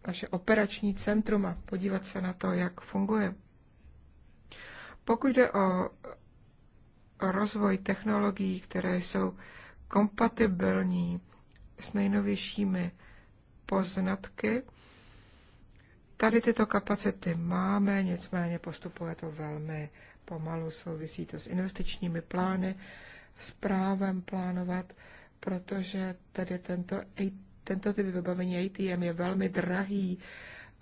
naše operační centrum a podívat se na to, jak funguje. Pokud jde o rozvoj technologií, které jsou kompatibilní s nejnovějšími poznatky, tady tyto kapacity máme, nicméně postupuje to velmi pomalu, souvisí to s investičními plány, s právem plánovat, protože tady tento, tento typ vybavení ATM je velmi drahý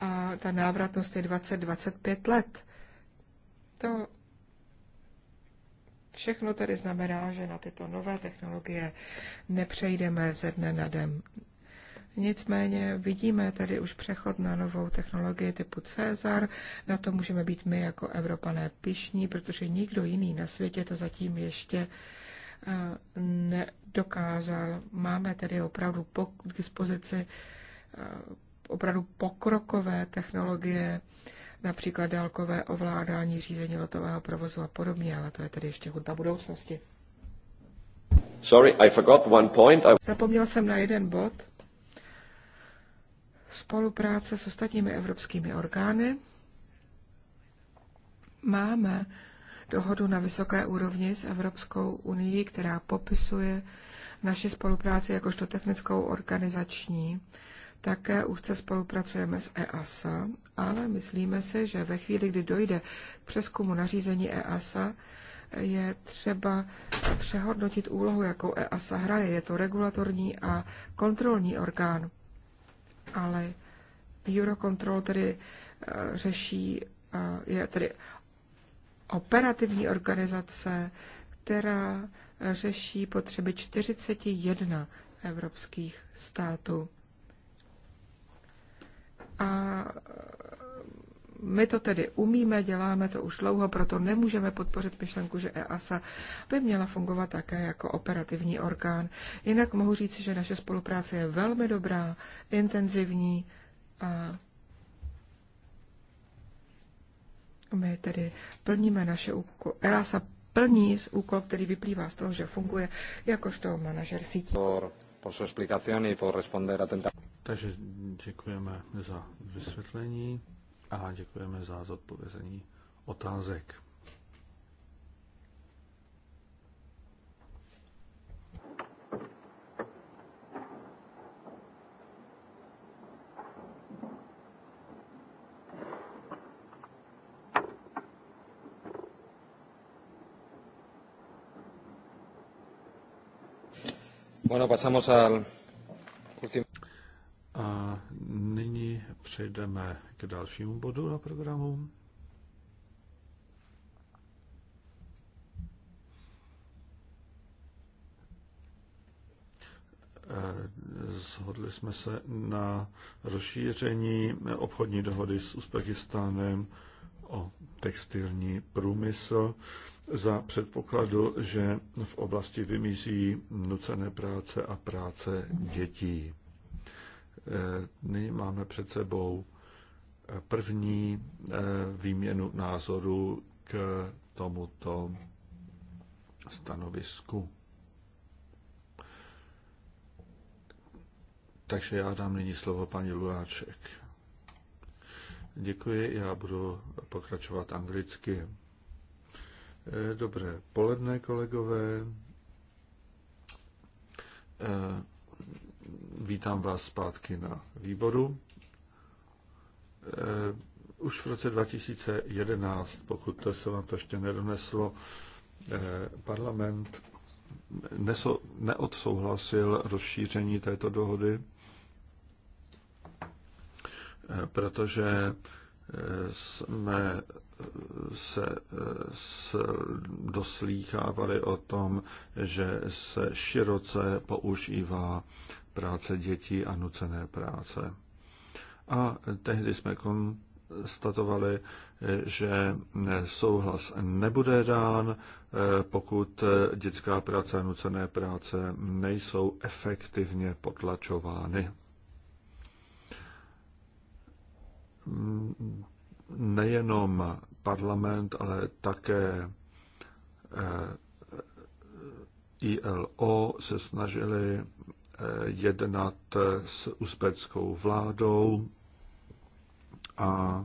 a ta návratnost je 20-25 let. To všechno tedy znamená, že na tyto nové technologie nepřejdeme ze dne na den. Nicméně vidíme tady už přechod na novou technologii typu Cezar. Na to můžeme být my jako Evropané pišní, protože nikdo jiný na světě to zatím ještě eh, nedokázal. Máme tedy opravdu k dispozici eh, opravdu pokrokové technologie, například dálkové ovládání, řízení letového provozu a podobně, ale to je tedy ještě hudba budoucnosti. Sorry, I forgot one point. I... Zapomněl jsem na jeden bod spolupráce s ostatními evropskými orgány. Máme dohodu na vysoké úrovni s Evropskou unii, která popisuje naši spolupráci jakožto technickou organizační. Také úzce spolupracujeme s EASA, ale myslíme si, že ve chvíli, kdy dojde k přeskumu nařízení EASA, je třeba přehodnotit úlohu, jakou EASA hraje. Je to regulatorní a kontrolní orgán ale Eurocontrol tedy eh, řeší, eh, je tedy operativní organizace, která eh, řeší potřeby 41 evropských států. A my to tedy umíme, děláme to už dlouho, proto nemůžeme podpořit myšlenku, že EASA by měla fungovat také jako operativní orgán. Jinak mohu říct, že naše spolupráce je velmi dobrá, intenzivní a my tedy plníme naše úkoly. EASA plní z úkol, který vyplývá z toho, že funguje jakožto manažer sítí. Takže děkujeme za vysvětlení a děkujeme za zodpovězení otázek. Bueno, pasamos al přejdeme k dalšímu bodu na programu. Eh, zhodli jsme se na rozšíření obchodní dohody s Uzbekistánem o textilní průmysl za předpokladu, že v oblasti vymizí nucené práce a práce dětí. Eh, nyní máme před sebou eh, první eh, výměnu názoru k tomuto stanovisku. Takže já dám nyní slovo paní Luáček. Děkuji, já budu pokračovat anglicky. Dobré poledne, kolegové vítám vás zpátky na výboru. Eh, už v roce 2011, pokud to se vám to ještě nedoneslo, eh, parlament neodsouhlasil rozšíření této dohody, eh, protože jsme se doslýchávali o tom, že se široce používá práce dětí a nucené práce. A tehdy jsme konstatovali, že souhlas nebude dán, pokud dětská práce a nucené práce nejsou efektivně potlačovány. Nejenom parlament, ale také eh, ILO se snažili jednat s uzbeckou vládou a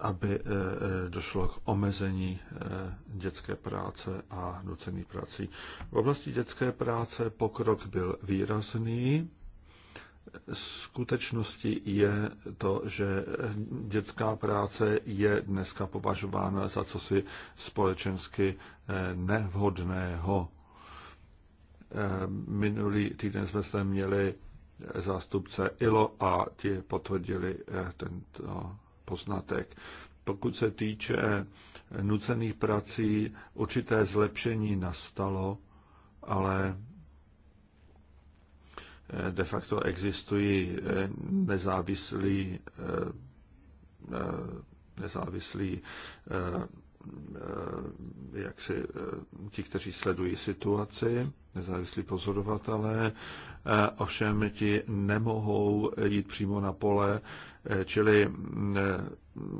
aby eh, eh, došlo k omezení eh, dětské práce a nucených prací. V oblasti dětské práce pokrok byl výrazný. Skutečností je to, že dětská práce je dneska považována za cosi společensky nevhodného. Eh, minulý týden jsme se měli zástupce ILO a ti potvrdili eh, tento poznatek. Pokud se týče eh, nucených prací, určité zlepšení nastalo, ale de facto existují nezávislí, nezávislí Eh, jak si eh, ti, kteří sledují situaci, nezávislí pozorovatelé, eh, ovšem ti nemohou jít přímo na pole, čili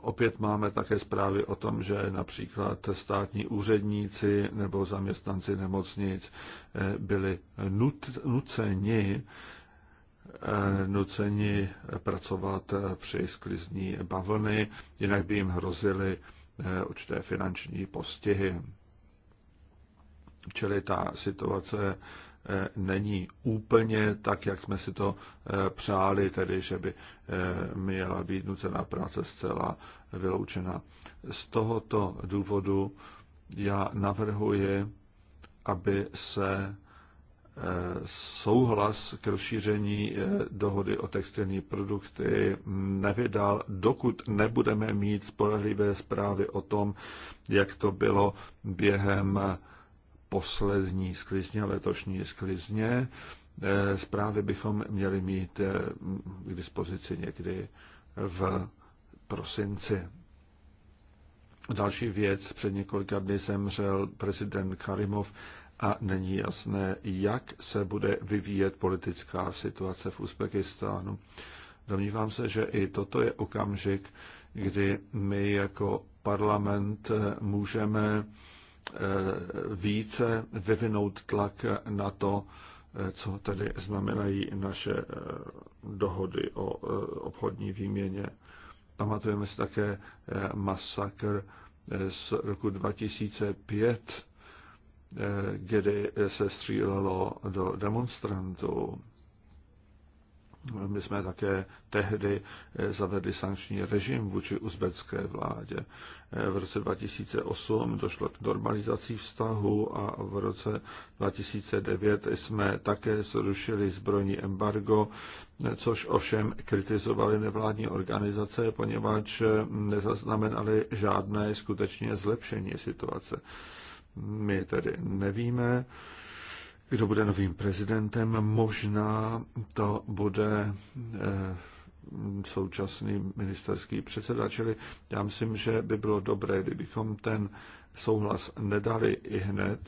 opět máme také zprávy o tom, že například státní úředníci nebo zaměstnanci nemocnic byli nut, nuceni nuceni pracovat při sklizní bavlny, jinak by jim hrozily Eh, určité finanční postihy. Čili ta situace eh, není úplně tak, jak jsme si to eh, přáli, tedy že by měla být nucená práce zcela vyloučena. Z tohoto důvodu já navrhuji, aby se souhlas k rozšíření eh, dohody o textilní produkty nevydal, dokud nebudeme mít spolehlivé zprávy o tom, jak to bylo během poslední sklizně, letošní sklizně. Eh, zprávy bychom měli mít eh, k dispozici někdy v prosinci. Další věc, před několika dny zemřel prezident Karimov, a není jasné, jak se bude vyvíjet politická situace v Uzbekistánu. Domnívám se, že i toto je okamžik, kdy my jako parlament eh, můžeme eh, více vyvinout tlak na to, eh, co tedy znamenají naše dohody o obchodní výměně. Pamatujeme si také masakr z roku 2005 kdy se střílelo do demonstrantů. My jsme také tehdy zavedli sankční režim vůči uzbecké vládě. V roce 2008 došlo k normalizaci vztahu a v roce 2009 jsme také zrušili zbrojní embargo, což ovšem kritizovali nevládní organizace, poněvadž nezaznamenali žádné skutečně zlepšení situace. My tedy nevíme, kdo bude novým prezidentem. Možná to bude eh, současný ministerský předseda, čili já myslím, že by bylo dobré, kdybychom ten souhlas nedali i hned,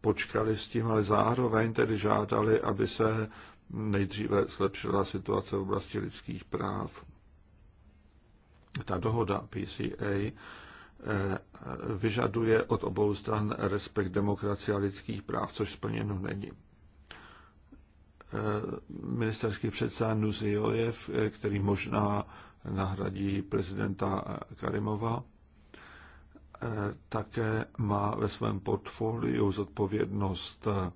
počkali s tím, ale zároveň tedy žádali, aby se nejdříve zlepšila situace v oblasti lidských práv. Ta dohoda PCA vyžaduje od obou stran respekt demokracie a lidských práv, což splněno není. Ministerský předseda Nuziojev, který možná nahradí prezidenta Karimova, také má ve svém portfoliu zodpovědnost eh,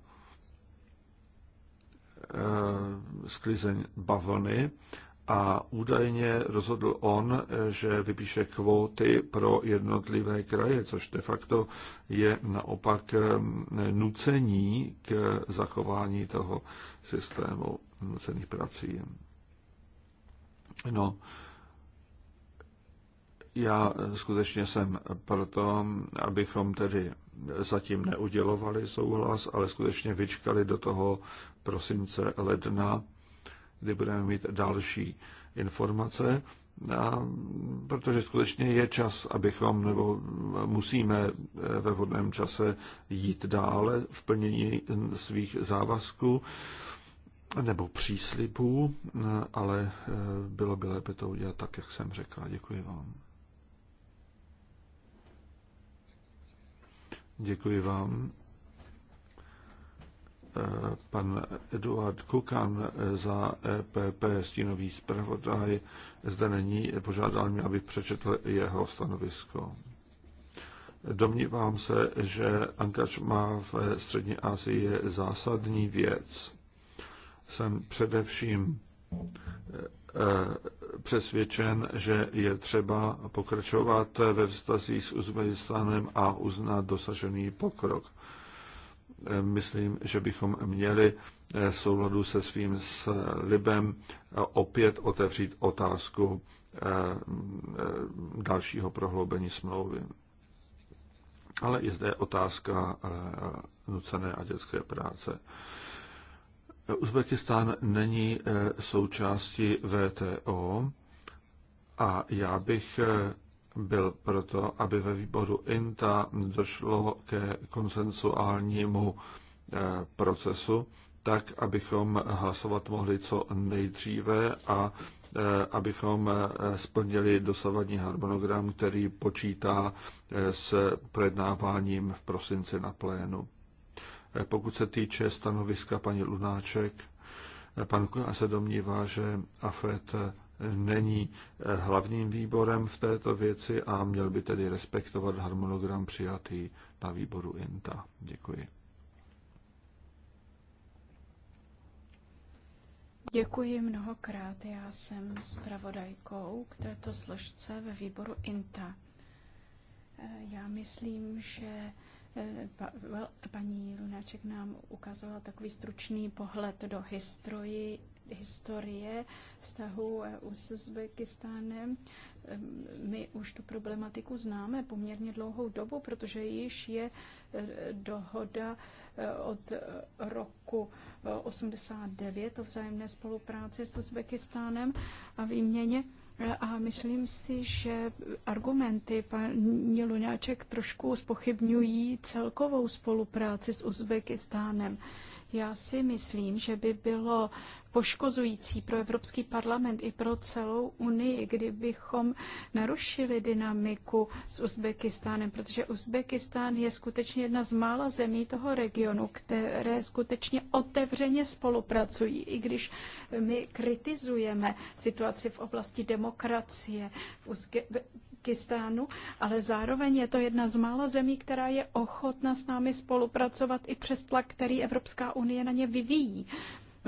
sklizeň bavlny a údajně rozhodl on, že vypíše kvóty pro jednotlivé kraje, což de facto je naopak nucení k zachování toho systému nucených prací. No, já skutečně jsem proto, abychom tedy zatím neudělovali souhlas, ale skutečně vyčkali do toho prosince, ledna, kdy budeme mít další informace, a protože skutečně je čas, abychom nebo musíme ve vhodném čase jít dále v plnění svých závazků nebo příslibů, ale bylo by lépe to udělat tak, jak jsem řekla. Děkuji vám. Děkuji vám pan Eduard Kukan za EPP, stínový zpravodaj, zde není, požádal mě, abych přečetl jeho stanovisko. Domnívám se, že angažma v Střední Asii je zásadní věc. Jsem především eh, přesvědčen, že je třeba pokračovat ve vztazích s Uzbekistánem a uznat dosažený pokrok myslím, že bychom měli eh, v souladu se svým slibem eh, opět otevřít otázku eh, dalšího prohloubení smlouvy. Ale i zde je otázka nucené a dětské práce. Uzbekistán není součástí VTO a já bych byl proto, aby ve výboru INTA došlo ke konsensuálnímu eh, procesu, tak abychom hlasovat mohli co nejdříve a eh, abychom eh, splnili dosavadní harmonogram, který počítá s projednáváním v prosinci na plénu. Pokud se týče stanoviska paní Lunáček, pan Kuna se domnívá, že AFET není eh, hlavním výborem v této věci a měl by tedy respektovat harmonogram přijatý na výboru INTA. Děkuji. Děkuji mnohokrát. Já jsem zpravodajkou k této složce ve výboru INTA. Eh, já myslím, že eh, paní Lunáček nám ukázala takový stručný pohled do historii historie vztahu EU s Uzbekistánem. Ehm, my už tu problematiku známe poměrně dlouhou dobu, protože již je e, dohoda e, od e, roku 89 o vzájemné spolupráci s Uzbekistánem a výměně. A myslím si, že argumenty paní Lunáček trošku spochybňují celkovou spolupráci s Uzbekistánem. Já si myslím, že by bylo poškozující pro Evropský parlament i pro celou Unii, kdybychom narušili dynamiku s Uzbekistánem, protože Uzbekistán je skutečně jedna z mála zemí toho regionu, které skutečně otevřeně spolupracují, i když my kritizujeme situaci v oblasti demokracie v Uzbekistánu, ale zároveň je to jedna z mála zemí, která je ochotna s námi spolupracovat i přes tlak, který Evropská unie na ně vyvíjí.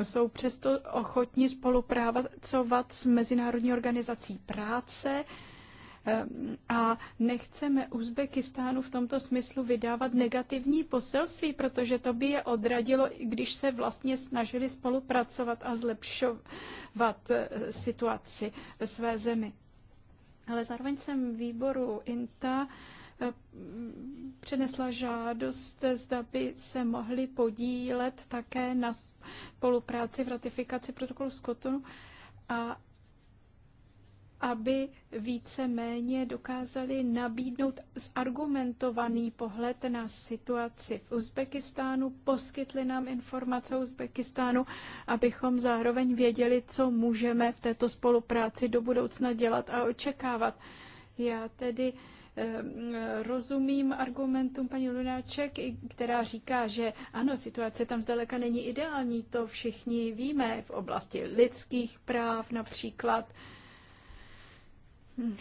Jsou přesto ochotní spolupracovat s Mezinárodní organizací práce eh, a nechceme Uzbekistánu v tomto smyslu vydávat negativní poselství, protože to by je odradilo, když se vlastně snažili spolupracovat a zlepšovat eh, situaci ve své zemi. Ale zároveň jsem výboru INTA eh, přenesla žádost, zda by se mohli podílet také na spolupráci v ratifikaci protokolu z Kotonu a aby více méně dokázali nabídnout zargumentovaný pohled na situaci v Uzbekistánu, poskytli nám informace o Uzbekistánu, abychom zároveň věděli, co můžeme v této spolupráci do budoucna dělat a očekávat. Já tedy rozumím argumentům paní Lunáček, která říká, že ano, situace tam zdaleka není ideální, to všichni víme v oblasti lidských práv například. Hm.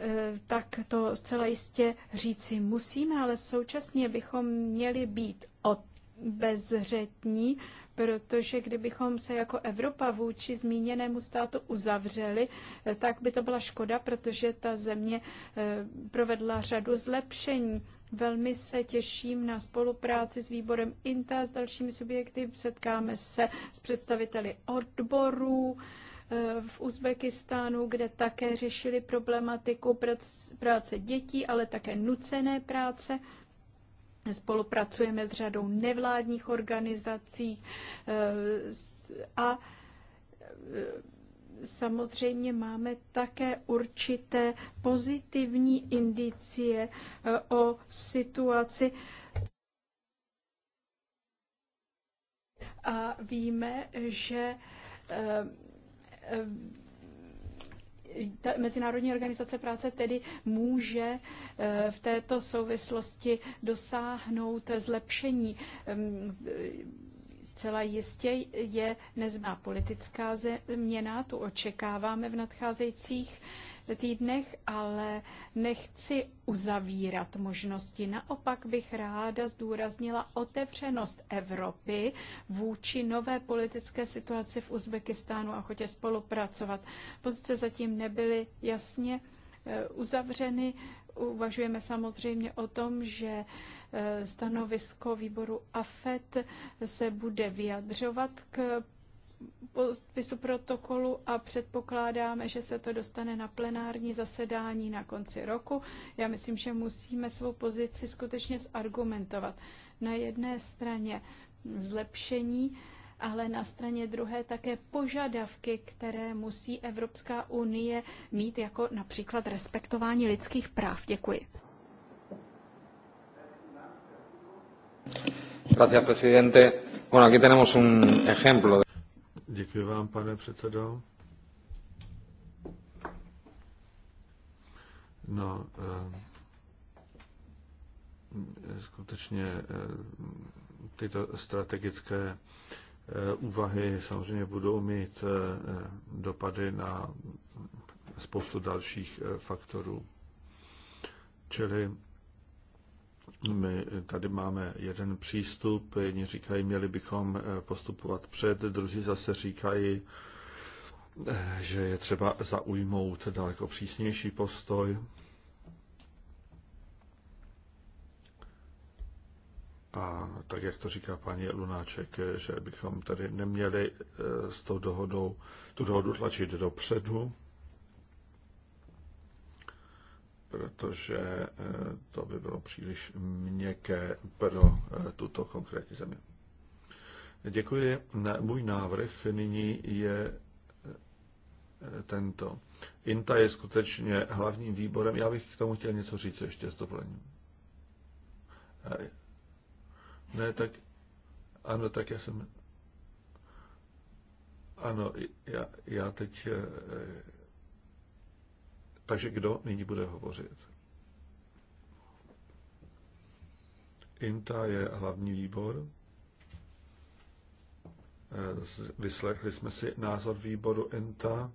E, tak to zcela jistě říci musíme, ale současně bychom měli být od bezřetní, protože kdybychom se jako Evropa vůči zmíněnému státu uzavřeli, eh, tak by to byla škoda, protože ta země eh, provedla řadu zlepšení. Velmi se těším na spolupráci s výborem INTA, s dalšími subjekty. Setkáme se s představiteli odborů eh, v Uzbekistánu, kde také řešili problematiku práce dětí, ale také nucené práce. Spolupracujeme s řadou nevládních organizací eh, a eh, samozřejmě máme také určité pozitivní indicie eh, o situaci. A víme, že ta Mezinárodní organizace práce tedy může eh, v této souvislosti dosáhnout zlepšení ehm, zcela jistě je nezná politická změna, tu očekáváme v nadcházejících týdnech, ale nechci uzavírat možnosti. Naopak bych ráda zdůraznila otevřenost Evropy vůči nové politické situaci v Uzbekistánu a chotě spolupracovat. Pozice zatím nebyly jasně eh, uzavřeny. Uvažujeme samozřejmě o tom, že eh, stanovisko výboru AFET se bude vyjadřovat k podpisu protokolu a předpokládáme, že se to dostane na plenární zasedání na konci roku. Já myslím, že musíme svou pozici skutečně zargumentovat. Na jedné straně zlepšení, ale na straně druhé také požadavky, které musí Evropská unie mít, jako například respektování lidských práv. Děkuji. Gracias, presidente. Bueno, aquí tenemos un ejemplo. Děkuji vám, pane předsedo. No, eh, skutečně eh, tyto strategické eh, úvahy samozřejmě budou mít dopady na spoustu dalších faktorů. Čili my tady máme jeden přístup, jedni říkají, měli bychom eh, postupovat před, druzí zase říkají, eh, že je třeba zaujmout daleko přísnější postoj. A tak, jak to říká paní Lunáček, eh, že bychom tady neměli s tou dohodou, tu dohodu tlačit dopředu, protože eh, to by bylo příliš měkké pro eh, tuto konkrétní zemi. Děkuji. Můj návrh nyní je eh, tento. INTA je skutečně hlavním výborem. Já bych k tomu chtěl něco říct ještě s dovolením. Ne, tak ano, tak já jsem ano, já, já teď takže kdo nyní bude hovořit? INTA je hlavní výbor. Eh, vyslechli jsme si názor výboru INTA,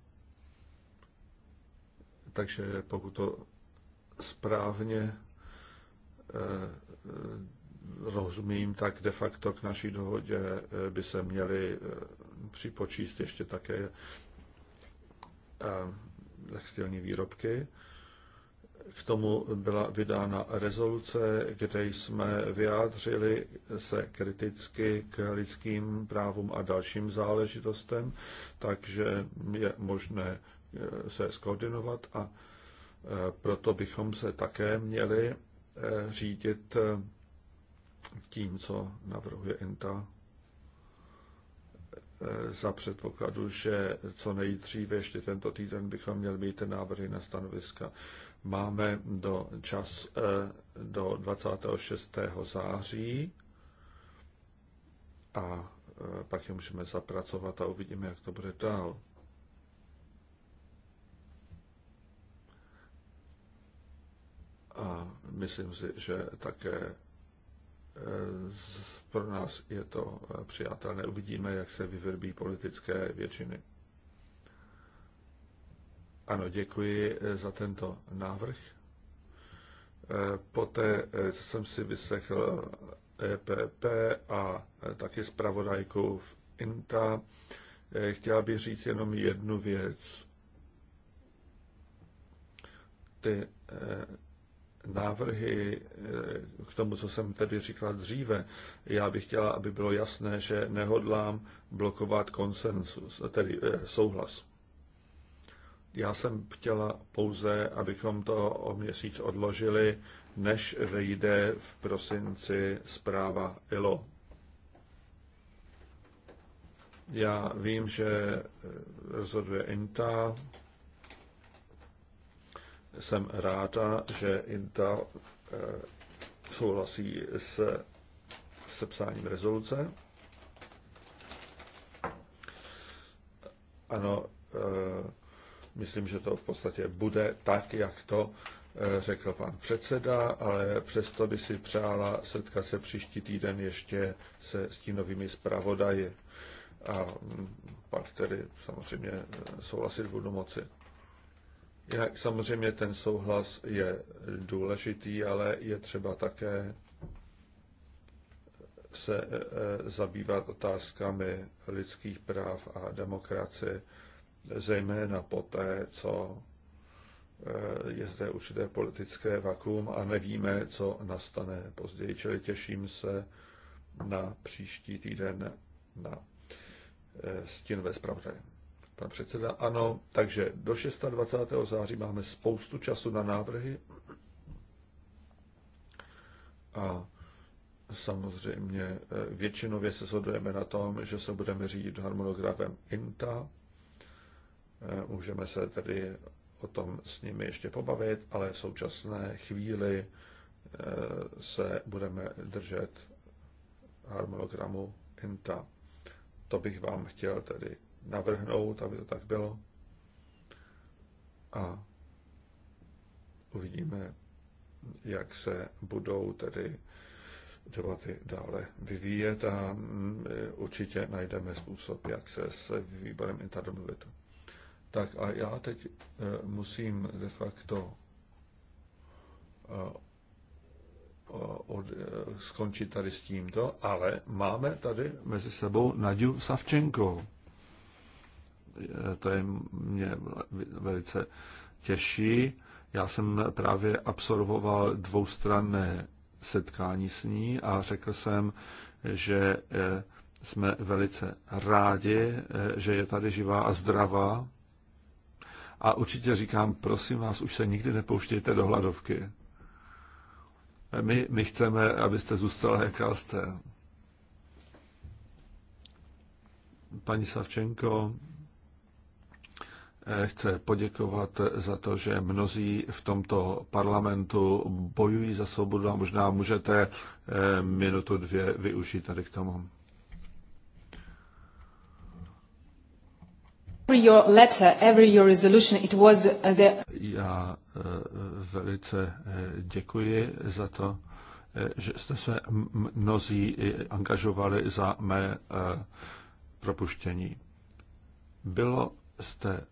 takže pokud to správně eh, rozumím, tak de facto k naší dohodě eh, by se měli připočíst ještě také textilní výrobky. K tomu byla vydána rezoluce, kde jsme vyjádřili se kriticky k lidským právům a dalším záležitostem, takže je možné eh, se skoordinovat a eh, proto bychom se také měli eh, řídit tím, co navrhuje INTA Eh, za předpokladu, že co nejdříve ještě tento týden bychom měli mít návrhy na stanoviska. Máme do čas eh, do 26. září a eh, pak je můžeme zapracovat a uvidíme, jak to bude dál. A myslím si, že také Eh, pro nás je to eh, přijatelné. Uvidíme, jak se vyvrbí politické většiny. Ano, děkuji eh, za tento návrh. Poté jsem si vyslechl EPP a taky zpravodajku v INTA. Chtěla bych říct jenom jednu věc. Ty návrhy eh, k tomu, co jsem tedy říkal dříve. Já bych chtěla, aby bylo jasné, že nehodlám blokovat konsensus, tedy eh, souhlas. Já jsem chtěla pouze, abychom to o měsíc odložili, než vyjde v prosinci zpráva ILO. Já vím, že eh, rozhoduje INTA, jsem ráda, že INTA eh, souhlasí s sepsáním rezoluce. Ano, eh, myslím, že to v podstatě bude tak, jak to eh, řekl pan předseda, ale přesto by si přála setkat se příští týden ještě se stínovými zpravodaji. A mm, pak tedy samozřejmě souhlasit budu moci. Jinak samozřejmě ten souhlas je důležitý, ale je třeba také se e, e, zabývat otázkami lidských práv a demokracie, zejména poté, co e, je zde určité politické vakuum a nevíme, co nastane později. Čili těším se na příští týden na stín ve zpravodajem. Pan předseda, ano, takže do 26. září máme spoustu času na návrhy a samozřejmě eh, většinově se shodujeme na tom, že se budeme řídit harmonogramem INTA. Eh, můžeme se tedy o tom s nimi ještě pobavit, ale v současné chvíli eh, se budeme držet harmonogramu INTA. To bych vám chtěl tedy navrhnout, aby to tak bylo. A uvidíme, jak se budou tedy debaty dále vyvíjet a mm, určitě najdeme způsob, jak se s výborem INTA domluvit. Tak a já teď e, musím de facto e, od, e, skončit tady s tímto, ale máme tady mezi sebou Nadiu Savčenkovou to je mě velice těší. Já jsem právě absolvoval dvoustranné setkání s ní a řekl jsem, že eh, jsme velice rádi, eh, že je tady živá a zdravá. A určitě říkám, prosím vás, už se nikdy nepouštějte do hladovky. My, my chceme, abyste zůstala, jaká jste. Paní Savčenko, chce poděkovat za to, že mnozí v tomto parlamentu bojují za svobodu a možná můžete eh, minutu dvě využít tady k tomu. Your letter, every your resolution, it was uh, the... Já eh, velice eh, děkuji za to, že jste se mnozí angažovali za mé propuštění. Bylo jste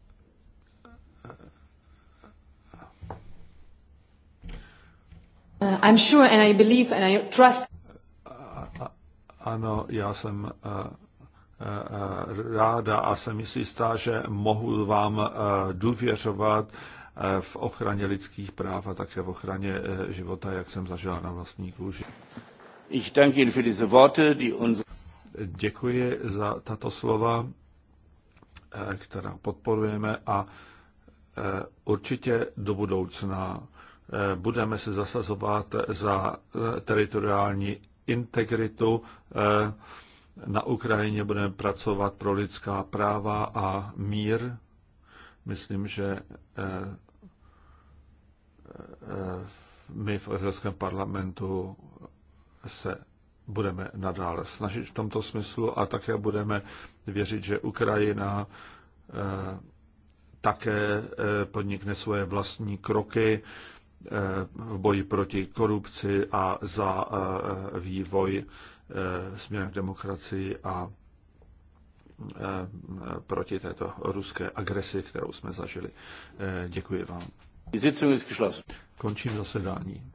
Uh, I'm sure and I believe and I trust. Ano, já jsem uh, uh, ráda a jsem si jistá, že mohu vám důvěřovat v ochraně lidských práv a také v ochraně života, jak jsem zažila na vlastní kůži. Ich danke Ihnen für diese Worte, die uns... Děkuji za tato slova, která podporujeme a určitě do budoucna budeme se zasazovat za eh, teritoriální integritu eh, na Ukrajině, budeme pracovat pro lidská práva a mír. Myslím, že eh, my v Evropském parlamentu se budeme nadále snažit v tomto smyslu a také budeme věřit, že Ukrajina také podnikne svoje vlastní kroky v boji proti korupci a za eh, vývoj eh, směrem k demokracii a eh, proti této ruské agresi, kterou jsme zažili. Děkuji vám. Končím zasedání.